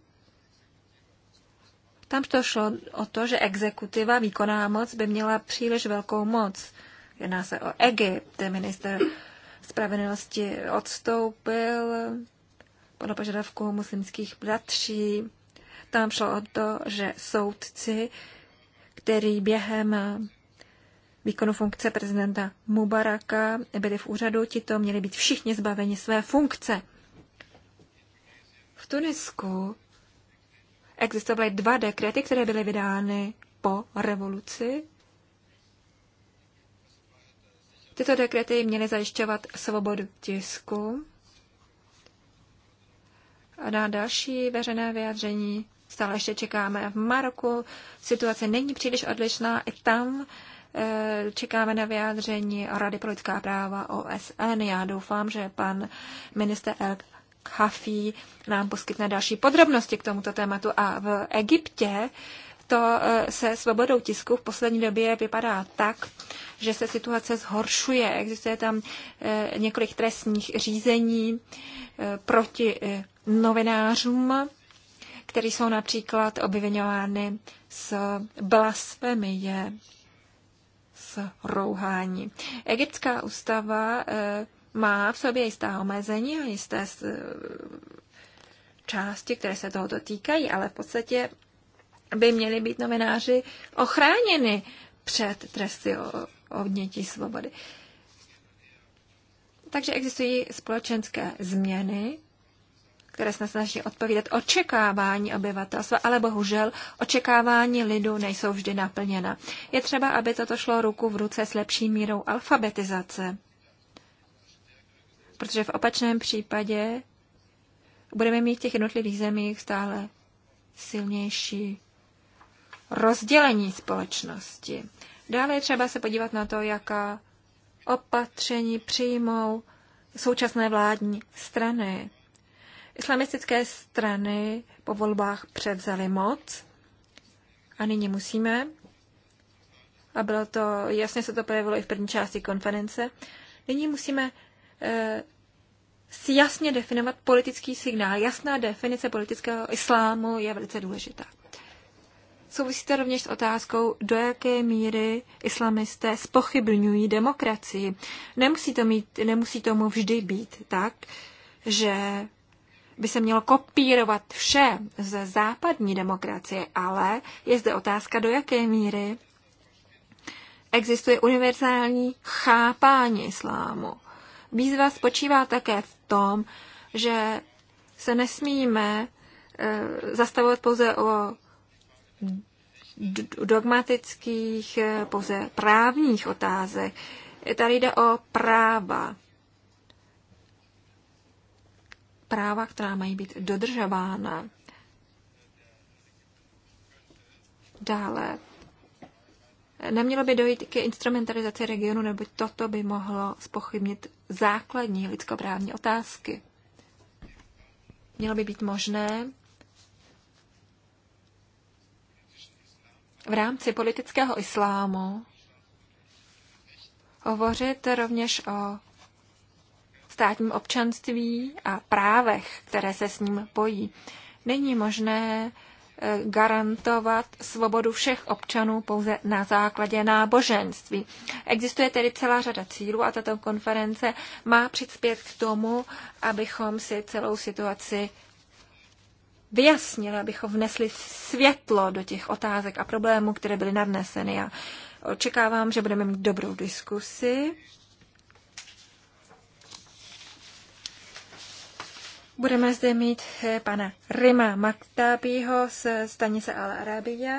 Tam to šlo o to, že exekutiva, výkonná moc, by měla příliš velkou moc. Jedná se o Egypt, minister spravedlnosti odstoupil podle požadavku muslimských bratří. Tam šlo o to, že soudci, který během výkonu funkce prezidenta Mubaraka byli v úřadu, tito měli být všichni zbaveni své funkce. V Tunisku existovaly dva dekrety, které byly vydány po revoluci. Tyto dekrety měly zajišťovat svobodu tisku. A na další veřejné vyjádření stále ještě čekáme. V Maroku situace není příliš odlišná. I tam Eh, čekáme na vyjádření Rady pro lidská práva OSN. Já doufám, že pan minister El Khafi nám poskytne další podrobnosti k tomuto tématu. A v Egyptě to eh, se svobodou tisku v poslední době vypadá tak, že se situace zhoršuje. Existuje tam eh, několik trestních řízení proti novinářům, které jsou například obvinovány z blasfemie rouhání. Egyptská ústava eh, má v sobě jistá omezení a jisté eh, části, které se toho dotýkají, ale v podstatě by měli být novináři ochráněni před tresty odnětí svobody. Takže existují společenské změny, které se snaží odpovídat očekávání obyvatelstva, ale bohužel očekávání lidu nejsou vždy naplněna. Je třeba, aby toto šlo ruku v ruce s lepší mírou alfabetizace, protože v opačném případě budeme mít v těch jednotlivých zemích stále silnější rozdělení společnosti. Dále je třeba se podívat na to, jaká opatření přijmou současné vládní strany Islamistické strany po volbách převzaly moc a nyní musíme, a bylo to, jasně se to projevilo i v první části konference, nyní musíme e, si jasně definovat politický signál. Jasná definice politického islámu je velice důležitá. Souvisí to rovněž s otázkou, do jaké míry islamisté spochybňují demokracii. Nemusí, to mít, nemusí tomu vždy být tak, že by se mělo kopírovat vše ze západní demokracie, ale je zde otázka, do jaké míry existuje univerzální chápání islámu. Výzva spočívá také v tom, že se nesmíme eh, zastavovat pouze o dogmatických, eh, pouze právních otázek. Tady jde o práva práva, která mají být dodržována. Dále, nemělo by dojít k instrumentalizaci regionu, nebo toto by mohlo spochybnit základní lidskoprávní otázky. Mělo by být možné v rámci politického islámu hovořit rovněž o státním občanství a právech, které se s ním pojí. Není možné eh, garantovat svobodu všech občanů pouze na základě náboženství. Existuje tedy celá řada cílů a tato konference má přispět k tomu, abychom si celou situaci vyjasnili, abychom vnesli světlo do těch otázek a problémů, které byly nadneseny. Já očekávám, že budeme mít dobrou diskusi Budeme zde mít eh, pana Rima Maktabího z stanice Al Arabia.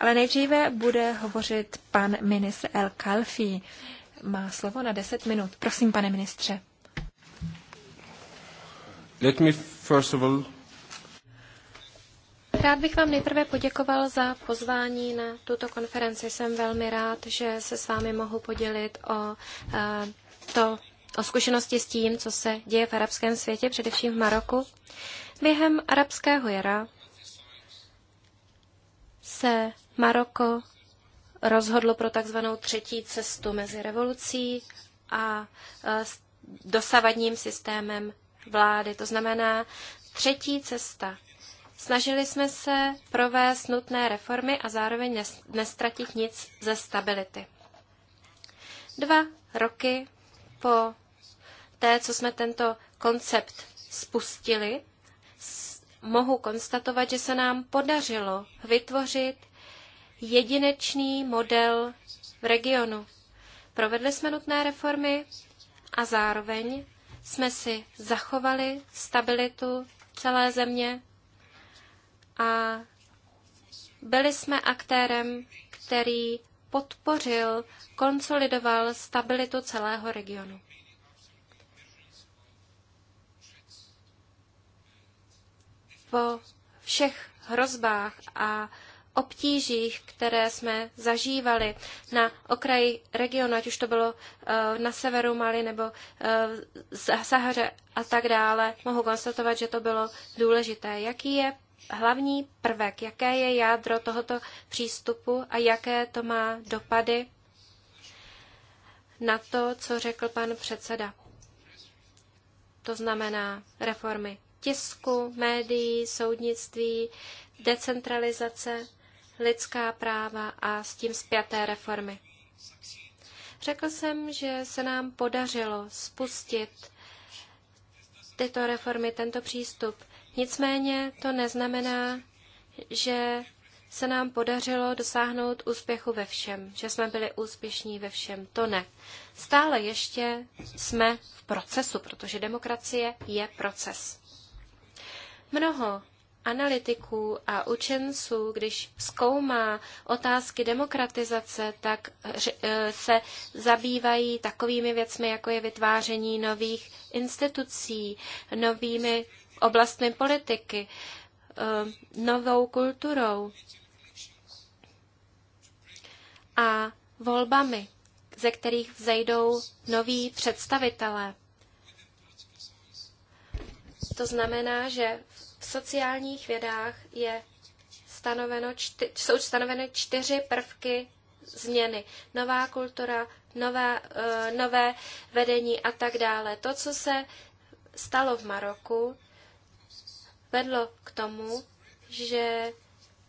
Ale nejdříve bude hovořit pan ministr El Kalfi. Má slovo na 10 minut. Prosím, pane ministře. Let me first of all... Rád bych vám nejprve poděkoval za pozvání na tuto konferenci. Jsem velmi rád, že se s vámi mohu podělit o eh, to, o zkušenosti s tím, co se děje v arabském světě, především v Maroku. Během arabského jara se Maroko rozhodlo pro takzvanou třetí cestu mezi revolucí a e, dosavadním systémem vlády. To znamená třetí cesta. Snažili jsme se provést nutné reformy a zároveň nestratit nic ze stability. Dva roky po té, co jsme tento koncept spustili, mohu konstatovat, že se nám podařilo vytvořit jedinečný model v regionu. Provedli jsme nutné reformy a zároveň jsme si zachovali stabilitu celé země a byli jsme aktérem, který podpořil, konsolidoval stabilitu celého regionu. Po všech hrozbách a obtížích, které jsme zažívali na okraji regionu, ať už to bylo eh, na severu Mali nebo uh, Sahaře a tak dále, mohu konstatovat, že to bylo důležité. Jaký je hlavní prvek, jaké je jádro tohoto přístupu a jaké to má dopady na to, co řekl pan předseda. To znamená reformy tisku, médií, soudnictví, decentralizace, lidská práva a s tím zpěté reformy. Řekl jsem, že se nám podařilo spustit tyto reformy, tento přístup. Nicméně to neznamená, že se nám podařilo dosáhnout úspěchu ve všem, že jsme byli úspěšní ve všem. To ne. Stále ještě jsme v procesu, protože demokracie je proces. Mnoho analytiků a učenců, když zkoumá otázky demokratizace, tak eh, se zabývají takovými věcmi, jako je vytváření nových institucí, novými oblastmi politiky, eh, novou kulturou a volbami, ze kterých vzejdou noví představitelé. To znamená, že v sociálních vědách je stanoveno čty, jsou stanoveny čtyři prvky změny. Nová kultura, nové, eh, nové vedení a tak dále. To, co se stalo v Maroku, vedlo k tomu, že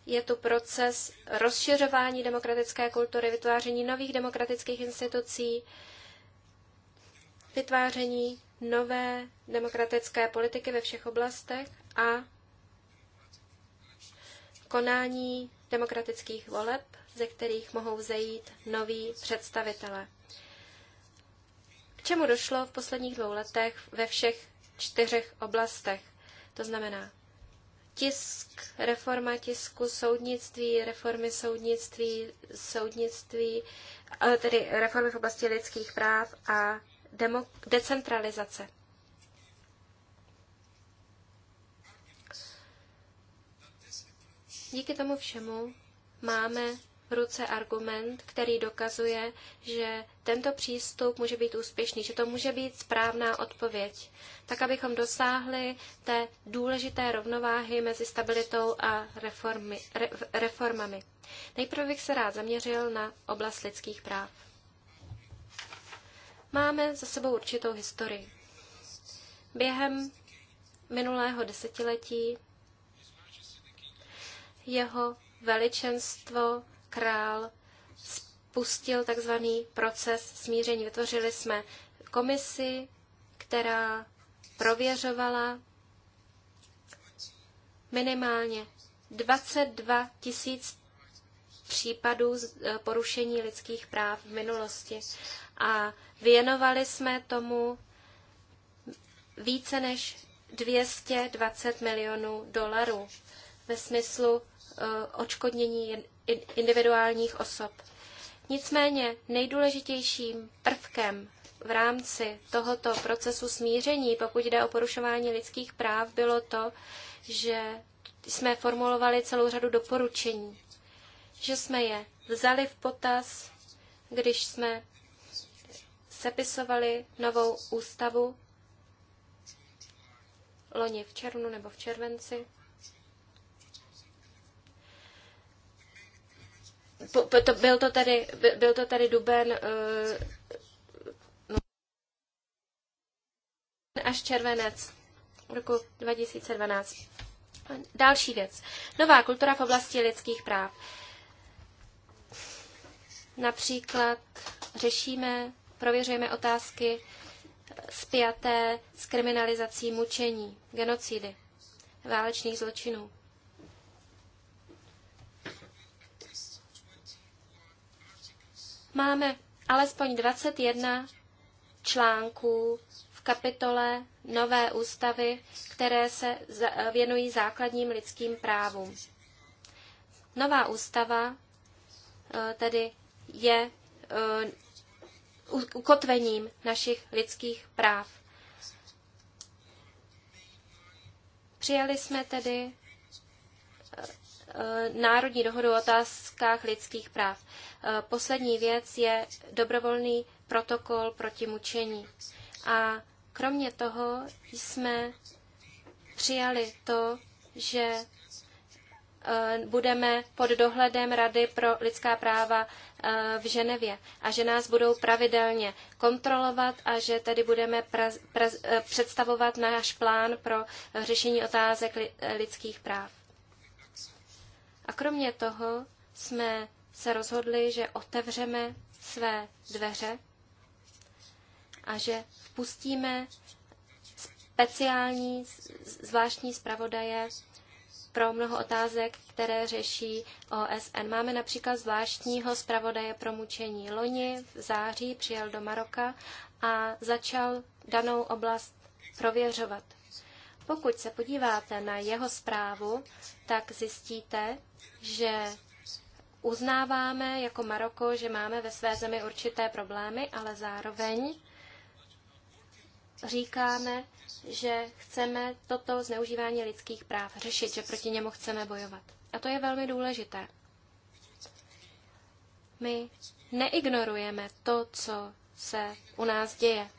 je tu proces rozšiřování demokratické kultury, vytváření nových demokratických institucí, vytváření nové demokratické politiky ve všech oblastech a konání demokratických voleb, ze kterých mohou vzejít noví představitelé. K čemu došlo v posledních dvou letech ve všech čtyřech oblastech? To znamená tisk, reforma tisku, soudnictví, reformy soudnictví, soudnictví, eh, tedy reformy v oblasti lidských práv a demo, decentralizace. Díky tomu všemu máme ruce argument, který dokazuje, že tento přístup může být úspěšný, že to může být správná odpověď, tak abychom dosáhli té důležité rovnováhy mezi stabilitou a reformy, re, reformami. Nejprve bych se rád zaměřil na oblast lidských práv. Máme za sebou určitou historii. Během minulého desetiletí jeho veličenstvo král spustil takzvaný proces smíření. Vytvořili jsme komisi, která prověřovala minimálně 22 tisíc případů e, porušení lidských práv v minulosti. A věnovali jsme tomu více než 220 milionů dolarů ve smyslu e, odškodnění individuálních osob. Nicméně nejdůležitějším prvkem v rámci tohoto procesu smíření, pokud jde o porušování lidských práv, bylo to, že jsme formulovali celou řadu doporučení, že jsme je vzali v potaz, když jsme sepisovali novou ústavu loni v červnu nebo v červenci. to, byl, to tady, byl to tady duben eh, no, až červenec roku 2012. Další věc. Nová kultura v oblasti lidských práv. Například řešíme, prověřujeme otázky eh, spjaté s kriminalizací mučení, genocidy, válečných zločinů. máme alespoň 21 článků v kapitole Nové ústavy, které se věnují základním lidským právům. Nová ústava eh, tedy je eh, ukotvením našich lidských práv. Přijali jsme tedy Eh, národní dohodu o otázkách lidských práv. Eh, poslední věc je dobrovolný protokol proti mučení. A kromě toho jsme přijali to, že eh, budeme pod dohledem Rady pro lidská práva v Ženevě a že nás budou pravidelně kontrolovat a že tedy budeme představovat náš plán pro řešení otázek lidských práv. A kromě toho jsme se rozhodli, že otevřeme své dveře a že vpustíme speciální zvláštní zpravodaje pro mnoho otázek, které řeší OSN. Máme například zvláštního zpravodaje pro mučení. Loni v září přijel do Maroka a začal danou oblast prověřovat. Pokud se podíváte na jeho zprávu, tak zjistíte, že uznáváme jako Maroko, že máme ve své zemi určité problémy, ale zároveň říkáme, že chceme toto zneužívání lidských práv řešit, že proti němu chceme bojovat. A to je velmi důležité. My neignorujeme to, co se u nás děje.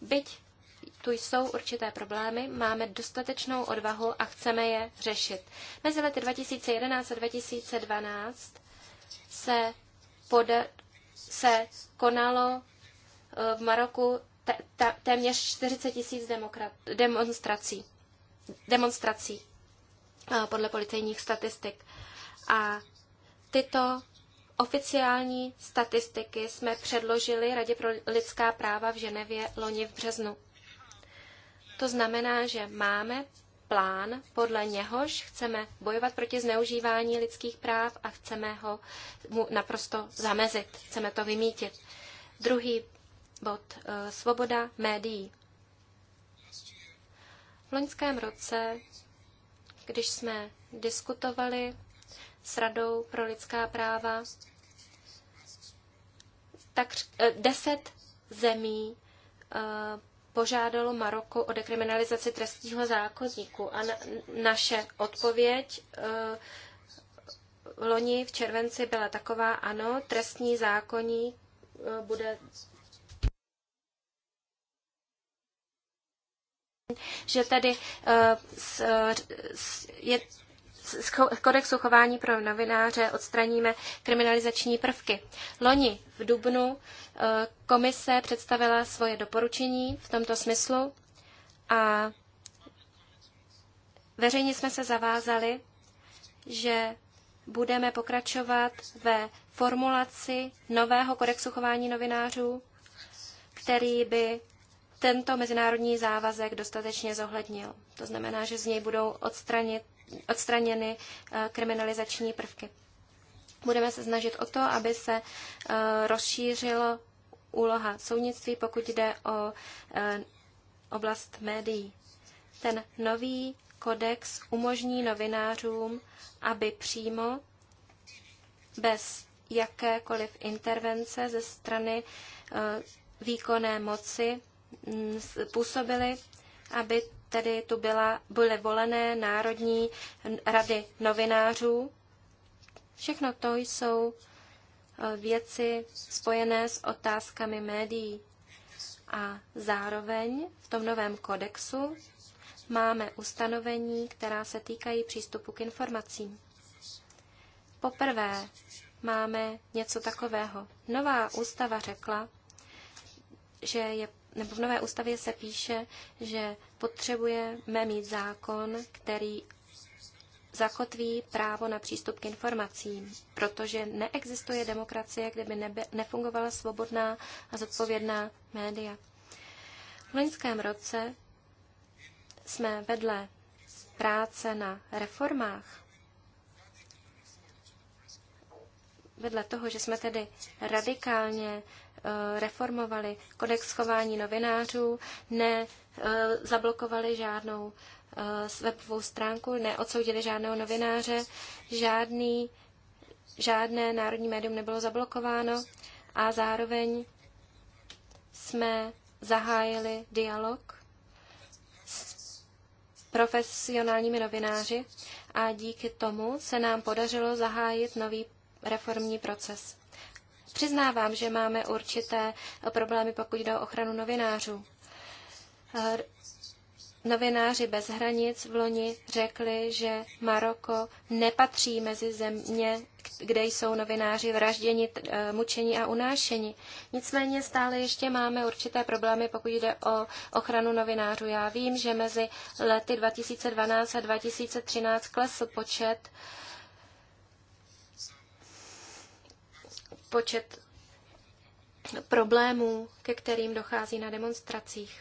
Byť tu jsou určité problémy, máme dostatečnou odvahu a chceme je řešit. Mezi lety 2011 a 2012 se, pod, se konalo eh, v Maroku téměř 40 tisíc demonstrací, demonstrací eh, podle policejních statistik. A tyto oficiální statistiky jsme předložili Radě pro lidská práva v Ženevě loni v březnu. To znamená, že máme plán, podle něhož chceme bojovat proti zneužívání lidských práv a chceme ho mu naprosto zamezit, chceme to vymítit. Druhý bod, eh, svoboda médií. V loňském roce, když jsme diskutovali s Radou pro lidská práva, tak eh, deset zemí eh, požádalo Maroko o dekriminalizaci trestního zákonníku a na, naše odpověď v eh, loni v červenci byla taková, ano, trestní zákonník eh, bude že tedy eh, je z kodexu chování pro novináře odstraníme kriminalizační prvky. Loni v Dubnu eh, komise představila svoje doporučení v tomto smyslu a veřejně jsme se zavázali, že budeme pokračovat ve formulaci nového kodexu chování novinářů, který by tento mezinárodní závazek dostatečně zohlednil. To znamená, že z něj budou odstranit, odstraněny eh, kriminalizační prvky. Budeme se snažit o to, aby se eh, rozšířilo úloha soudnictví, pokud jde o eh, oblast médií. Ten nový kodex umožní novinářům, aby přímo bez jakékoliv intervence ze strany výkonné moci mm, působili, aby tedy tu byla, byly volené Národní rady novinářů. Všechno to jsou eh, věci spojené s otázkami médií. A zároveň v tom novém kodexu máme ustanovení, která se týkají přístupu k informacím. Poprvé máme něco takového. Nová ústava řekla, že je, nebo v nové ústavě se píše, že Potřebujeme mít zákon, který zakotví právo na přístup k informacím, protože neexistuje demokracie, kde by nebe, nefungovala svobodná a zodpovědná média. V loňském roce jsme vedle práce na reformách, vedle toho, že jsme tedy radikálně eh, reformovali kodex chování novinářů, ne Eh, zablokovali žádnou eh, webovou stránku, neodsoudili žádného novináře, žádný, žádné národní médium nebylo zablokováno a zároveň jsme zahájili dialog s profesionálními novináři a díky tomu se nám podařilo zahájit nový reformní proces. Přiznávám, že máme určité problémy, pokud jde o ochranu novinářů. Novináři bez hranic v loni řekli, že Maroko nepatří mezi země, kde jsou novináři vražděni, eh, mučeni a unášeni. Nicméně stále ještě máme určité problémy, pokud jde o ochranu novinářů. Já vím, že mezi lety 2012 a 2013 klesl počet počet problémů, ke kterým dochází na demonstracích.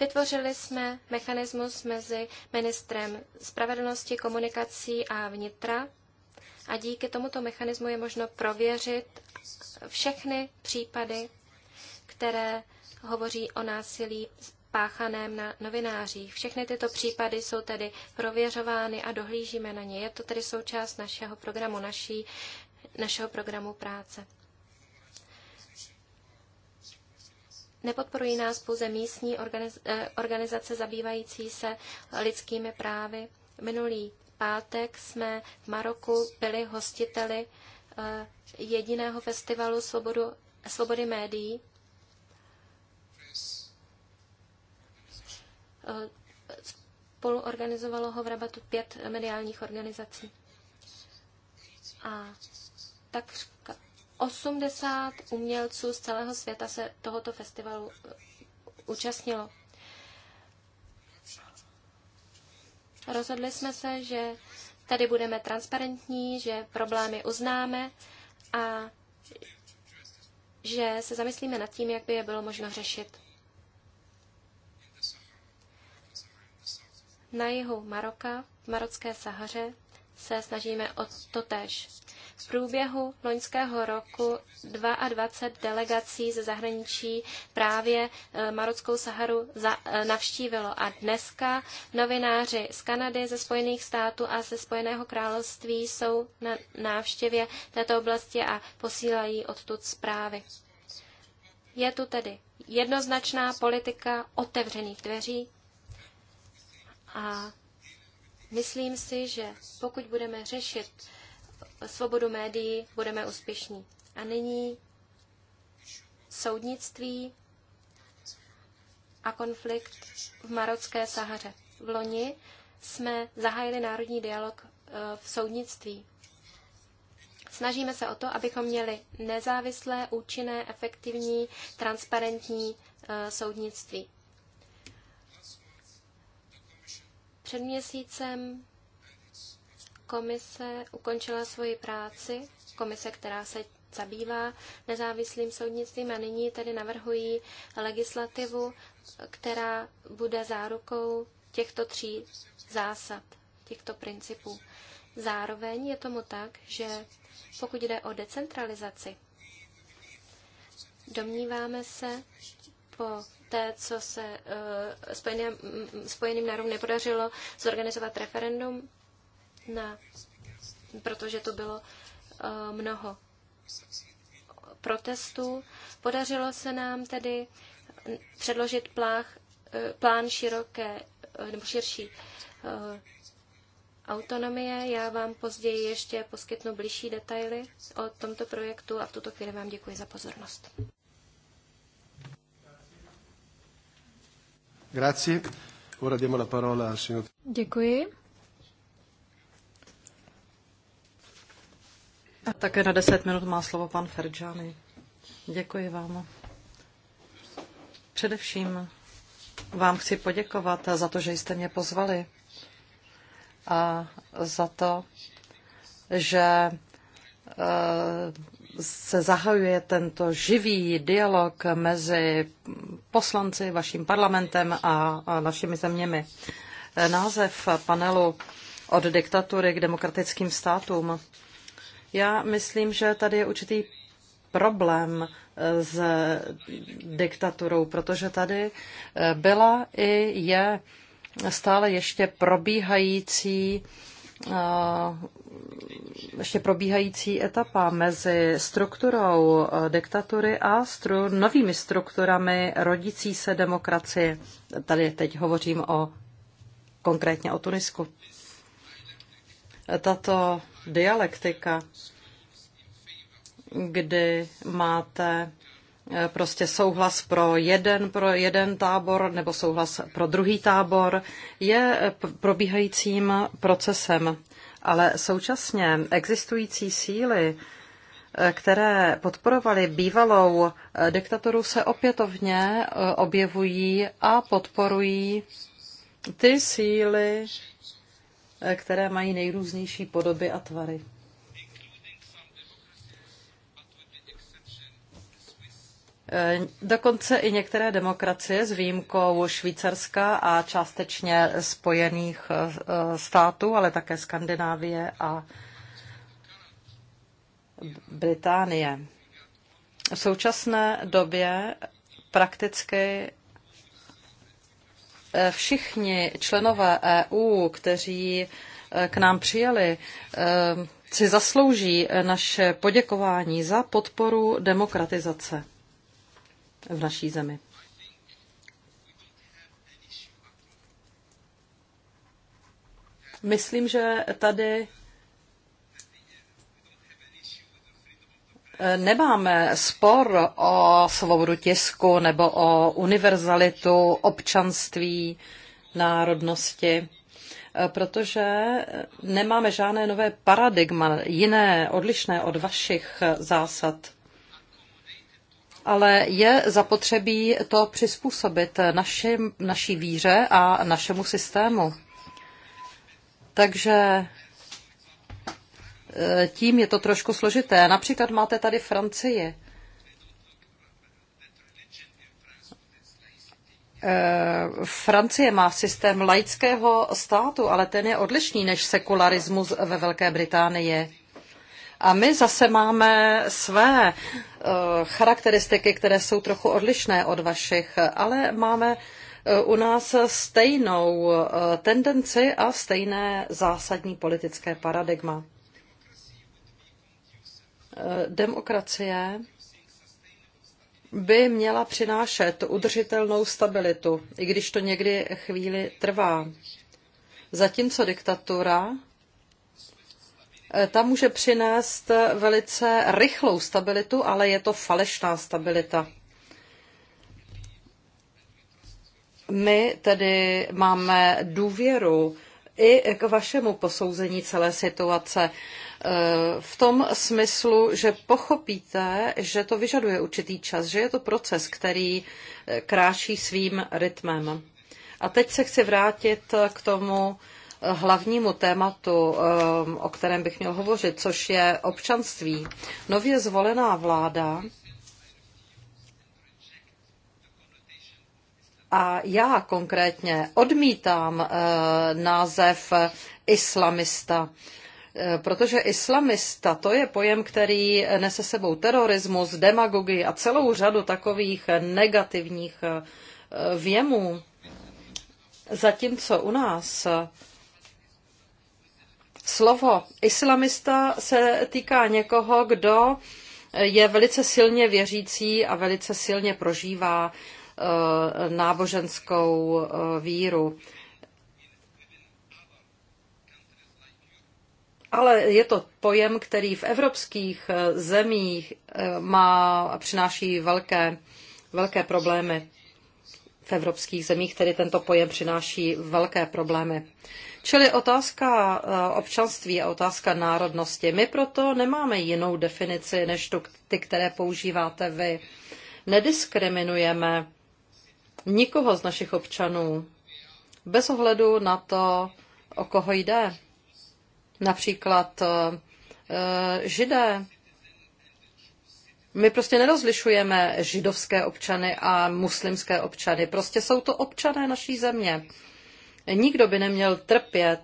Vytvořili jsme mechanismus mezi ministrem spravedlnosti, komunikací a vnitra a díky tomuto mechanismu je možno prověřit všechny případy, které hovoří o násilí páchaném na novinářích. Všechny tyto případy jsou tedy prověřovány a dohlížíme na ně. Je to tedy součást našeho programu, naší, našeho programu práce. Nepodporují nás pouze místní eh, organizace zabývající se lidskými právy. Minulý pátek jsme v Maroku byli hostiteli eh, jediného festivalu svobodu, svobody médií. Eh, spolu organizovalo ho v Rabatu pět mediálních organizací. A tak. 80 umělců z celého světa se tohoto festivalu eh, účastnilo. Rozhodli jsme se, že tady budeme transparentní, že problémy uznáme a že se zamyslíme nad tím, jak by je bylo možno řešit. Na jihu Maroka, v marocké Sahaře, se snažíme o to tež. V průběhu loňského roku 22 delegací ze zahraničí právě eh, Marockou Saharu eh, navštívilo a dneska novináři z Kanady, ze Spojených států a ze Spojeného království jsou na návštěvě této oblasti a posílají odtud zprávy. Je tu tedy jednoznačná politika otevřených dveří a myslím si, že pokud budeme řešit svobodu médií, budeme úspěšní. A nyní soudnictví a konflikt v Marocké Sahaře. V loni jsme zahájili národní dialog e, v soudnictví. Snažíme se o to, abychom měli nezávislé, účinné, efektivní, transparentní e, soudnictví. Před měsícem komise ukončila svoji práci, komise, která se zabývá nezávislým soudnictvím a nyní tedy navrhují legislativu, která bude zárukou těchto tří zásad, těchto principů. Zároveň je tomu tak, že pokud jde o decentralizaci, domníváme se po té, co se uh, eh, spojeným, spojeným národům nepodařilo zorganizovat referendum, na, protože to bylo eh, mnoho protestů. Podařilo se nám tedy předložit plách, eh, plán široké eh, nebo širší autonomie. Já vám později ještě poskytnu bližší detaily o tomto projektu a v tuto chvíli vám děkuji za pozornost. Grazie. Ora diamo la parola al signor... Děkuji. Také na 10 minut má slovo pan Ferjani. Děkuji vám. Především vám chci poděkovat za to, že jste mě pozvali a za to, že eh, se zahajuje tento živý dialog mezi poslanci, vaším parlamentem a našimi zeměmi. Název panelu od diktatury k demokratickým státům já myslím, že tady je určitý problém eh, s diktaturou, protože tady eh, byla i je stále ještě probíhající eh, ještě probíhající etapa mezi strukturou diktatury a stru, novými strukturami rodící se demokracie. Tady teď hovořím o konkrétně o Tunisku tato dialektika, kdy máte eh, prostě souhlas pro jeden, pro jeden tábor nebo souhlas pro druhý tábor, je eh, probíhajícím procesem. Ale současně existující síly, eh, které podporovaly bývalou diktaturu, se opětovně objevují a podporují ty síly, které mají nejrůznější podoby a tvary. Dokonce i některé demokracie s výjimkou Švýcarska a částečně spojených eh, států, ale také Skandinávie a Británie. V současné době prakticky všichni členové EU, kteří eh, k nám přijeli, eh, si zaslouží naše poděkování za podporu demokratizace v naší zemi. Myslím, že tady Nemáme spor o svobodu tisku nebo o univerzalitu občanství, národnosti, protože nemáme žádné nové paradigma, jiné, odlišné od vašich zásad. Ale je zapotřebí to přizpůsobit naši, naší víře a našemu systému. Takže Eh, tím je to trošku složité. Například máte tady Francii. Eh, Francie má systém laického státu, ale ten je odlišný než sekularismus ve Velké Británii. A my zase máme své eh, charakteristiky, které jsou trochu odlišné od vašich, ale máme u nás stejnou tendenci a stejné zásadní politické paradigma. Eh, demokracie by měla přinášet udržitelnou stabilitu, i když to někdy chvíli trvá. Zatímco diktatura eh, ta může přinést velice rychlou stabilitu, ale je to falešná stabilita. My tedy máme důvěru i k vašemu posouzení celé situace v tom smyslu, že pochopíte, že to vyžaduje určitý čas, že je to proces, který eh, kráčí svým rytmem. A teď se chci vrátit eh, k tomu eh, hlavnímu tématu, o kterém bych měl hovořit, což je občanství. Nově zvolená vláda A já konkrétně odmítám název islamista. Eh, protože islamista to je pojem, který nese sebou terorismus, demagogii a celou řadu takových negativních eh, věmů. Zatímco u nás eh, slovo islamista se týká někoho, kdo je velice silně věřící a velice silně prožívá náboženskou víru. ale je to pojem, který v evropských eh, zemích eh, má a přináší velké, velké problémy. V evropských zemích tedy tento pojem přináší velké problémy. Čili otázka eh, občanství a otázka národnosti. My proto nemáme jinou definici než tu, ty, které používáte vy. Nediskriminujeme nikoho z našich občanů bez ohledu na to, o koho jde. Například eh, eh, židé. My prostě nerozlišujeme židovské občany a muslimské občany. Prostě jsou to občané naší země. Nikdo by neměl trpět,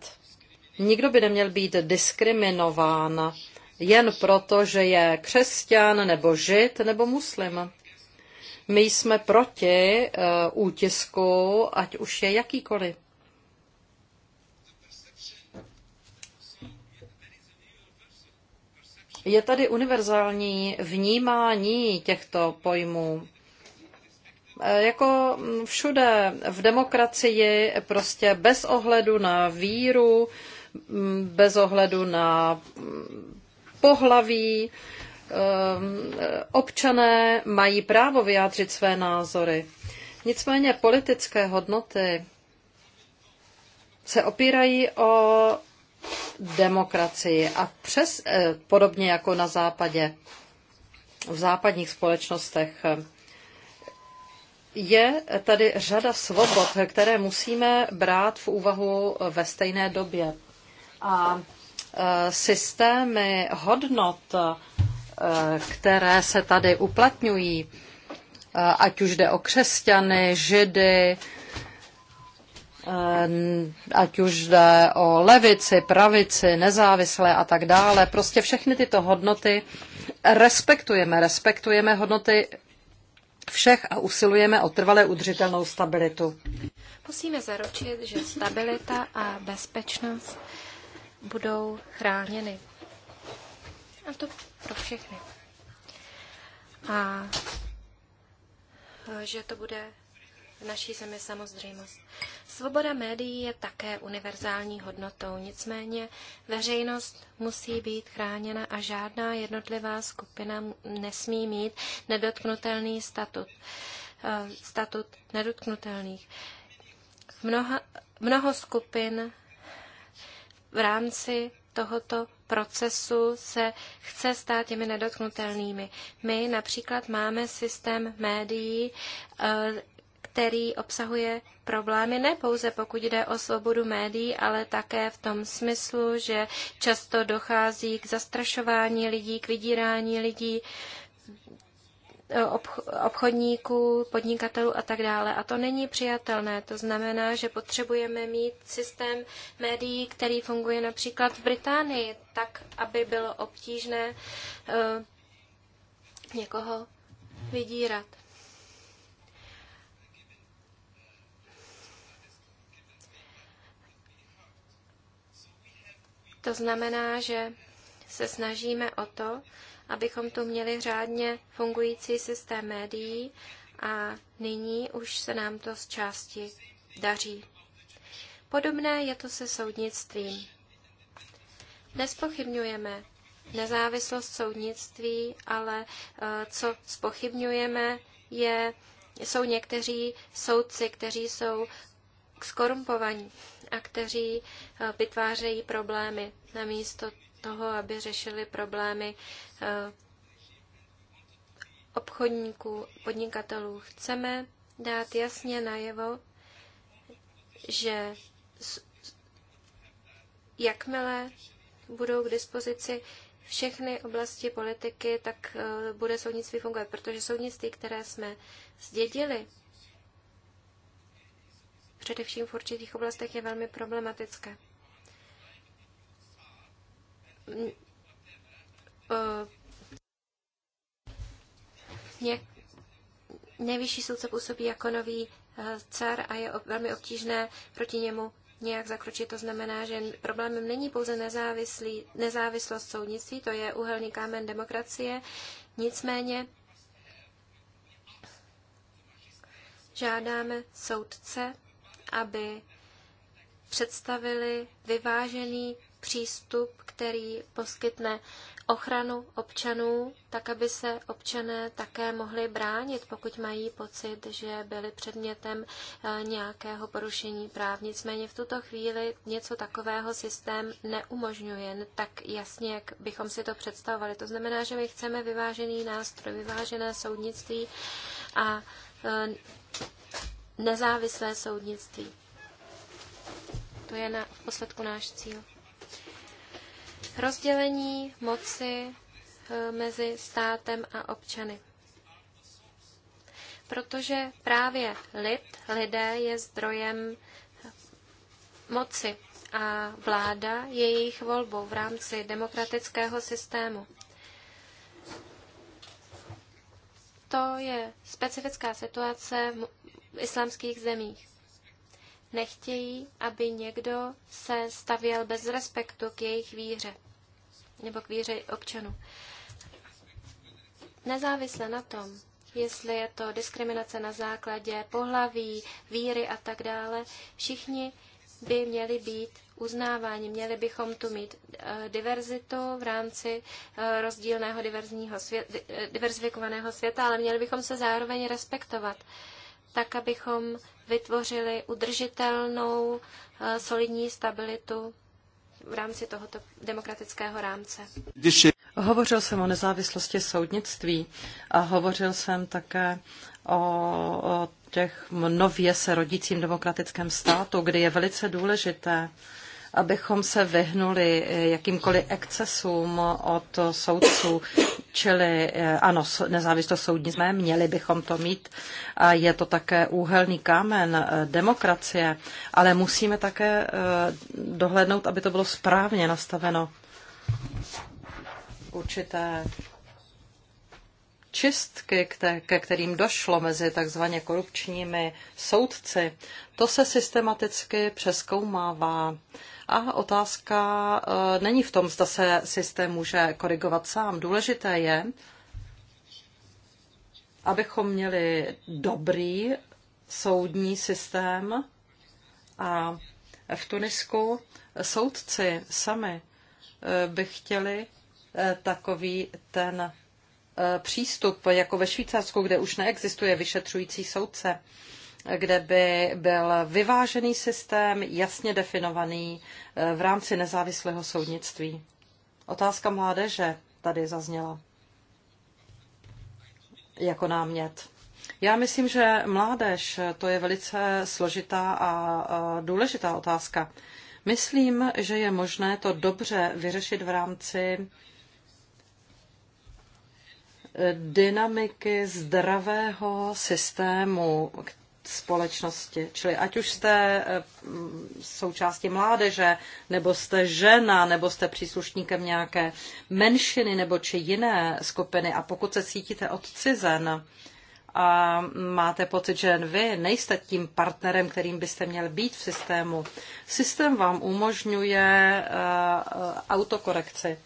nikdo by neměl být diskriminován jen proto, že je křesťan nebo žid nebo muslim. My jsme proti eh, útisku, ať už je jakýkoliv. Je tady univerzální vnímání těchto pojmů. E, jako všude v demokracii, prostě bez ohledu na víru, bez ohledu na pohlaví, e, občané mají právo vyjádřit své názory. Nicméně politické hodnoty se opírají o demokracii a přes, eh, podobně jako na západě, v západních společnostech, eh, je tady řada svobod, které musíme brát v úvahu eh, ve stejné době. A systémy hodnot, které se tady uplatňují, ať už jde o křesťany, židy, Ehm, ať už jde o levici, pravici, nezávislé a tak dále. Prostě všechny tyto hodnoty respektujeme. Respektujeme hodnoty všech a usilujeme o trvale udržitelnou stabilitu. Musíme zaručit, že stabilita a bezpečnost budou chráněny. A to pro všechny. A e, že to bude v naší zemi samozřejmost. Svoboda médií je také univerzální hodnotou, nicméně veřejnost musí být chráněna a žádná jednotlivá skupina nesmí mít nedotknutelný statut, eh, statut nedotknutelných. Mnoha, mnoho skupin v rámci tohoto procesu se chce stát těmi nedotknutelnými. My například máme systém médií, eh, který obsahuje problémy ne pouze pokud jde o svobodu médií, ale také v tom smyslu, že často dochází k zastrašování lidí, k vydírání lidí, obchodníků, podnikatelů a tak dále. A to není přijatelné. To znamená, že potřebujeme mít systém médií, který funguje například v Británii, tak, aby bylo obtížné eh, někoho vydírat. To znamená, že se snažíme o to, abychom tu měli řádně fungující systém médií a nyní už se nám to z části daří. Podobné je to se soudnictvím. Nespochybňujeme nezávislost soudnictví, ale eh, co spochybňujeme, je, jsou někteří soudci, kteří jsou skorumpovaní a kteří eh, vytvářejí problémy namísto toho, aby řešili problémy eh, obchodníků, podnikatelů. Chceme dát jasně najevo, že jakmile budou k dispozici všechny oblasti politiky, tak eh, bude soudnictví fungovat, protože soudnictví, které jsme zdědili, především v určitých oblastech, je velmi problematické. Hm, e, ně, nejvyšší soudce působí jako nový e, car a je velmi obtížné proti němu nějak zakročit. To znamená, že problémem není pouze nezávislý, nezávislost soudnictví, to je uhelný kámen demokracie. Nicméně žádáme soudce, aby představili vyvážený přístup, který poskytne ochranu občanů, tak aby se občané také mohli bránit, pokud mají pocit, že byli předmětem eh, nějakého porušení práv. Nicméně v tuto chvíli něco takového systém neumožňuje tak jasně, jak bychom si to představovali. To znamená, že my chceme vyvážený nástroj, vyvážené soudnictví a eh, nezávislé soudnictví. To je na, v posledku náš cíl. Rozdělení moci eh, mezi státem a občany. Protože právě lid, lidé je zdrojem moci a vláda je jejich volbou v rámci demokratického systému. To je specifická situace v islámských zemích. Nechtějí, aby někdo se stavěl bez respektu k jejich víře nebo k víře občanů. Nezávisle na tom, jestli je to diskriminace na základě pohlaví, víry a tak dále, všichni by měli být uznáváni. Měli bychom tu mít eh, diverzitu v rámci eh, rozdílného diverzního svět, eh, diverzifikovaného světa, ale měli bychom se zároveň respektovat tak abychom vytvořili udržitelnou eh, solidní stabilitu v rámci tohoto demokratického rámce. Hovořil jsem o nezávislosti soudnictví a hovořil jsem také o, o těch nově se rodícím demokratickém státu, kdy je velice důležité, abychom se vyhnuli eh, jakýmkoliv excesům od soudců, čili eh, ano, nezávislost soudní jsme, měli bychom to mít a je to také úhelný kámen eh, demokracie, ale musíme také dohlednout, aby to bylo správně nastaveno. Určité čistky, ke kterým došlo mezi takzvaně korupčními soudci, to se systematicky přeskoumává a otázka eh, není v tom, zda se systém může korigovat sám. Důležité je, abychom měli dobrý soudní systém a v Tunisku soudci sami eh, by chtěli eh, takový ten přístup jako ve Švýcarsku, kde už neexistuje vyšetřující soudce kde by byl vyvážený systém, jasně definovaný eh, v rámci nezávislého soudnictví. Otázka mládeže tady zazněla jako námět. Já myslím, že mládež eh, to je velice složitá a důležitá otázka. Myslím, že je možné to dobře vyřešit v rámci eh, dynamiky zdravého systému, společnosti. Čili ať už jste eh, mm, součástí mládeže, nebo jste žena, nebo jste příslušníkem nějaké menšiny nebo či jiné skupiny a pokud se cítíte odcizen a máte pocit, že vy nejste tím partnerem, kterým byste měl být v systému, systém vám umožňuje eh, autokorekci.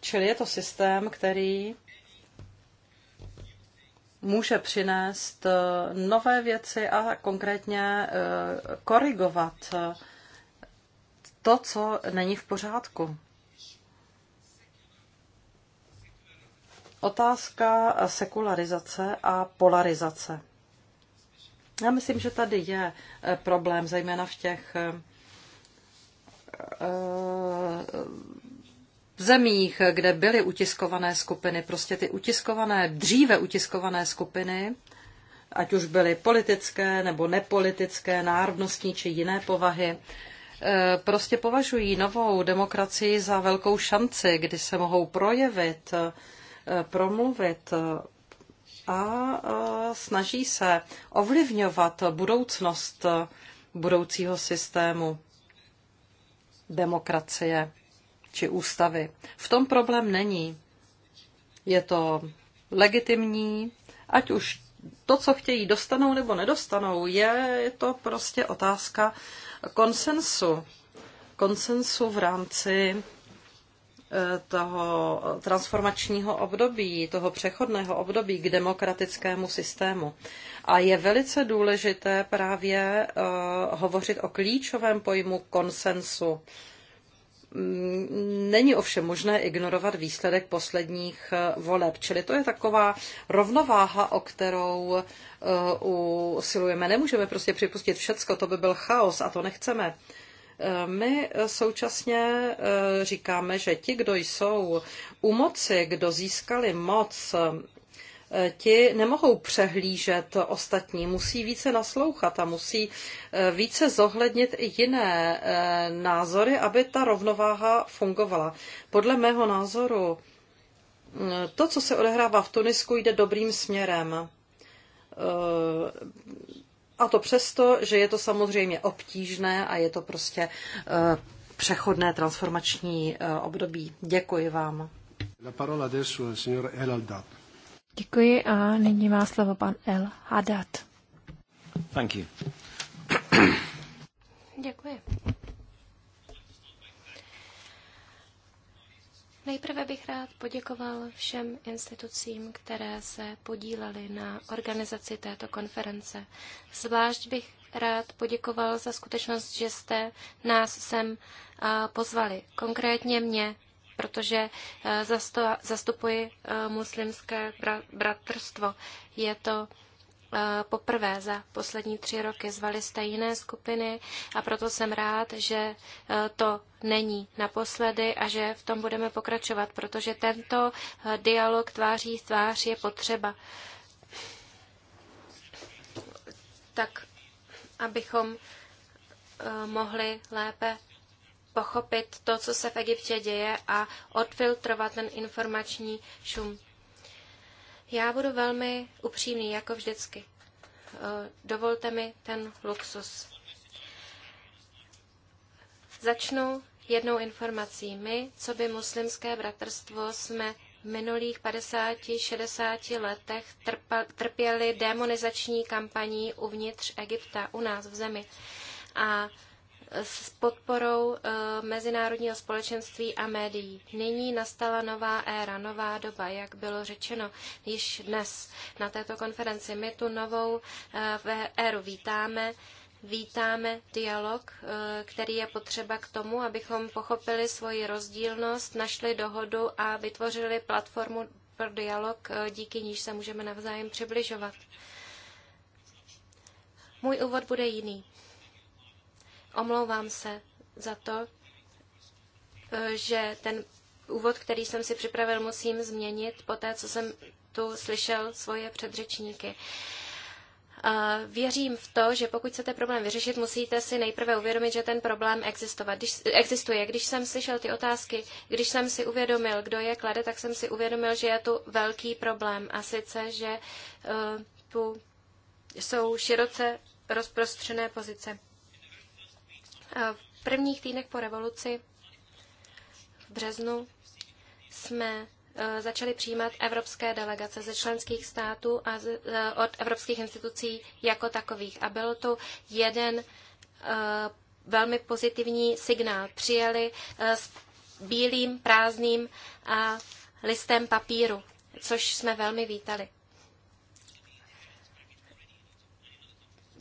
Čili je to systém, který může přinést eh, nové věci a konkrétně eh, korigovat eh, to, co není v pořádku. Otázka sekularizace a polarizace. Já myslím, že tady je problém, zejména v těch zemích, kde byly utiskované skupiny, prostě ty utiskované, dříve utiskované skupiny, ať už byly politické nebo nepolitické, národnostní či jiné povahy, eh, prostě považují novou demokracii za velkou šanci, kdy se mohou projevit, eh, promluvit eh, a snaží se ovlivňovat budoucnost budoucího systému demokracie či ústavy. V tom problém není. Je to legitimní, ať už to, co chtějí, dostanou nebo nedostanou, je to prostě otázka konsensu. Konsensu v rámci eh, toho transformačního období, toho přechodného období k demokratickému systému. A je velice důležité právě eh, hovořit o klíčovém pojmu konsensu. Není ovšem možné ignorovat výsledek posledních eh, voleb, čili to je taková rovnováha, o kterou eh, usilujeme. Nemůžeme prostě připustit všecko, to by byl chaos a to nechceme. Eh, my současně říkáme, že ti, kdo jsou u moci, kdo získali moc Eh, ti nemohou přehlížet ostatní, musí více naslouchat a musí eh, více zohlednit i jiné eh, názory, aby ta rovnováha fungovala. Podle mého názoru to, co se odehrává v Tunisku, jde dobrým směrem. A to přesto, že je to samozřejmě obtížné a je to prostě přechodné transformační období. Děkuji vám. La parola adesso al signor El Děkuji a nyní má slovo pan El Hadad. Thank you. Děkuji. Nejprve bych rád poděkoval všem institucím, které se podílely na organizaci této konference. Zvlášť bych rád poděkoval za skutečnost, že jste nás sem pozvali, konkrétně mě, protože eh, zastupuji eh, muslimské bratrstvo. Je to eh, poprvé za poslední tři roky. Zvali jste jiné skupiny a proto jsem rád, že to není naposledy a že v tom budeme pokračovat, protože tento dialog tváří tvář je potřeba. Tak, abychom mohli lépe pochopit to, co se v Egyptě děje a odfiltrovat ten informační šum. Já budu velmi upřímný, jako vždycky. Eh, dovolte mi ten luxus. Začnu jednou informací. My, co by muslimské bratrstvo, jsme v minulých 50-60 letech trpěli demonizační kampaní uvnitř Egypta, u nás v zemi. A s podporou eh, mezinárodního společenství a médií. Nyní nastala nová éra, nová doba, jak bylo řečeno již dnes na této konferenci. My tu novou eh, éru vítáme vítáme dialog, eh, který je potřeba k tomu, abychom pochopili svoji rozdílnost, našli dohodu a vytvořili platformu pro dialog, díky níž se můžeme navzájem přibližovat. Můj úvod bude jiný. Omlouvám se za to, eh, že ten úvod, který jsem si připravil, musím změnit po té, co jsem tu slyšel svoje předřečníky. Eh, věřím v to, že pokud chcete problém vyřešit, musíte si nejprve uvědomit, že ten problém existovat. Když, existuje. Když jsem slyšel ty otázky, když jsem si uvědomil, kdo je klade, tak jsem si uvědomil, že je tu velký problém. A sice, že uh, tu jsou široce rozprostřené pozice. Eh, v prvních týdnech po revoluci v březnu jsme eh, začali přijímat evropské delegace ze členských států a eh, od evropských institucí jako takových. A byl to jeden velmi pozitivní signál. Přijeli s bílým, prázdným a listem papíru, což jsme velmi vítali.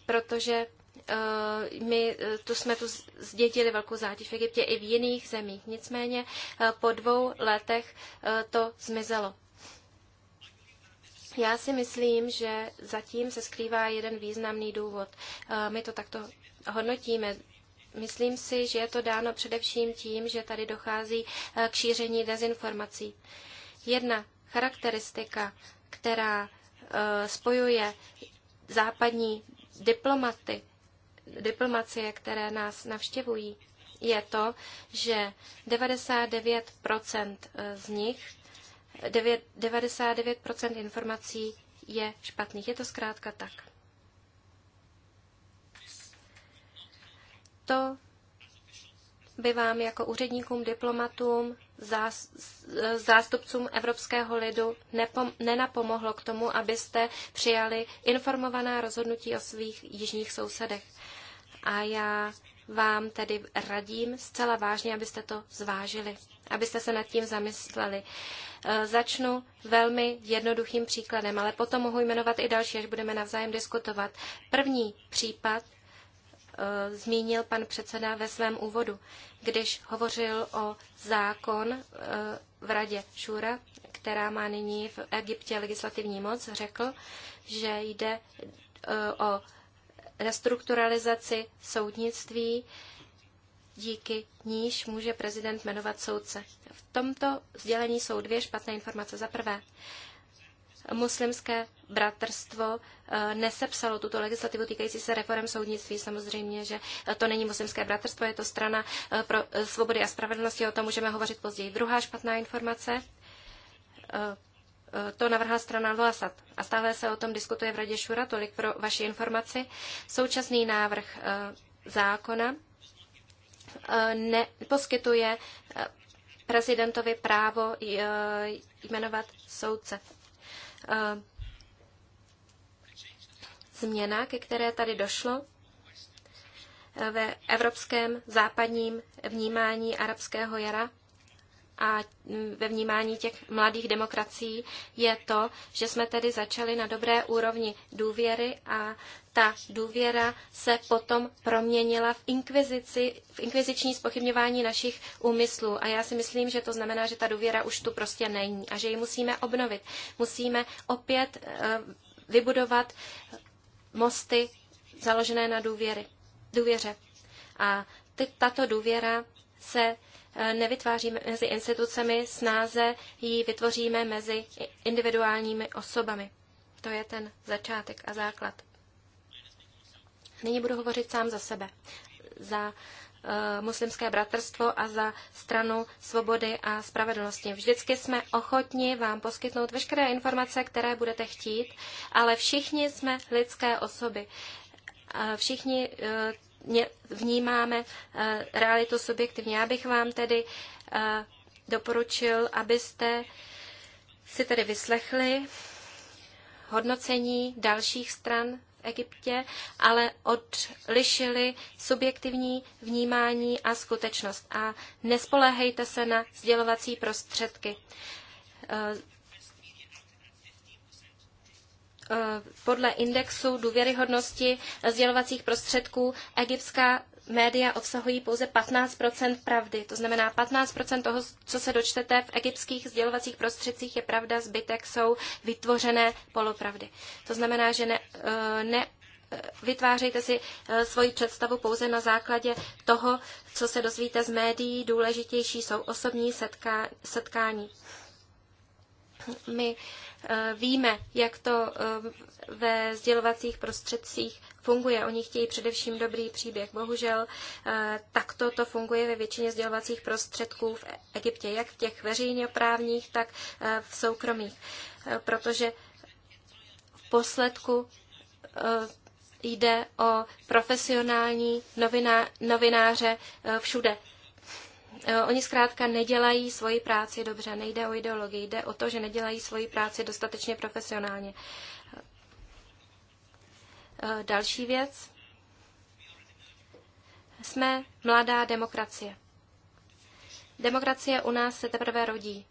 Protože Eh, my eh, tu jsme tu zdědili velkou zátěž v Egyptě i v jiných zemích. Nicméně eh, po dvou letech to zmizelo. Já si myslím, že zatím se skrývá jeden významný důvod. My to takto hodnotíme. Myslím si, že je to dáno především tím, že tady dochází k šíření dezinformací. Jedna charakteristika, která spojuje západní diplomaty diplomacie, které nás navštěvují, je to, že 99 eh, z nich, 99 informací je špatných. Je to zkrátka tak. To by vám jako úředníkům, diplomatům zástupcům evropského lidu nenapomohlo k tomu, abyste přijali informovaná rozhodnutí o svých jižních sousedech. A já vám tedy radím zcela vážně, abyste to zvážili, abyste se nad tím zamysleli. E, začnu velmi jednoduchým příkladem, ale potom mohu jmenovat i další, až budeme navzájem diskutovat. První případ Eh, zmínil pan předseda ve svém úvodu, když hovořil o zákon eh, v radě Šura, která má nyní v Egyptě legislativní moc, řekl, že jde eh, o restrukturalizaci soudnictví, díky níž může prezident jmenovat soudce. V tomto sdělení jsou dvě špatné informace. Za prvé, muslimské bratrstvo eh, nesepsalo tuto legislativu týkající se reform soudnictví. Samozřejmě, že eh, to není muslimské bratrstvo, je to strana eh, pro svobody a spravedlnosti, o tom můžeme hovořit později. Druhá špatná informace, to navrhla strana Loasat a stále se o tom diskutuje v Radě Šura, tolik pro vaši informaci. Současný návrh zákona neposkytuje prezidentovi právo jmenovat soudce změna, ke které tady došlo ve evropském západním vnímání arabského jara a ve vnímání těch mladých demokracií je to, že jsme tedy začali na dobré úrovni důvěry a ta důvěra se potom proměnila v, inkvizici, v inkviziční spochybňování našich úmyslů. A já si myslím, že to znamená, že ta důvěra už tu prostě není a že ji musíme obnovit. Musíme opět eh, vybudovat mosty založené na důvěry, důvěře. A tato důvěra se eh, nevytváří mezi institucemi, snáze ji vytvoříme mezi individuálními osobami. To je ten začátek a základ. Nyní budu hovořit sám za sebe, za uh, muslimské bratrstvo a za stranu svobody a spravedlnosti. Vždycky jsme ochotni vám poskytnout veškeré informace, které budete chtít, ale všichni jsme lidské osoby. Uh, všichni uh, vnímáme eh, realitu subjektivně. Já bych vám tedy eh, doporučil, abyste si tedy vyslechli hodnocení dalších stran v Egyptě, ale odlišili subjektivní vnímání a skutečnost. A nespoléhejte se na sdělovací prostředky. Eh, Eh, podle indexu důvěryhodnosti sdělovacích prostředků egyptská média obsahují pouze 15 pravdy. To znamená, 15 toho, co se dočtete v egyptských sdělovacích prostředcích, je pravda, zbytek jsou vytvořené polopravdy. To znamená, že ne, eh, ne eh, vytvářejte si svoji představu pouze na základě toho, co se dozvíte z médií. Důležitější jsou osobní setkání. My Eh, víme, jak to eh, ve sdělovacích prostředcích funguje. Oni chtějí především dobrý příběh. Bohužel eh, takto to funguje ve většině sdělovacích prostředků v Egyptě, jak v těch veřejnoprávních, tak v soukromých. Protože v posledku jde o profesionální noviná, novináře všude Eh, oni zkrátka nedělají svoji práci dobře, nejde o ideologii, jde o to, že nedělají svoji práci dostatečně profesionálně. Eh, další věc. Jsme mladá demokracie. Demokracie u nás se teprve rodí.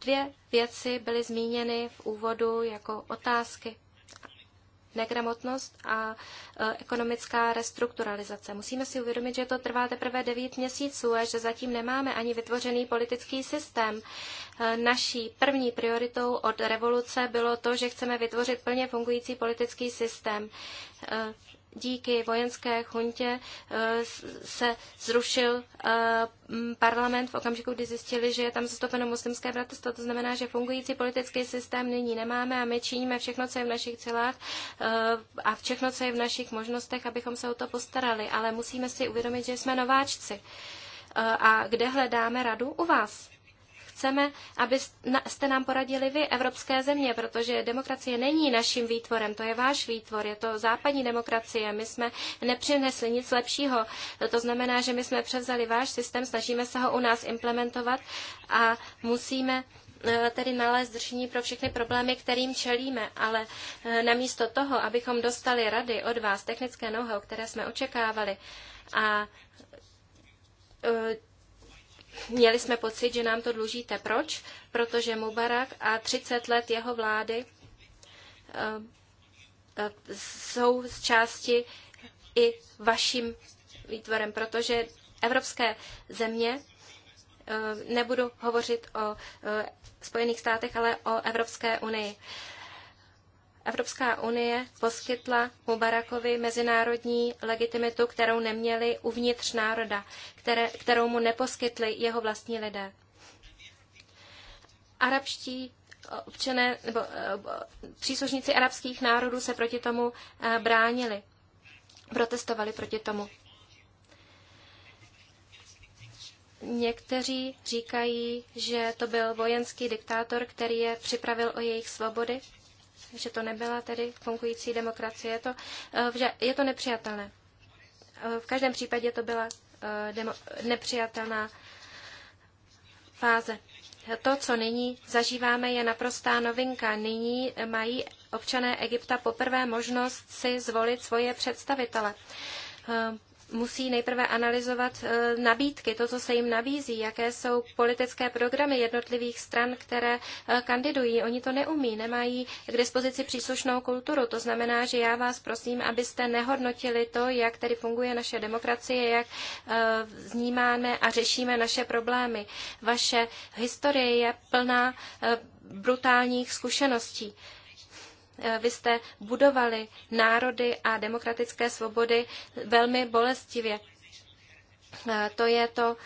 Dvě věci byly zmíněny v úvodu jako otázky negramotnost a e, ekonomická restrukturalizace. Musíme si uvědomit, že to trvá teprve 9 měsíců a že zatím nemáme ani vytvořený politický systém. E, naší první prioritou od revoluce bylo to, že chceme vytvořit plně fungující politický systém. E, díky vojenské chuntě eh, se zrušil eh, parlament v okamžiku, kdy zjistili, že je tam zastoupeno muslimské bratrstvo. To znamená, že fungující politický systém nyní nemáme a my činíme všechno, co je v našich celách eh, a všechno, co je v našich možnostech, abychom se o to postarali. Ale musíme si uvědomit, že jsme nováčci. A kde hledáme radu? U vás. Chceme, abyste nám poradili vy, evropské země, protože demokracie není naším výtvorem, to je váš výtvor, je to západní demokracie. My jsme nepřinesli nic lepšího. To znamená, že my jsme převzali váš systém, snažíme se ho u nás implementovat a musíme e, tedy nalézt řešení pro všechny problémy, kterým čelíme, ale e, namísto toho, abychom dostali rady od vás, technické know které jsme očekávali a e, Měli jsme pocit, že nám to dlužíte. Proč? Protože Mubarak a 30 let jeho vlády eh, eh, jsou z části i vaším výtvorem, protože evropské země, eh, nebudu hovořit o Spojených státech, ale o Evropské unii. Evropská unie poskytla Mubarakovi mezinárodní legitimitu, kterou neměli uvnitř národa, které, kterou mu neposkytli jeho vlastní lidé. Arabští občané nebo eh, příslušníci arabských národů se proti tomu eh, bránili, protestovali proti tomu. Někteří říkají, že to byl vojenský diktátor, který je připravil o jejich svobody že to nebyla tedy fungující demokracie. Je to, eh, je to nepřijatelné. Eh, v každém případě to byla eh, demo, nepřijatelná fáze. To, co nyní zažíváme, je naprostá novinka. Nyní mají občané Egypta poprvé možnost si zvolit svoje představitele musí nejprve analyzovat eh, nabídky, to, co se jim nabízí, jaké jsou politické programy jednotlivých stran, které eh, kandidují. Oni to neumí, nemají k dispozici příslušnou kulturu. To znamená, že já vás prosím, abyste nehodnotili to, jak tedy funguje naše demokracie, jak eh, vnímáme a řešíme naše problémy. Vaše historie je plná brutálních zkušeností. Eh, vy jste budovali národy a demokratické svobody velmi bolestivě. Eh, to je to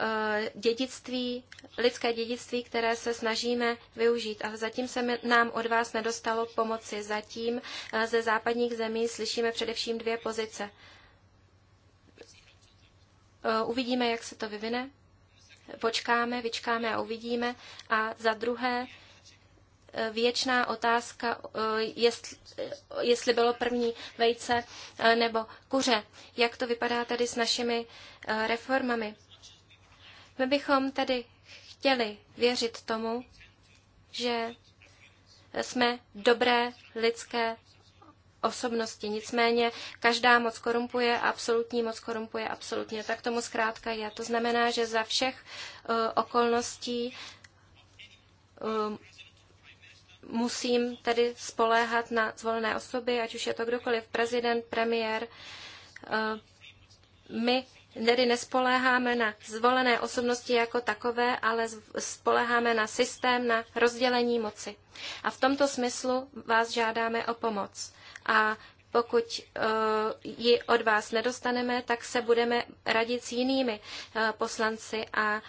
eh, dědictví, lidské dědictví, které se snažíme využít, ale zatím se nám od vás nedostalo pomoci. Zatím ze západních zemí slyšíme především dvě pozice. Uvidíme, jak se to vyvine. Počkáme, vyčkáme a uvidíme. A za druhé věčná otázka, eh, jestli, eh, jestli bylo první vejce eh, nebo kuře. Jak to vypadá tady s našimi reformami? My bychom tedy chtěli věřit tomu, že jsme dobré lidské osobnosti. Nicméně každá moc korumpuje, absolutní moc korumpuje absolutně. Tak tomu zkrátka je. To znamená, že za všech uh, okolností um, musím tedy spoléhat na zvolené osoby, ať už je to kdokoliv, prezident, premiér. Eh, my tedy nespoléháme na zvolené osobnosti jako takové, ale spoléháme na systém, na rozdělení moci. A v tomto smyslu vás žádáme o pomoc. A pokud eh, ji od vás nedostaneme, tak se budeme radit s jinými eh, poslanci a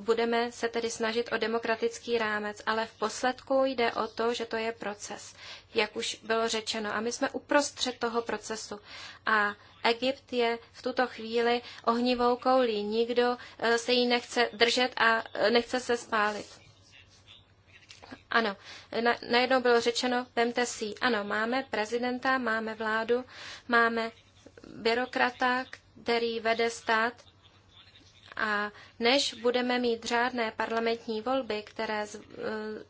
budeme se tedy snažit o demokratický rámec, ale v posledku jde o to, že to je proces, jak už bylo řečeno. A my jsme uprostřed toho procesu. A Egypt je v tuto chvíli ohnivou koulí. Nikdo eh, se jí nechce držet a eh, nechce se spálit. Ano, na, najednou bylo řečeno, vemte si Ano, máme prezidenta, máme vládu, máme byrokrata, který vede stát a než budeme mít řádné parlamentní volby, které eh,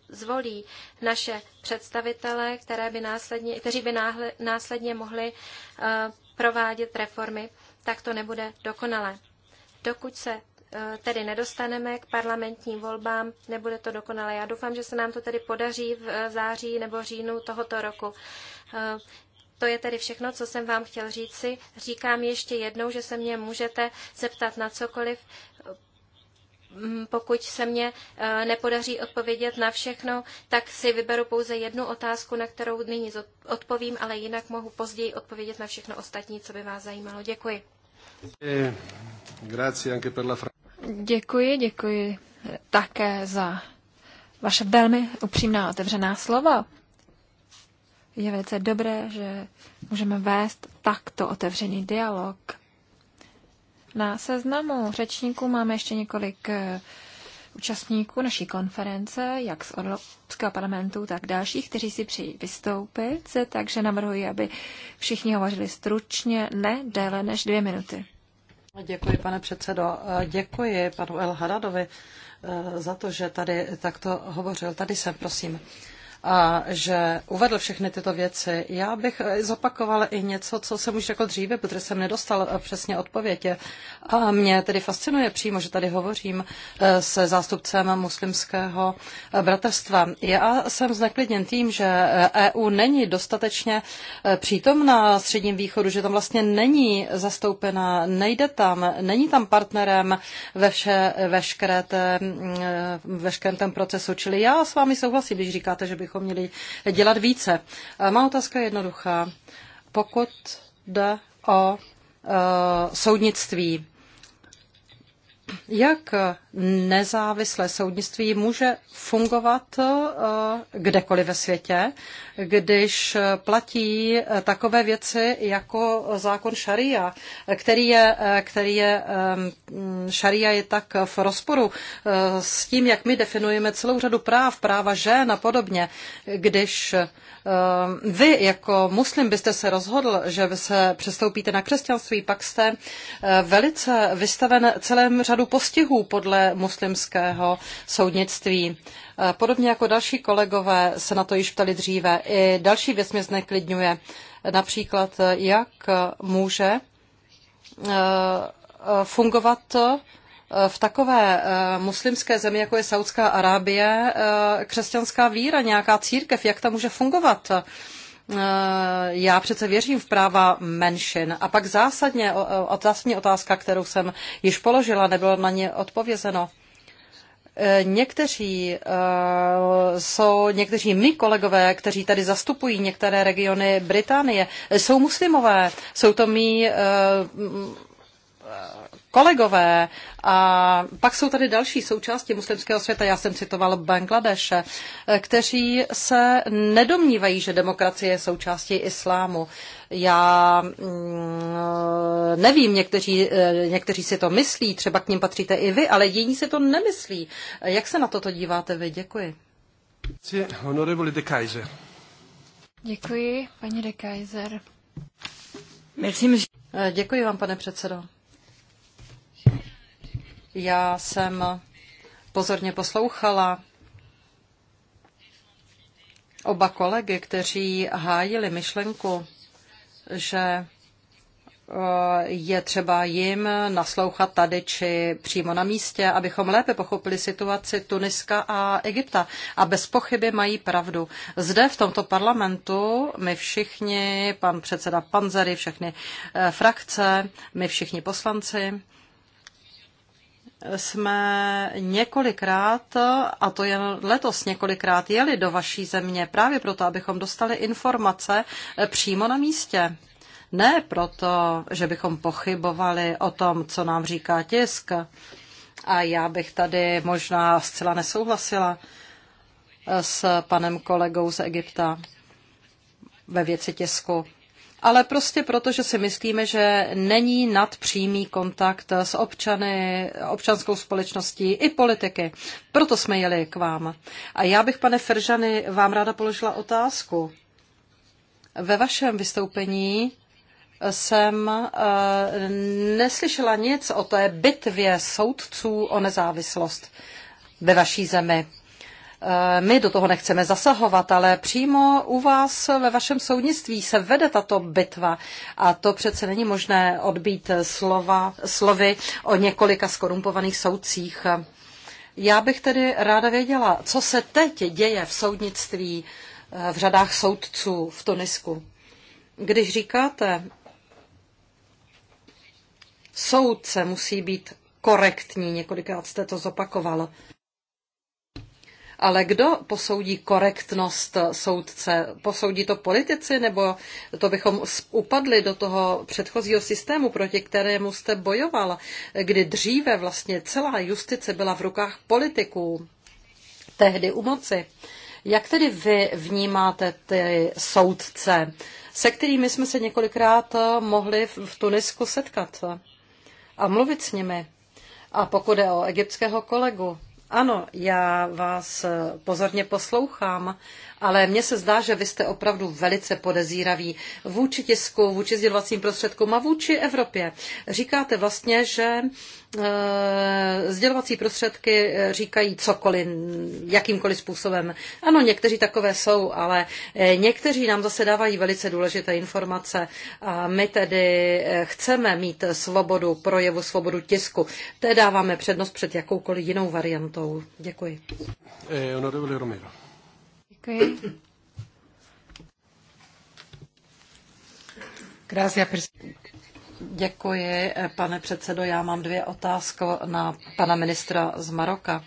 zvolí naše představitele, které by následně, kteří by náhle, následně mohli eh, provádět reformy, tak to nebude dokonalé. Dokud se eh, tedy nedostaneme k parlamentním volbám, nebude to dokonalé. Já doufám, že se nám to tedy podaří v září nebo říjnu tohoto roku. To je tedy všechno, co jsem vám chtěl říci. Říkám ještě jednou, že se mě můžete zeptat na cokoliv, mm, pokud se mě e, nepodaří odpovědět na všechno, tak si vyberu pouze jednu otázku, na kterou nyní odpovím, ale jinak mohu později odpovědět na všechno ostatní, co by vás zajímalo. Děkuji. Eh, děkuji, děkuji také za vaše velmi upřímná otevřená slova je velice dobré, že můžeme vést takto otevřený dialog. Na seznamu řečníků máme ještě několik eh, účastníků naší konference, jak z Evropského parlamentu, tak dalších, kteří si přijí vystoupit, takže navrhuji, aby všichni hovořili stručně, ne déle než dvě minuty. Děkuji, pane předsedo. Eh, děkuji panu El Haradovi eh, za to, že tady takto hovořil. Tady jsem, prosím a že uvedl všechny tyto věci. Já bych eh, zopakovala i něco, co jsem už řekl dříve, protože jsem nedostal eh, přesně odpověď. A mě tedy fascinuje přímo, že tady hovořím eh, se zástupcem muslimského bratrstva. Já jsem zneklidněn tím, že EU e není dostatečně přítomná na Středním východu, že tam vlastně není zastoupena, nejde tam, není tam partnerem ve, vše, veškeré té, mm, veškerém tom procesu. Čili já s vámi souhlasím, když říkáte, že bych bychom měli dělat více. Eh, má otázka je jednoduchá. Pokud jde o eh, soudnictví, jak nezávislé soudnictví může fungovat eh, kdekoliv ve světě, když platí eh, takové věci jako zákon šaria, eh, který je, který je ehm, mm, šaria je tak v rozporu s tím, jak my definujeme celou řadu práv, práva žen a podobně. Když ehm, vy jako muslim byste se rozhodl, že vy se přestoupíte na křesťanství, pak jste velice vystaven celém řadu postihů podle muslimského soudnictví. Eh, podobně jako další kolegové se na to již ptali dříve, i další věc mě zneklidňuje. Například, jak může eh, eh, fungovat v takové muslimské zemi, jako je Saudská Arábie, křesťanská víra, nějaká církev, jak ta může fungovat? Eh, já přece věřím v práva menšin. A pak zásadně, zásadní otázka, kterou jsem již položila, nebylo na ně odpovězeno. Eh, někteří eh, jsou, někteří my kolegové, kteří tady zastupují některé regiony Británie, jsou muslimové. Jsou to mý kolegové. A pak jsou tady další součásti muslimského světa, já jsem citoval Bangladeše, kteří se nedomnívají, že demokracie je součástí islámu. Já mm, nevím, někteří, eh, někteří si to myslí, třeba k ním patříte i vy, ale jiní si to nemyslí. Jak se na toto díváte vy? Děkuji. Honorable de Kaiser. Děkuji, paní de Kaiser. Eh, děkuji vám, pane předsedo. Já jsem pozorně poslouchala oba kolegy, kteří hájili myšlenku, že eh, je třeba jim naslouchat tady či přímo na místě, abychom lépe pochopili situaci Tuniska a Egypta. A bez pochyby mají pravdu. Zde v tomto parlamentu my všichni, pan předseda Panzery, všechny eh, frakce, my všichni poslanci, jsme několikrát, a to jen letos několikrát, jeli do vaší země právě proto, abychom dostali informace eh, přímo na místě. Ne proto, že bychom pochybovali o tom, co nám říká tisk. A já bych tady možná zcela nesouhlasila eh, s panem kolegou z Egypta ve věci tisku ale prostě proto, že si myslíme, že není nad přímý kontakt s občany, občanskou společností i politiky. Proto jsme jeli k vám. A já bych, pane Feržany, vám ráda položila otázku. Ve vašem vystoupení jsem eh, neslyšela nic o té bitvě soudců o nezávislost ve vaší zemi. Eh, my do toho nechceme zasahovat, ale přímo u vás ve vašem soudnictví se vede tato bitva a to přece není možné odbít slova, slovy o několika skorumpovaných soudcích. Já bych tedy ráda věděla, co se teď děje v soudnictví eh, v řadách soudců v Tunisku. Když říkáte, soudce musí být korektní, několikrát jste to zopakoval. Ale kdo posoudí korektnost soudce? Posoudí to politici, nebo to bychom upadli do toho předchozího systému, proti kterému jste bojoval, kdy dříve vlastně celá justice byla v rukách politiků, tehdy u moci. Jak tedy vy vnímáte ty soudce, se kterými jsme se několikrát eh, mohli v Tunisku setkat a mluvit s nimi? A pokud je o egyptského kolegu, ano, já vás eh, pozorně poslouchám, ale mně se zdá, že vy jste opravdu velice podezíraví vůči tisku, vůči sdělovacím prostředkům a vůči Evropě. Říkáte vlastně, že e, sdělovací prostředky eh, říkají cokoliv, jakýmkoliv způsobem. Ano, někteří takové jsou, ale někteří nám zase dávají velice důležité informace. A my tedy chceme mít svobodu projevu, svobodu tisku. Té dáváme přednost před jakoukoliv jinou variantou hodnotou. Děkuji. Eh, honorable Romero. Děkuji. Děkuji, eh, pane předsedo. Já mám dvě otázky na pana ministra z Maroka.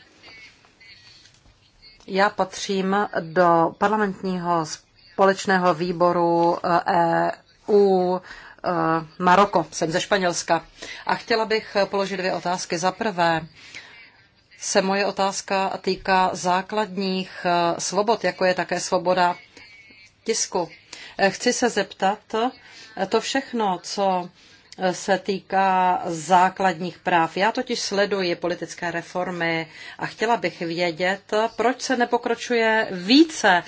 Já patřím do parlamentního společného výboru EU eh, e Maroko, jsem ze Španělska. A chtěla bych položit dvě otázky. Za prvé, se moje otázka týká základních eh, svobod, jako je také svoboda tisku. Eh, chci se zeptat, eh, to všechno, co se týká základních práv. Já totiž sleduji politické reformy a chtěla bych vědět, proč se nepokročuje více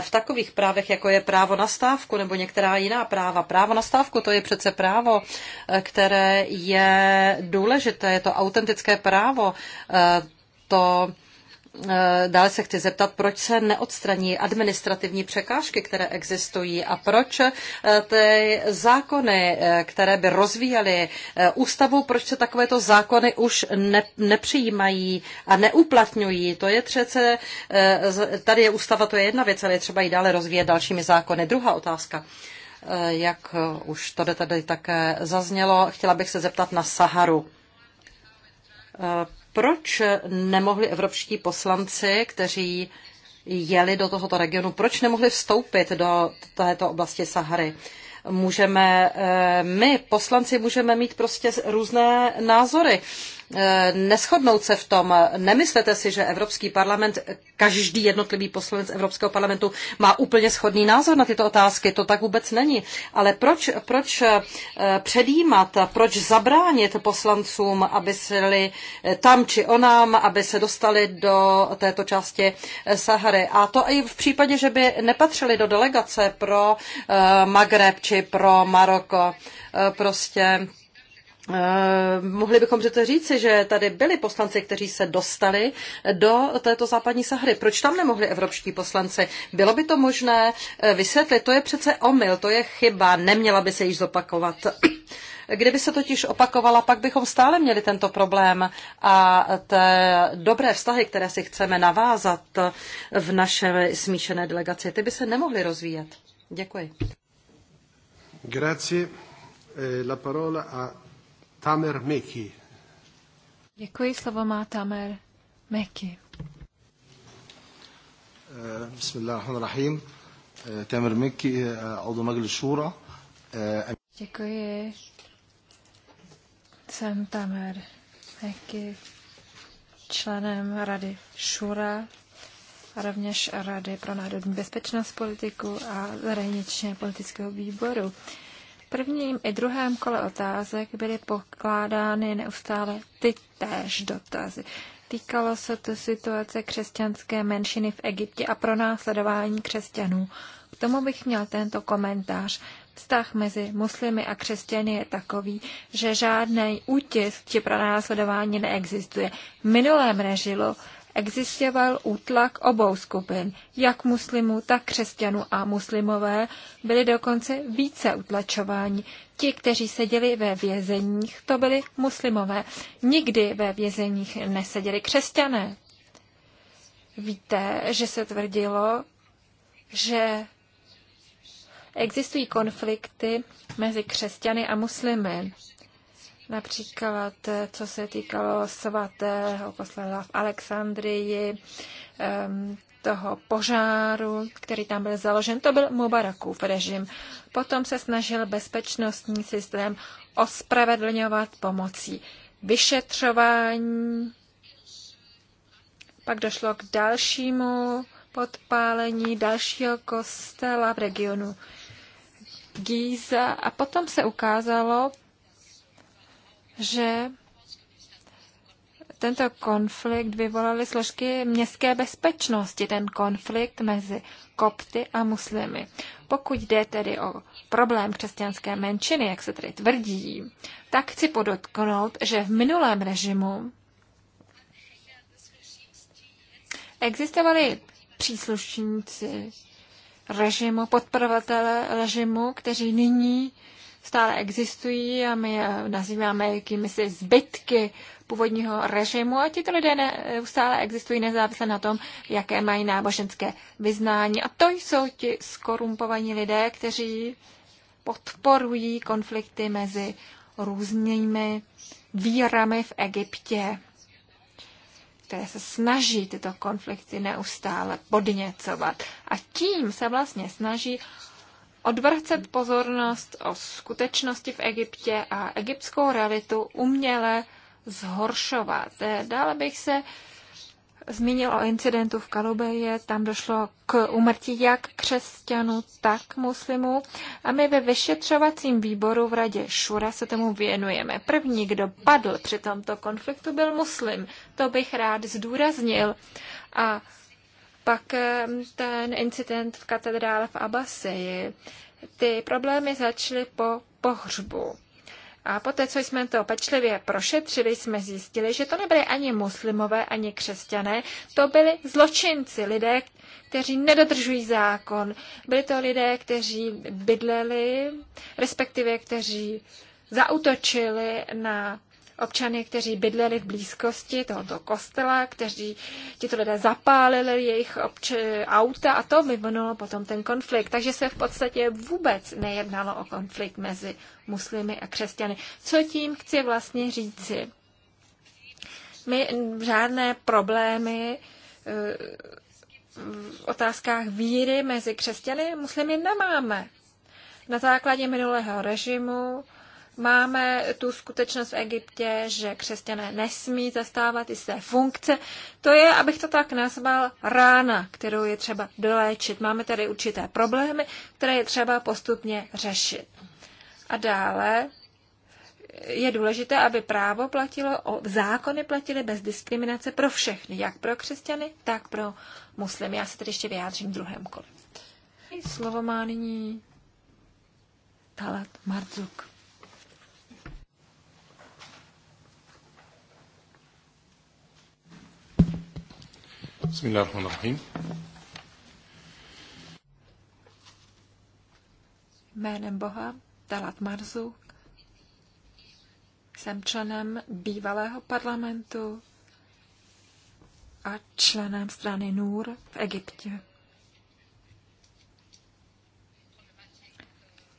v takových právech, jako je právo na stávku nebo některá jiná práva. Právo na stávku to je přece právo, které je důležité, je to autentické právo to eh, Dále se chci zeptat, proč se neodstraní administrativní překážky, které existují a proč eh, ty zákony, eh, které by rozvíjaly ústavu, proč se takovéto zákony už ne, nepřijímají a neuplatňují. To je třece, tady je ústava, to je jedna věc, ale je třeba ji dále rozvíjet dalšími zákony. Druhá otázka. Jak už to tady také zaznělo, chtěla bych se zeptat na Saharu proč nemohli evropští poslanci, kteří jeli do tohoto regionu, proč nemohli vstoupit do této oblasti Sahary? Můžeme, eh, my poslanci můžeme mít prostě různé názory Eh, neschodnout se v tom. Nemyslete si, že Evropský parlament, každý jednotlivý poslanec Evropského parlamentu má úplně schodný názor na tyto otázky. To tak vůbec není. Ale proč, proč eh, předjímat, proč zabránit poslancům, aby se eh, tam či onám, aby se dostali do této části Sahary. A to i v případě, že by nepatřili do delegace pro Magreb či pro Maroko. Prostě Eh, mohli bychom přece říci, že tady byli poslanci, kteří se dostali do této západní Sahary. Proč tam nemohli evropští poslanci? Bylo by to možné eh, vysvětlit? To je přece omyl, to je chyba, neměla by se již zopakovat. Kdyby se totiž opakovala, pak bychom stále měli tento problém a ty dobré vztahy, které si chceme navázat v naše smíšené delegaci, ty by se nemohly rozvíjet. Děkuji. Grazie. Eh, la parola a Tamer Meki. Děkuji, slovo má Tamer Meki. بسم الله الرحمن الرحيم تامر مكي عضو مجلس الشورى Děkuji. Jsem Tamer Meky, členem Rady Šura a rovněž Rady pro národní bezpečnost politiku a zahraničně politického výboru prvním i druhém kole otázek byly pokládány neustále ty též dotazy. Týkalo se to situace křesťanské menšiny v Egyptě a pronásledování křesťanů. K tomu bych měl tento komentář. Vztah mezi muslimy a křesťany je takový, že žádný útisk či pronásledování neexistuje. V minulém režimu, existoval útlak obou skupin, jak muslimů, tak křesťanů a muslimové byli dokonce více utlačováni. Ti, kteří seděli ve vězeních, to byli muslimové. Nikdy ve vězeních neseděli křesťané. Víte, že se tvrdilo, že existují konflikty mezi křesťany a muslimy. Například, co se týkalo svatého poslala v Alexandrii, toho požáru, který tam byl založen, to byl Mubarakův režim. Potom se snažil bezpečnostní systém ospravedlňovat pomocí vyšetřování. Pak došlo k dalšímu podpálení dalšího kostela v regionu Giza, a potom se ukázalo že tento konflikt vyvolaly složky městské bezpečnosti, ten konflikt mezi kopty a muslimy. Pokud jde tedy o problém křesťanské menšiny, jak se tedy tvrdí, tak chci podotknout, že v minulém režimu existovali příslušníci režimu, podporovatele režimu, kteří nyní stále existují a my je nazýváme jakýmisi zbytky původního režimu a tito lidé neustále existují nezávisle na tom, jaké mají náboženské vyznání. A to jsou ti skorumpovaní lidé, kteří podporují konflikty mezi různými vírami v Egyptě, které se snaží tyto konflikty neustále podněcovat. A tím se vlastně snaží odvracet pozornost o skutečnosti v Egyptě a egyptskou realitu uměle zhoršovat. Dále bych se zmínil o incidentu v Kalubeje. Tam došlo k umrtí jak křesťanů, tak muslimů. A my ve vyšetřovacím výboru v radě Šura se tomu věnujeme. První, kdo padl při tomto konfliktu, byl muslim. To bych rád zdůraznil. A pak ten incident v katedrále v Abaseji. Ty problémy začaly po pohřbu. A poté, co jsme to pečlivě prošetřili, jsme zjistili, že to nebyly ani muslimové, ani křesťané, to byli zločinci, lidé, kteří nedodržují zákon. Byli to lidé, kteří bydleli, respektive kteří zautočili na občany, kteří bydleli v blízkosti tohoto kostela, kteří tito lidé zapálili jejich obč- auta a to vyvonulo potom ten konflikt. Takže se v podstatě vůbec nejednalo o konflikt mezi muslimy a křesťany. Co tím chci vlastně říci? My žádné problémy eh, v otázkách víry mezi křesťany a muslimy nemáme. Na základě minulého režimu Máme tu skutečnost v Egyptě, že křesťané nesmí zastávat své funkce. To je, abych to tak nazval, rána, kterou je třeba doléčit. Máme tady určité problémy, které je třeba postupně řešit. A dále je důležité, aby právo platilo, zákony platily bez diskriminace pro všechny, jak pro křesťany, tak pro muslimy. Já se tedy ještě vyjádřím v druhém kole. Slovo má nyní Talat Marzuk. Bismillahirrahmanirrahim. Jménem Boha, Dalat Marzu, jsem členem bývalého parlamentu a členem strany Nur v Egyptě.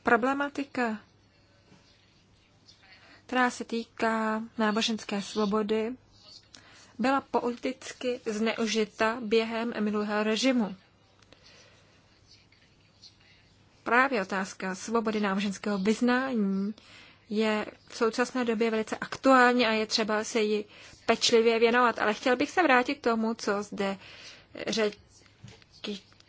Problematika, která se týká náboženské svobody, byla politicky zneužita během minulého režimu. Právě otázka svobody náboženského vyznání je v současné době velice aktuální a je třeba se ji pečlivě věnovat. Ale chtěl bych se vrátit k tomu, co zde řekli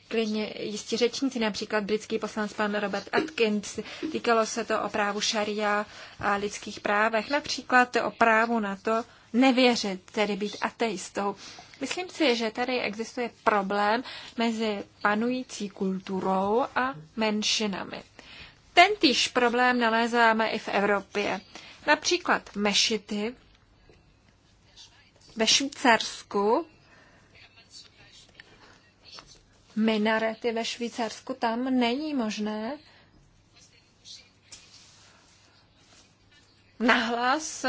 klidně jistí řečníci, například britský poslanec pan Robert Atkins. Týkalo se to o právu šaria a lidských právech, například o právu na to, nevěřit, tedy být ateistou. Myslím si, že tady existuje problém mezi panující kulturou a menšinami. Tentýž problém nalézáme i v Evropě. Například mešity ve Švýcarsku, minarety ve Švýcarsku, tam není možné nahlas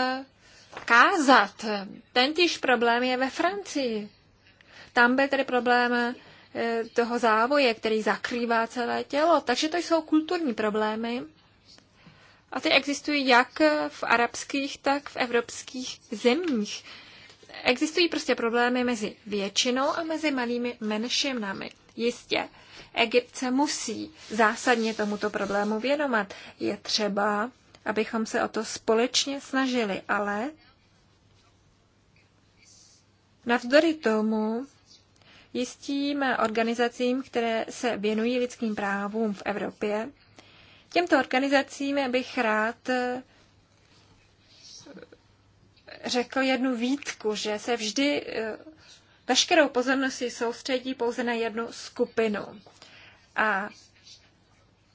kázat. Ten týž problém je ve Francii. Tam byl tedy problém e, toho závoje, který zakrývá celé tělo. Takže to jsou kulturní problémy. A ty existují jak v arabských, tak v evropských zemích. Existují prostě problémy mezi většinou a mezi malými menšinami. Jistě, Egypt se musí zásadně tomuto problému věnovat. Je třeba abychom se o to společně snažili, ale navzdory tomu jistým organizacím, které se věnují lidským právům v Evropě, těmto organizacím bych rád eh, řekl jednu výtku, že se vždy eh, veškerou pozornosti soustředí pouze na jednu skupinu. A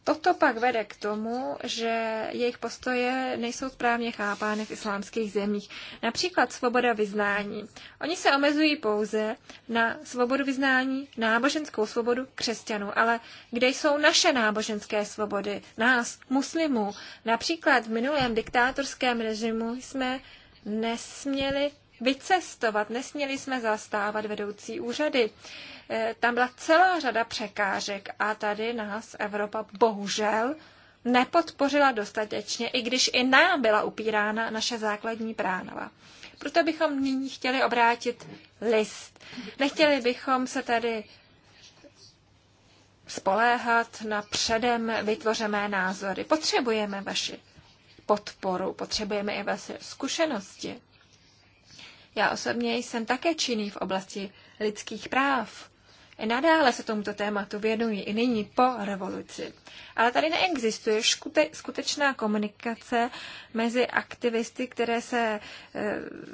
Toto pak vede k tomu, že jejich postoje nejsou správně chápány v islámských zemích. Například svoboda vyznání. Oni se omezují pouze na svobodu vyznání, náboženskou svobodu křesťanů. Ale kde jsou naše náboženské svobody? Nás, muslimů. Například v minulém diktátorském režimu jsme nesměli vycestovat. Nesměli jsme zastávat vedoucí úřady. Eh, tam byla celá řada překážek a tady nás Evropa bohužel nepodpořila dostatečně, i když i nám byla upírána naše základní práva. Proto bychom nyní chtěli obrátit list. Nechtěli bychom se tady spoléhat na předem vytvořené názory. Potřebujeme vaši podporu, potřebujeme i vaše zkušenosti. Já osobně jsem také činný v oblasti lidských práv. I nadále se tomuto tématu věnuji, i nyní po revoluci. Ale tady neexistuje škute, skutečná komunikace mezi aktivisty, které se e,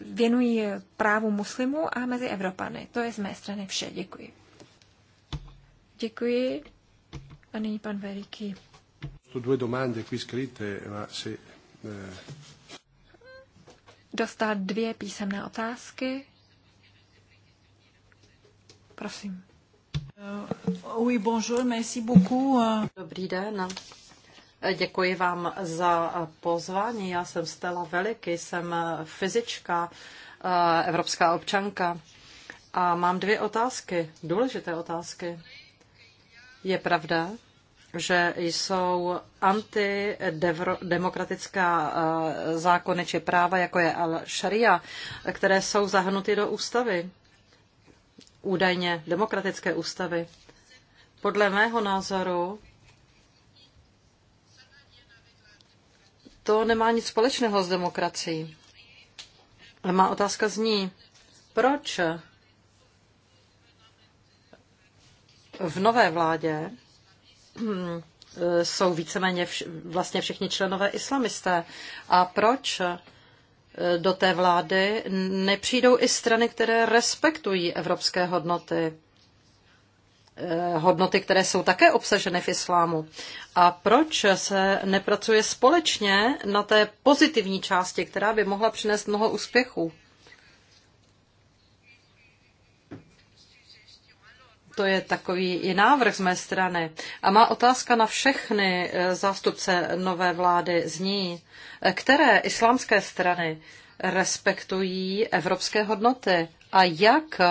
věnují právu muslimů a mezi Evropany. To je z mé strany vše. Děkuji. Děkuji. A nyní pan Veliký. Dvě domande qui scritte, ma se, eh... Dostat dvě písemné otázky. Prosím. Euh, oui, bonjour, merci beaucoup. Euh. Dobrý den. Děkuji vám za pozvání. Já jsem Stella Veliky, jsem fyzička, eh, evropská občanka a mám dvě otázky, důležité otázky. Je pravda, že jsou antidemokratická eh, zákony či práva, jako je al-Sharia, které jsou zahrnuty do ústavy, údajně demokratické ústavy. Podle mého názoru to nemá nic společného s demokracií. Má otázka zní, proč v nové vládě jsou víceméně vš- vlastně všichni členové islamisté. A proč eh, do té vlády nepřijdou i strany, které respektují evropské hodnoty? Eh, hodnoty, které jsou také obsaženy v islámu. A proč se nepracuje společně na té pozitivní části, která by mohla přinést mnoho úspěchů? to je takový i návrh z mé strany. A má otázka na všechny eh, zástupce nové vlády zní, eh, které islámské strany respektují evropské hodnoty a jak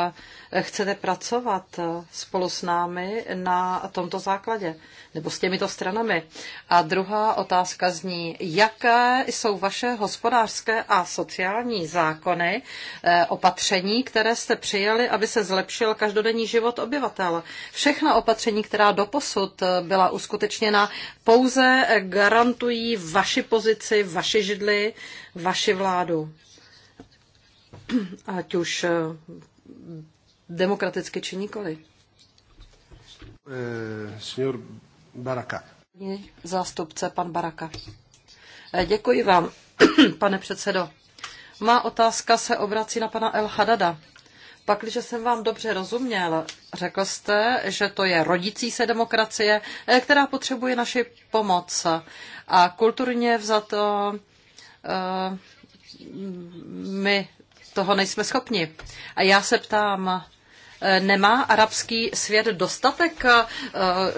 chcete pracovat spolu s námi na tomto základě, nebo s těmito stranami. A druhá otázka zní, jaké jsou vaše hospodářské a sociální zákony, eh, opatření, které jste přijali, aby se zlepšil každodenní život obyvatel. Všechna opatření, která doposud byla uskutečněna, pouze garantují vaši pozici, vaši židli, vaši vládu. ať už eh, demokraticky či nikoli. Eh, senior Baraka. Zástupce pan Baraka. Eh, děkuji vám, pane předsedo. Má otázka se obrací na pana El Hadada. Pakliže jsem vám dobře rozuměl, řekl jste, že to je rodící se demokracie, která potřebuje naši pomoc. A kulturně vzato my toho nejsme schopni. A já se ptám, eh, nemá arabský svět dostatek eh,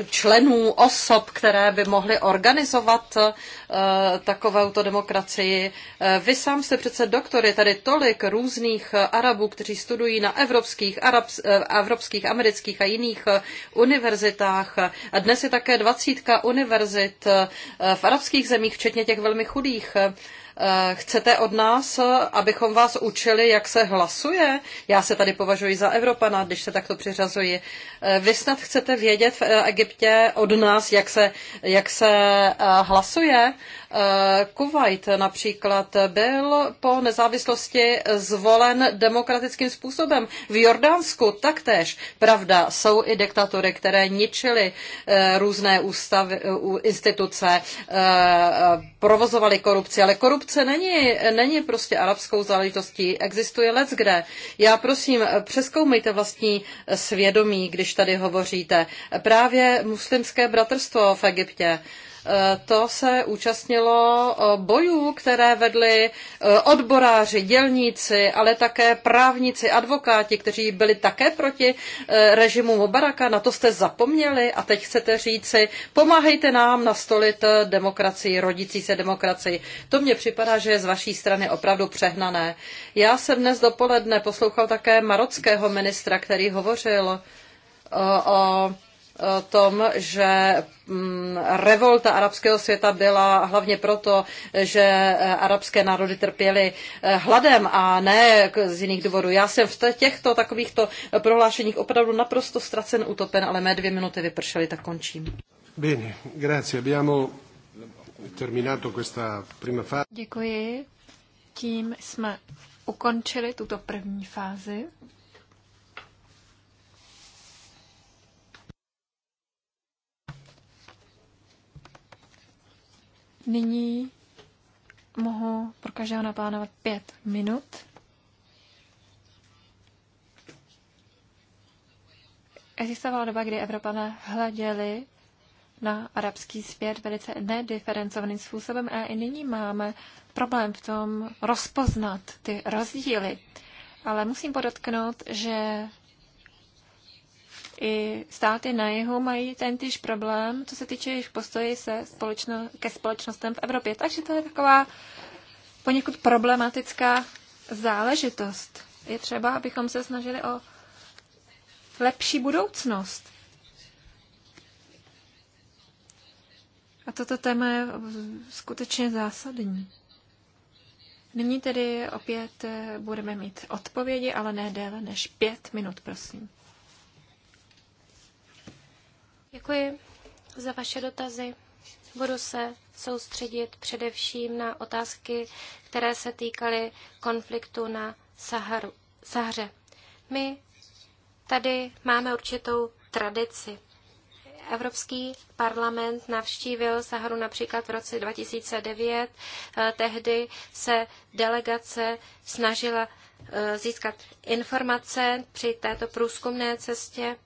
členů, osob, které by mohly organizovat eh, takovouto demokracii. Vy sám jste přece doktor, je tady tolik různých Arabů, kteří studují na evropských, arabs, evropských, amerických a jiných univerzitách. A dnes je také dvacítka univerzit v arabských zemích, včetně těch velmi chudých. Eh, chcete od nás, abychom vás učili, jak se hlasuje? Já se tady považuji za Evropana, když se takto přiřazuji. Eh, vy snad chcete vědět v eh, Egyptě od nás, jak se, jak se hlasuje? Eh, Kuwait například byl po nezávislosti zvolen demokratickým způsobem. V Jordánsku taktéž. Pravda, jsou i diktatury, které ničily eh, různé ústavy, eh, instituce, provozovaly korupci, ale korupce není, není prostě arabskou záležitostí. Existuje let kde. Já prosím, přeskoumejte vlastní svědomí, když tady hovoříte. Právě muslimské bratrstvo v Egyptě. Eh, to se účastnilo eh, bojů, které vedli eh, odboráři, dělníci, ale také právníci, advokáti, kteří byli také proti režimu Mubaraka. Na to jste zapomněli a teď chcete říci, pomáhejte nám nastolit demokracii, rodící se demokracii. To mně připadá, že je z vaší strany opravdu přehnané. Já jsem dnes dopoledne poslouchal také marockého ministra, který hovořil o, o Eh, tom, že mm, revolta arabského světa byla hlavně proto, že eh, arabské národy trpěly eh, hladem a ne z jiných důvodů. Já jsem v těchto takovýchto prohlášeních opravdu naprosto ztracen, utopen, ale mé dvě minuty vypršely, tak končím. Bene, grazie. Abbiamo terminato questa prima fase. Děkuji. Tím jsme ukončili tuto první fázi. Nyní mohu pro každého naplánovat pět minut. Existovala doba, kdy Evropané hleděli na arabský svět velice nediferencovaným způsobem a i nyní máme problém v tom rozpoznat ty rozdíly. Ale musím podotknout, že i státy na jihu mají tentýž problém, co se týče jejich postoji se společno, ke společnostem v Evropě. Takže to je taková poněkud problematická záležitost. Je třeba, abychom se snažili o lepší budoucnost. A toto téma je skutečně zásadní. Nyní tedy opět eh, budeme mít odpovědi, ale ne déle než pět minut, prosím. Děkuji za vaše dotazy. Budu se soustředit především na otázky, které se týkaly konfliktu na Saharu, Sahře. My tady máme určitou tradici. Evropský parlament navštívil Saharu například v roce 2009. Eh, tehdy se delegace snažila eh, získat informace při této průzkumné cestě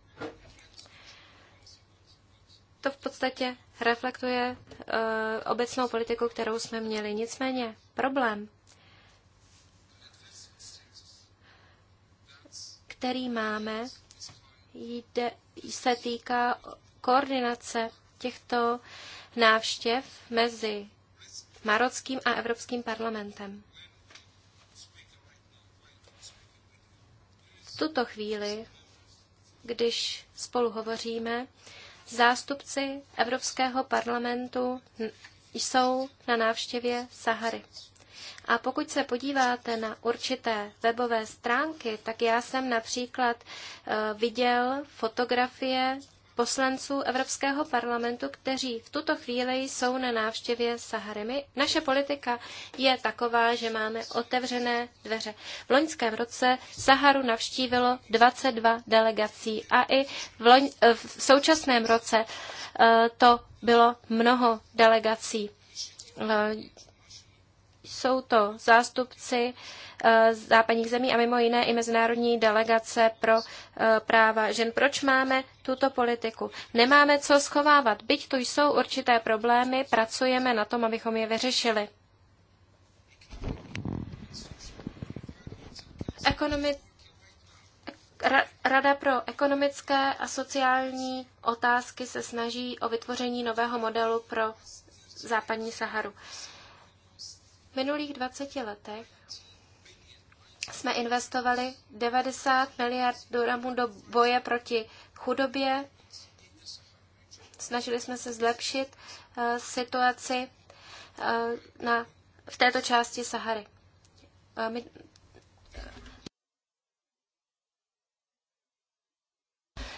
to v podstatě reflektuje eh, obecnou politiku, kterou jsme měli. Nicméně problém, který máme, jde, se týká koordinace těchto návštěv mezi Marockým a Evropským parlamentem. V tuto chvíli, když spolu hovoříme, Zástupci Evropského parlamentu jsou na návštěvě Sahary. A pokud se podíváte na určité webové stránky, tak já jsem například eh, viděl fotografie poslanců Evropského parlamentu, kteří v tuto chvíli jsou na návštěvě Saharemi. Naše politika je taková, že máme otevřené dveře. V loňském roce Saharu navštívilo 22 delegací a i v, loň, v současném roce eh, to bylo mnoho delegací eh, jsou to zástupci eh, západních zemí a mimo jiné i Mezinárodní delegace pro eh, práva žen. Proč máme tuto politiku? Nemáme co schovávat. Byť tu jsou určité problémy, pracujeme na tom, abychom je vyřešili. Ekonomi- Rada pro ekonomické a sociální otázky se snaží o vytvoření nového modelu pro západní Saharu. Uh, v minulých 20 letech jsme investovali 90 miliard dolarů do boje proti chudobě. Snažili jsme se zlepšit uh, situaci uh, na, v této části Sahary. Uh, my,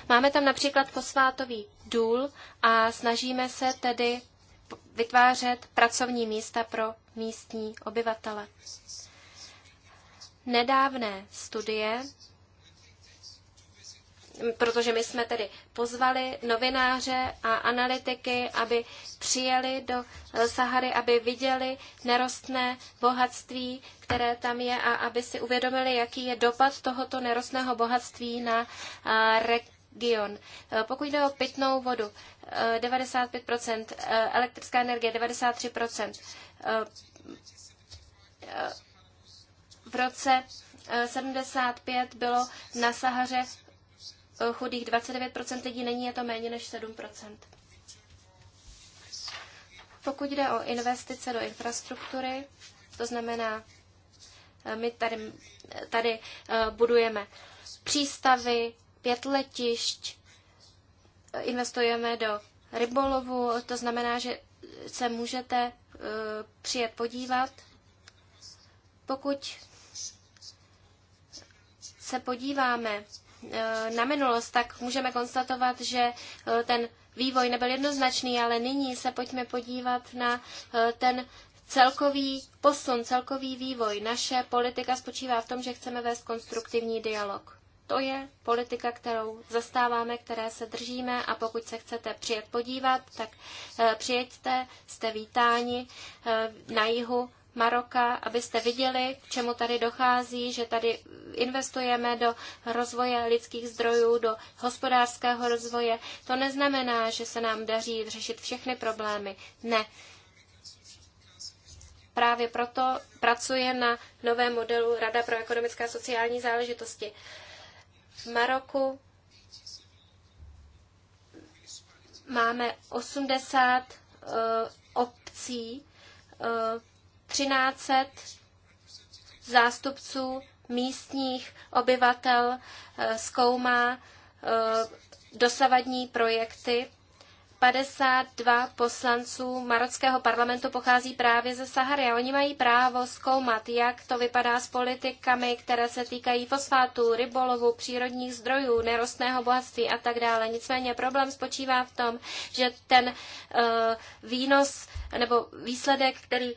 Máme tam například fosfátový důl a snažíme se tedy vytvářet pracovní místa pro místní obyvatele. Nedávné studie protože my jsme tedy pozvali novináře a analytiky, aby přijeli do eh, Sahary, aby viděli nerostné bohatství, které tam je a aby si uvědomili, jaký je dopad tohoto nerostného bohatství na eh, Dion. Eh, pokud jde o pitnou vodu, 95%, eh, eh, elektrická energie 93%. V roce 75 bylo na Sahaře chudých 29% lidí, není je to méně než 7%. Pokud jde o investice do infrastruktury, to znamená, my tady, tady budujeme přístavy, pět letišť, eh, investujeme do rybolovu, to znamená, že se můžete eh, přijet podívat. Pokud se podíváme eh, na minulost, tak můžeme konstatovat, že ten vývoj nebyl jednoznačný, ale nyní se pojďme podívat na ten celkový posun, celkový vývoj. Naše politika spočívá v tom, že chceme vést konstruktivní dialog. To je politika, kterou zastáváme, které se držíme a pokud se chcete přijet podívat, tak eh, přijeďte, jste vítáni eh, na jihu Maroka, abyste viděli, k čemu tady dochází, že tady investujeme do rozvoje lidských zdrojů, do hospodářského rozvoje. To neznamená, že se nám daří řešit všechny problémy. Ne. Právě proto pracuje na novém modelu Rada pro ekonomické a sociální záležitosti. Maroku máme 80 uh, eh, obcí, uh, eh, 13 zástupců místních obyvatel uh, zkoumá uh, dosavadní projekty 52 poslanců marockého parlamentu pochází právě ze Sahary a oni mají právo zkoumat, jak to vypadá s politikami, které se týkají fosfátů, rybolovu, přírodních zdrojů, nerostného bohatství a tak dále. Nicméně problém spočívá v tom, že ten uh, výnos nebo výsledek, který uh,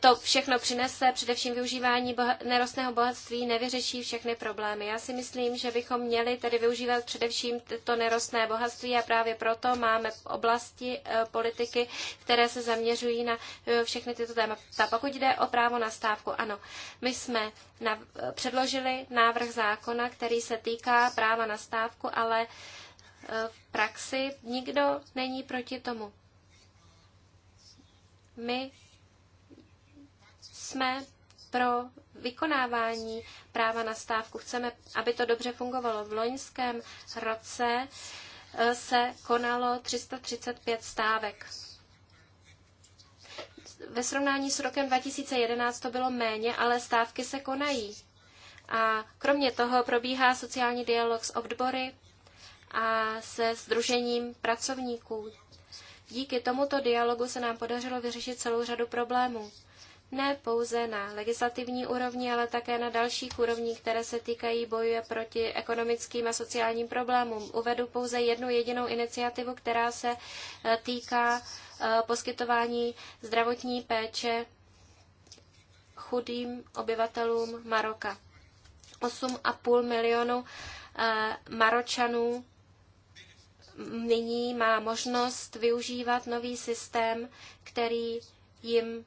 to všechno přinese, především využívání boha- nerostného bohatství, nevyřeší všechny problémy. Já si myslím, že bychom měli tedy využívat především to nerostné bohatství a právě proto máme oblasti eh, politiky, které se zaměřují na eh, všechny tyto témata. Pokud jde o právo na stávku, ano, my jsme na, eh, předložili návrh zákona, který se týká práva na stávku, ale v praxi nikdo není proti tomu. My jsme pro vykonávání práva na stávku. Chceme, aby to dobře fungovalo. V loňském roce se konalo 335 stávek. Ve srovnání s rokem 2011 to bylo méně, ale stávky se konají. A kromě toho probíhá sociální dialog s odbory a se Združením pracovníků. Díky tomuto dialogu se nám podařilo vyřešit celou řadu problémů ne pouze na legislativní úrovni, ale také na dalších úrovních, které se týkají boje proti ekonomickým a sociálním problémům. Uvedu pouze jednu jedinou iniciativu, která se eh, týká eh, poskytování zdravotní péče chudým obyvatelům Maroka. 8,5 milionu eh, Maročanů nyní má možnost využívat nový systém, který jim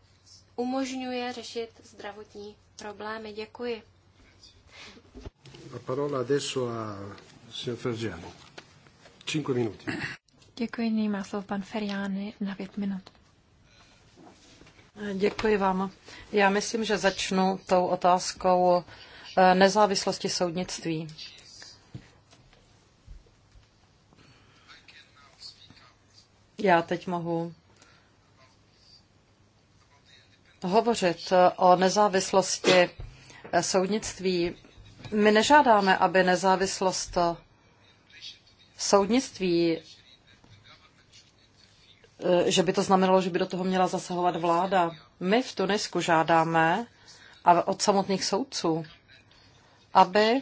umožňuje řešit zdravotní problémy. Děkuji. La parola adesso a signor Fergiani. Cinque minuti. Děkuji, nyní má slovo pan Feriány na pět minut. Děkuji vám. Já myslím, že začnu tou otázkou eh, nezávislosti soudnictví. Já teď mohu hovořit eh, o nezávislosti eh, soudnictví, my nežádáme, aby nezávislost eh, soudnictví, že by to znamenalo, že by do toho měla zasahovat vláda. My v Tunisku žádáme a od samotných soudců, aby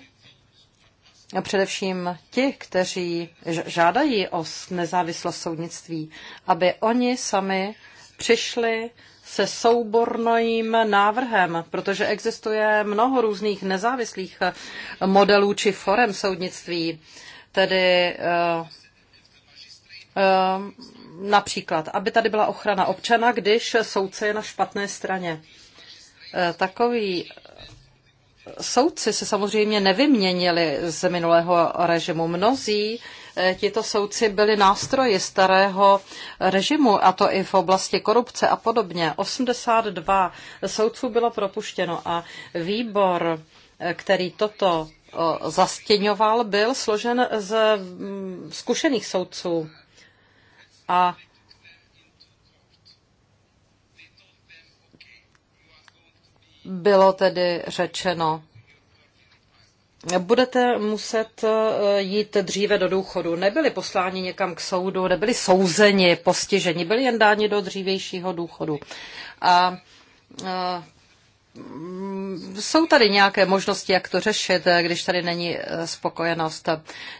především ti, kteří žádají o nezávislost soudnictví, aby oni sami přišli se soubornojím návrhem, protože existuje mnoho různých nezávislých eh, modelů či forem soudnictví, tedy eh, eh, například, aby tady byla ochrana občana, když soudce je na špatné straně. Takový soudci se samozřejmě nevyměnili z minulého režimu. Mnozí Eh, tito soudci byli nástroji starého režimu, a to i v oblasti korupce a podobně. 82 soudců bylo propuštěno a výbor, eh, který toto zastěňoval, byl složen z mm, zkušených soudců. A bylo tedy řečeno, budete muset eh, jít dříve do důchodu. Nebyli posláni někam k soudu, nebyli souzeni, postiženi, byli jen dáni do dřívějšího důchodu. A, a eh, jsou tady nějaké možnosti, jak to řešit, eh, když tady není spokojenost.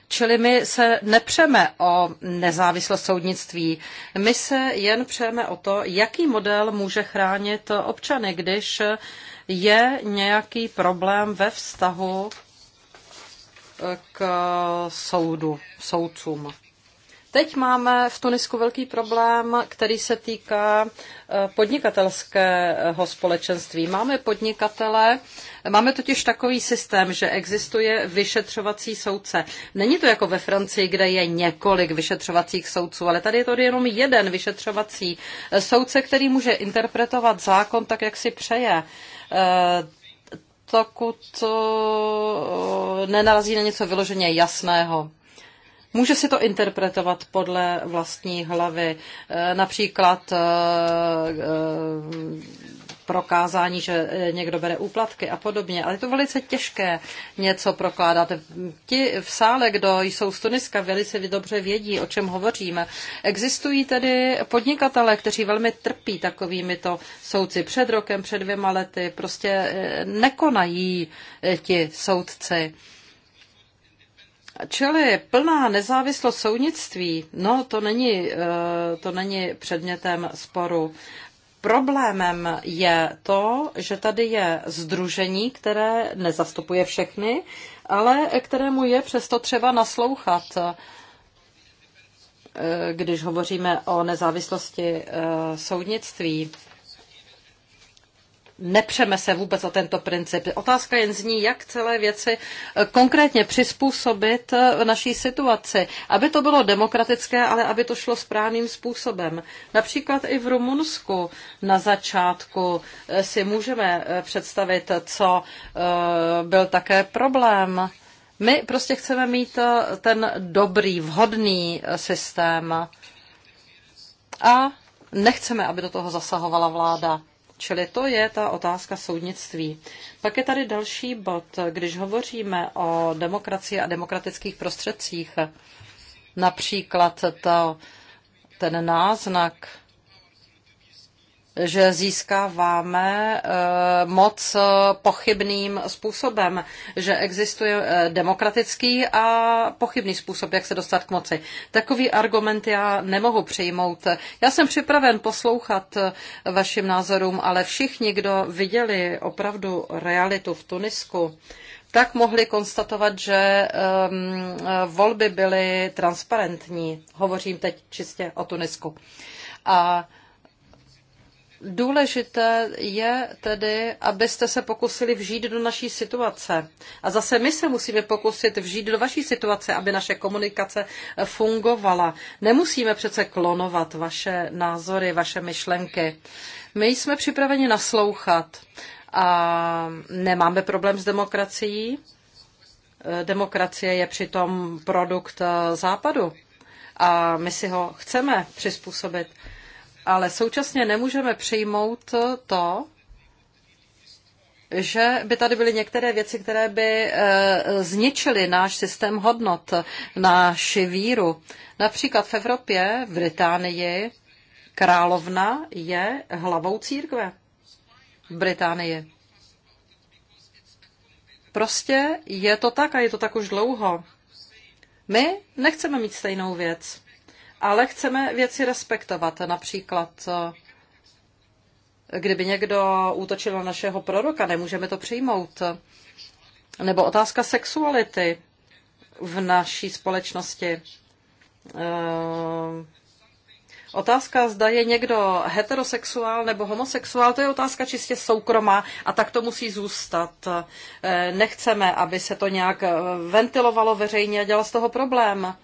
Čili my se nepřeme o nezávislost soudnictví. My se jen přeme o to, jaký model může chránit občany, když je nějaký problém ve vztahu k soudu, soudcům. Teď máme v Tunisku velký problém, který se týká eh, podnikatelského společenství. Máme podnikatele, máme totiž takový systém, že existuje vyšetřovací soudce. Není to jako ve Francii, kde je několik vyšetřovacích soudců, ale tady je to jenom jeden vyšetřovací eh, soudce, který může interpretovat zákon tak, jak si přeje eh, dokud eh, nenarazí na něco vyloženě jasného. Může si to interpretovat podle vlastní hlavy. Eh, například eh, prokázání, že eh, někdo bere úplatky a podobně. Ale je to velice těžké něco prokládat. Ti v sále, kdo jsou z Tuniska, velice dobře vědí, o čem hovoříme. Existují tedy podnikatele, kteří velmi trpí takovými to soudci před rokem, před dvěma lety. Prostě eh, nekonají eh, ti soudci. Čili plná nezávislost soudnictví, no to není, to není předmětem sporu. Problémem je to, že tady je združení, které nezastupuje všechny, ale kterému je přesto třeba naslouchat. Eh, když hovoříme o nezávislosti eh, soudnictví, nepřeme se vůbec o tento princip. Otázka jen zní, jak celé věci eh, konkrétně přizpůsobit eh, naší situaci, aby to bylo demokratické, ale aby to šlo správným způsobem. Například i v Rumunsku na začátku eh, si můžeme představit, co byl také problém. My prostě chceme mít ten dobrý, vhodný systém a nechceme, aby do toho zasahovala vláda. Čili to je ta otázka soudnictví. Pak je tady další bod. Když hovoříme o demokracii a demokratických prostředcích, například to, ten náznak že získáváme eh, moc eh, pochybným způsobem, že existuje eh, demokratický a pochybný způsob, jak se dostat k moci. Takový argument já nemohu přijmout. Já jsem připraven poslouchat vašim názorům, ale všichni, kdo viděli opravdu realitu v Tunisku, tak mohli konstatovat, že um, volby byly transparentní. Hovořím teď čistě o Tunisku. A Důležité je tedy, abyste se pokusili vžít do naší situace. A zase my se musíme pokusit vžít do vaší situace, aby naše komunikace fungovala. Nemusíme přece klonovat vaše názory, vaše myšlenky. My jsme připraveni naslouchat a nemáme problém s demokracií. Demokracie je přitom produkt eh, západu a my si ho chceme přizpůsobit ale současně nemůžeme přijmout to, že by tady byly některé věci, které by e, zničily náš systém hodnot, naši víru. Například v Evropě, v Británii, královna je hlavou církve. V Británii. Prostě je to tak a je to tak už dlouho. My nechceme mít stejnou věc ale chceme věci respektovat. Například, eh, kdyby někdo útočil na našeho proroka, nemůžeme to přijmout. Nebo otázka sexuality v naší společnosti. Eh, otázka, zda je někdo heterosexuál nebo homosexuál, to je otázka čistě soukromá a tak to musí zůstat. Eh, nechceme, aby se to nějak ventilovalo veřejně a dělalo z toho problém.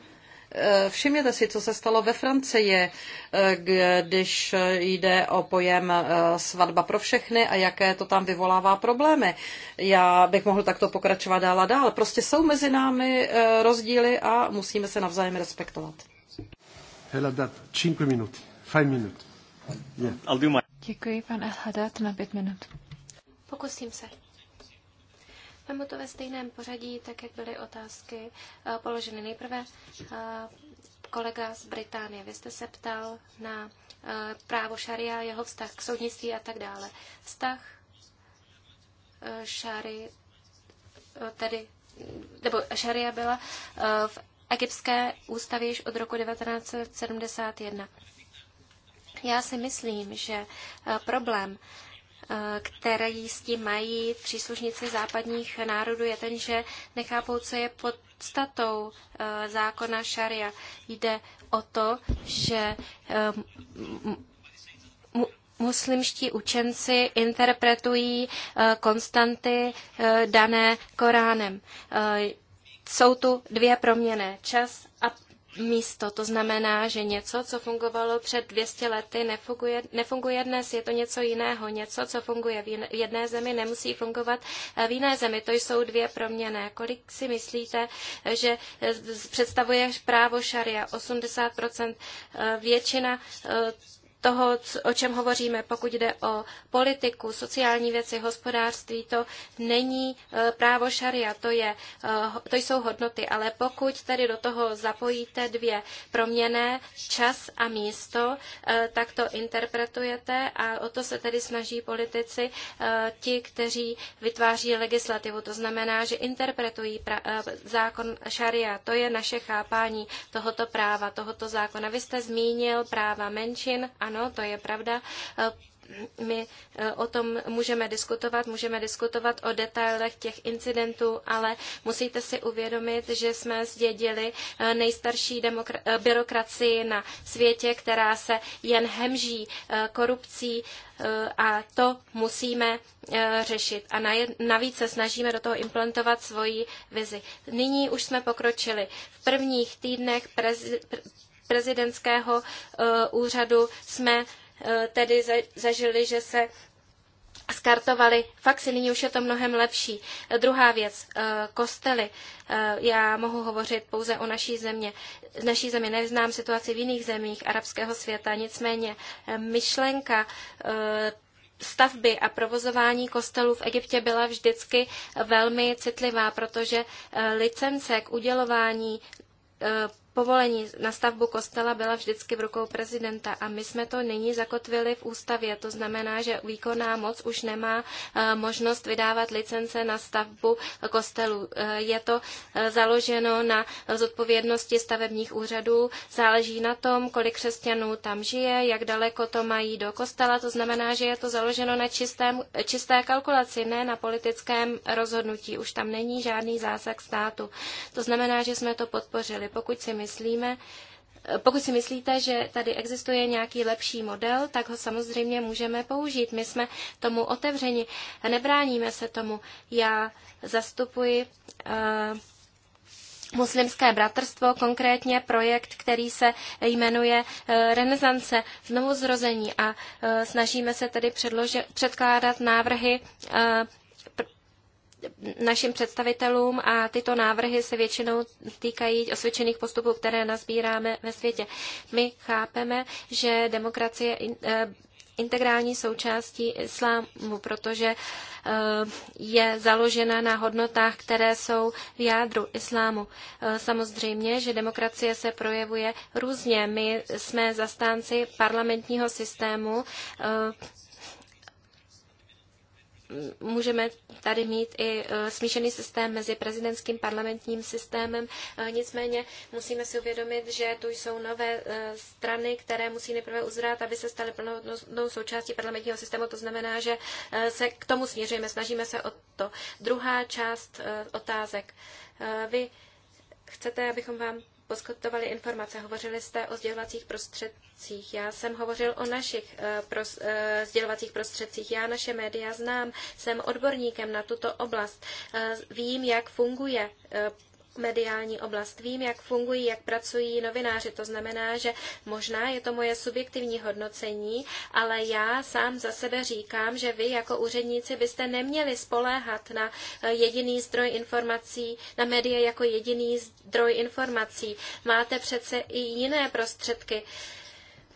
Eh, všimněte si, co se stalo ve Francii, eh, když jde o pojem eh, svatba pro všechny a jaké to tam vyvolává problémy. Já bych mohl takto pokračovat dál a dál. Prostě jsou mezi námi rozdíly a musíme se navzájem respektovat. minut, Yeah. Děkuji, pan Hadat, na pět minut. Pokusím se. Vemu to ve stejném pořadí, tak jak byly otázky eh, položeny. Nejprve eh, kolega z Británie, vy jste se ptal na eh, právo šaria, jeho vztah k soudnictví a tak dále. Vztah šary, tedy, nebo šaria byla v egyptské ústavě již od roku 1971. Já si myslím, že problém které s tím mají příslušníci západních národů, je ten, že nechápou, co je podstatou eh, zákona šaria. Jde o to, že eh, muslimští učenci interpretují eh, konstanty dané Koránem. Jsou tu dvě proměny, čas a místo. To znamená, že něco, co fungovalo před 200 lety, nefunguje, nefunguje dnes. Je to něco jiného. Něco, co funguje v jedné zemi, nemusí fungovat eh, v jiné zemi. To jsou dvě proměny. Kolik si myslíte, eh, že eh, představuje právo šaria? 80% většina toho, o čem hovoříme, pokud jde o politiku, sociální věci, hospodářství, to není e, právo šaria, to, je, e, to jsou hodnoty, ale pokud tedy do toho zapojíte dvě proměné, čas a místo, e, tak to interpretujete a o to se tedy snaží politici, ti, kteří vytváří legislativu. To znamená, že interpretují zákon šaria. To je naše chápání tohoto práva, tohoto zákona. Vy jste zmínil práva menšin a ano, to je pravda eh, my eh, o tom můžeme diskutovat, můžeme diskutovat o detailech těch incidentů, ale musíte si uvědomit, že jsme zdědili eh, nejstarší byrokracii na světě, která se jen hemží korupcí a to musíme řešit. A navíc se snažíme do toho implantovat svoji vizi. Nyní už jsme pokročili. V prvních týdnech prez prezidentského eh, úřadu jsme eh, tedy zažili, že se skartovali faxy, nyní už je to mnohem lepší. Eh, druhá věc, kostely. Já mohu hovořit pouze o naší země. Z naší země neznám situaci v jiných zemích arabského světa, nicméně myšlenka stavby a provozování kostelů v Egyptě byla vždycky velmi citlivá, protože licence k udělování povolení na stavbu kostela byla vždycky v rukou prezidenta a my jsme to nyní zakotvili v ústavě. To znamená, že výkonná moc už nemá eh, možnost vydávat licence na stavbu kostelů. Eh, je to eh, založeno na zodpovědnosti stavebních úřadů. Záleží na tom, kolik křesťanů tam žije, jak daleko to mají do kostela. To znamená, že je to založeno na čistém, čisté kalkulaci, ne na politickém rozhodnutí. Už tam není žádný zásah státu. To znamená, že jsme to podpořili. Pokud si my myslíme, pokud si myslíte, že tady existuje nějaký lepší model, tak ho samozřejmě můžeme použít. My jsme tomu otevřeni, nebráníme se tomu. Já zastupuji uh, muslimské bratrstvo, konkrétně projekt, který se jmenuje eh, Renesance, znovuzrození zrození a eh, snažíme se tedy předkládat návrhy našim představitelům a tyto návrhy se většinou týkají osvědčených postupů, které nazbíráme ve světě. My chápeme, že demokracie eh, integrální součástí islámu, protože eh, je založena na hodnotách, které jsou v jádru islámu. Eh, samozřejmě, že demokracie se projevuje různě. My jsme zastánci parlamentního systému, můžeme tady mít i e, smíšený systém mezi prezidentským parlamentním systémem. E, nicméně musíme si uvědomit, že tu jsou nové e, strany, které musí nejprve uzrát, aby se staly plnohodnotnou součástí parlamentního systému. To znamená, že se k tomu směřujeme, snažíme se o to. Druhá část otázek. Vy chcete, abychom vám poskytovali informace. Hovořili jste o sdělovacích prostředcích. Já jsem hovořil o našich eh, pros, eh, sdělovacích prostředcích. Já naše média znám, jsem odborníkem na tuto oblast. Eh, vím, jak funguje mediální oblast. Vím, jak fungují, jak pracují novináři. To znamená, že možná je to moje subjektivní hodnocení, ale já sám za sebe říkám, že vy jako úředníci byste neměli spoléhat na eh, jediný zdroj informací, na média jako jediný zdroj informací. Máte přece i jiné prostředky.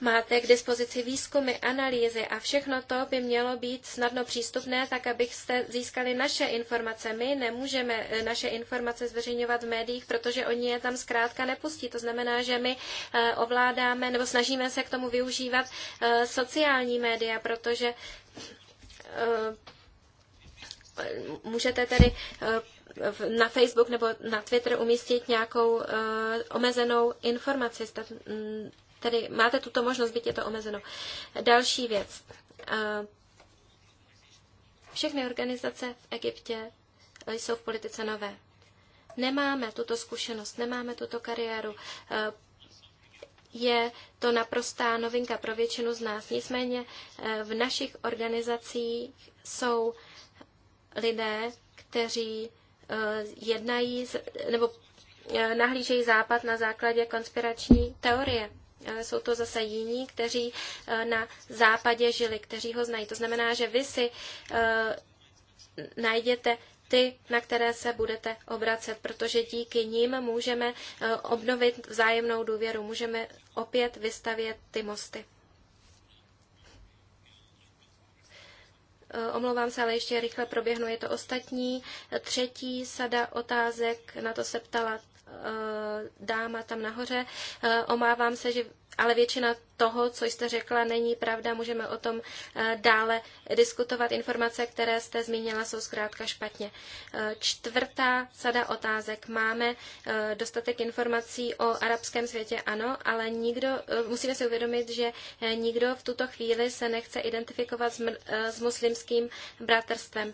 Máte k dispozici výzkumy, analýzy a všechno to by mělo být snadno přístupné, tak abyste získali naše informace. My nemůžeme eh, naše informace zveřejňovat v médiích, protože oni je tam zkrátka nepustí. To znamená, že my eh, ovládáme nebo snažíme se k tomu využívat eh, sociální média, protože můžete tedy na Facebook nebo na Twitter umístit nějakou omezenou informaci Tedy máte tuto možnost, byť je to omezeno. Další věc. Všechny organizace v Egyptě jsou v politice nové. Nemáme tuto zkušenost, nemáme tuto kariéru. Je to naprostá novinka pro většinu z nás. Nicméně e, v našich organizacích jsou lidé, kteří e, jednají nebo e, nahlížejí Západ na základě konspirační teorie. Eh, jsou to zase jiní, kteří eh, na západě žili, kteří ho znají. To znamená, že vy si eh, najděte ty, na které se budete obracet, protože díky nim můžeme obnovit vzájemnou důvěru, můžeme opět vystavět ty mosty. Omlouvám se, ale ještě rychle proběhnu. Je to ostatní. Třetí sada otázek, na to se ptala Eh, dáma tam nahoře. Eh, omávám se, že ale většina toho, co jste řekla, není pravda. Můžeme o tom eh, dále diskutovat. Informace, které jste zmínila, jsou zkrátka špatně. Čtvrtá sada otázek. Máme dostatek informací o arabském světě, ano, ale nikdo, musíme si uvědomit, že nikdo v tuto chvíli se nechce identifikovat s, s muslimským bratrstvem. Uh,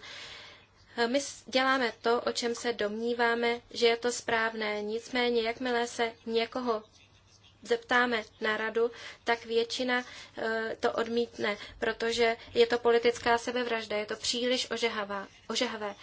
my děláme to, o čem se domníváme, že je to správné. Nicméně, jakmile se někoho zeptáme na radu, tak většina e, to odmítne, protože je to politická sebevražda, je to příliš ožehavá, ožehavé.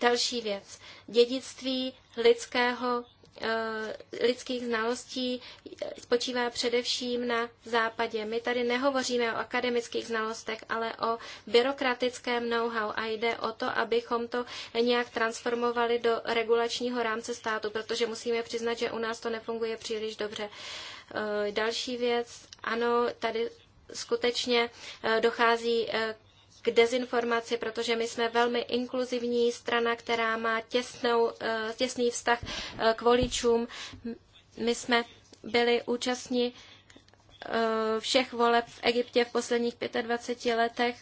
Další věc. Dědictví lidského Eh, lidských znalostí eh, spočívá především na západě. My tady nehovoříme o akademických znalostech, ale o byrokratickém know-how a jde o to, abychom to nějak transformovali do regulačního rámce státu, protože musíme přiznat, že u nás to nefunguje příliš dobře. Eh, další věc, ano, tady skutečně dochází dezinformaci, protože my jsme velmi inkluzivní strana, která má těsnou, eh, těsný vztah eh, k voličům. My jsme byli účastní eh, všech voleb v Egyptě v posledních 25 letech.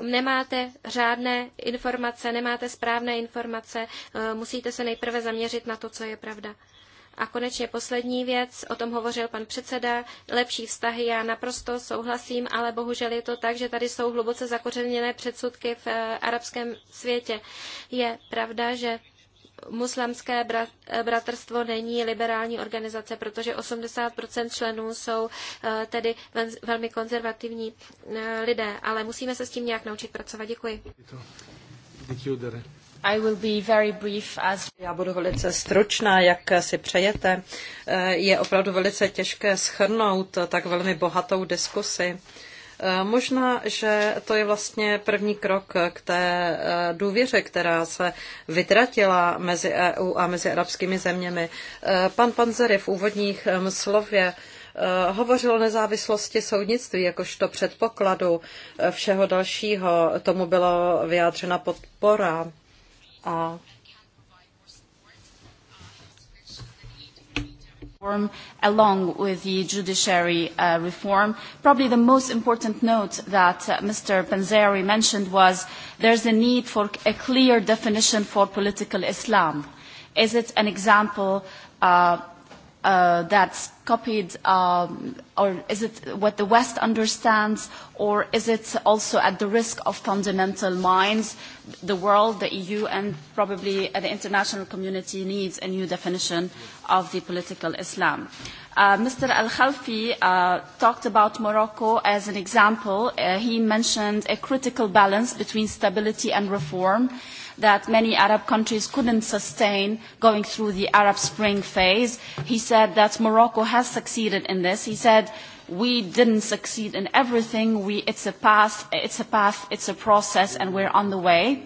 Nemáte řádné informace, nemáte správné informace, musíte se nejprve zaměřit na to, co je pravda. A konečně poslední věc, o tom hovořil pan předseda, lepší vztahy, já naprosto souhlasím, ale bohužel je to tak, že tady jsou hluboce zakořeněné předsudky v eh, arabském světě. Je pravda, že muslimské eh, bratrstvo není liberální organizace, protože 80 členů jsou eh, tedy velmi konzervativní lidé, ale musíme se s tím nějak naučit pracovat. Děkuji. Děkuji. I will be very brief as... Já budu velice stručná, jak si přejete. Eh, je opravdu velice těžké schrnout tak velmi bohatou diskusi. Eh, možná, že to je vlastně první krok k té eh, důvěře, která se vytratila mezi EU a mezi arabskými zeměmi. Pan Panzery v úvodních ehm, slově hovořil o nezávislosti soudnictví jakožto předpokladu všeho dalšího. Tomu byla vyjádřena podpora a along with the judiciary uh, reform. Probably the most important note that uh, Mr. Panzeri mentioned was there's a need for a clear definition for political Islam. Is it an example uh, uh, that's copied, um, or is it what the West understands, or is it also at the risk of fundamental minds? The world, the EU, and probably the international community needs a new definition of the political Islam. Uh, Mr. Al-Khalfi uh, talked about Morocco as an example. Uh, he mentioned a critical balance between stability and reform. Uh, that many Arab countries couldn't sustain going through the Arab Spring phase. He said that Morocco has succeeded in this. He said we didn't succeed in everything. We, it's a path, it's a path, it's a process, and we're on the way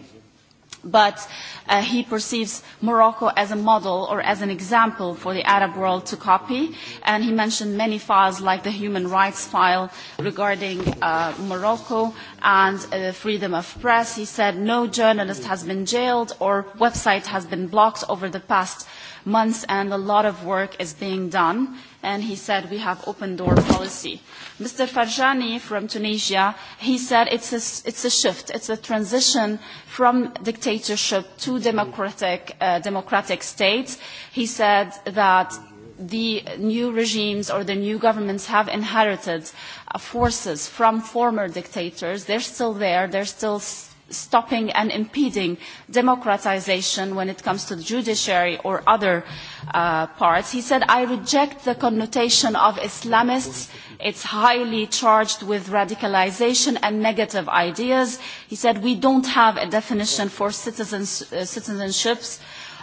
but uh, he perceives Morocco as a model or as an example for the Arab world to copy. And he mentioned many files like the human rights file regarding uh, Morocco and uh, freedom of press. He said no journalist has been jailed or website has been blocked over the past months and a lot of work is being done and he said we have open door policy. Mr. Farjani from Tunisia, he said it's a, it's a shift, it's a transition from dictatorship to democratic, uh, democratic states. He said that the new regimes or the new governments have inherited uh, forces from former dictators. They're still there. They're still stopping and impeding democratization when it comes to the judiciary or other uh, parts. He said, I reject the connotation of Islamists. It's highly charged with radicalization and negative ideas. He said, we don't have a definition for citizens, uh, citizenships.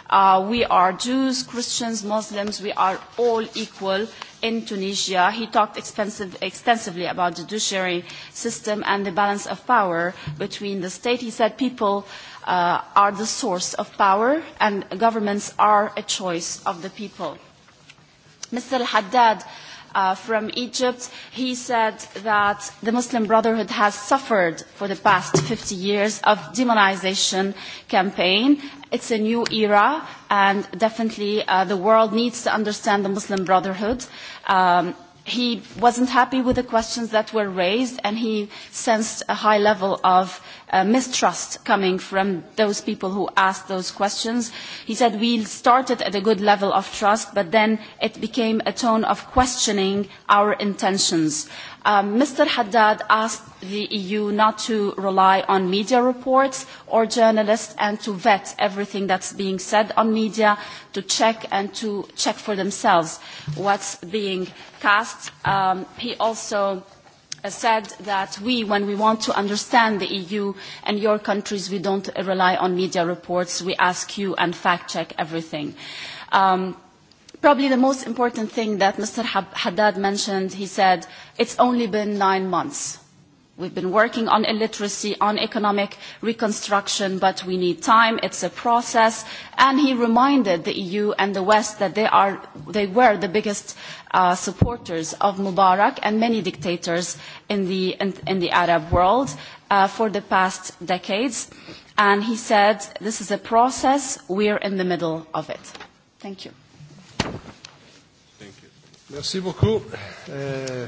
Uh, we are Jews, Christians, Muslims. We are all equal in Tunisia. He talked expensive, extensively about the judiciary system and the balance of power between the state. He said people uh, are the source of power and governments are a choice of the people. Mr. Haddad Uh, from Egypt. He said that the Muslim Brotherhood has suffered for the past 50 years of demonization campaign. It's a new era, and definitely uh, the world needs to understand the Muslim Brotherhood. Um, he wasn't happy with the questions that were raised and he sensed a high level of uh, mistrust coming from those people who asked those questions. He said we started at a good level of trust but then it became a tone of questioning our intentions. Um, Mr. Haddad asked the EU not to rely on media reports or journalists and to vet everything that's being said on media, to check and to check for themselves what's being cast. Um, he also uh, said that we, when we want to understand the EU and your countries, we don't rely on media reports. We ask you and fact-check everything. Um, Probably the most important thing that Mr. Haddad mentioned, he said, it's only been nine months. We've been working on illiteracy, on economic reconstruction, but we need time. It's a process. And he reminded the EU and the West that they, are, they were the biggest uh, supporters of Mubarak and many dictators in the, in, in the Arab world uh, for the past decades. And he said, this is a process. We're in the middle of it. Thank you. Merci beaucoup. Euh,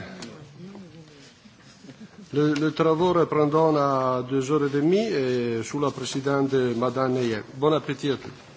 le, le travaux reprendront à deux heures et demie et sous la présidente Madame Neyen. Bon appétit à tous.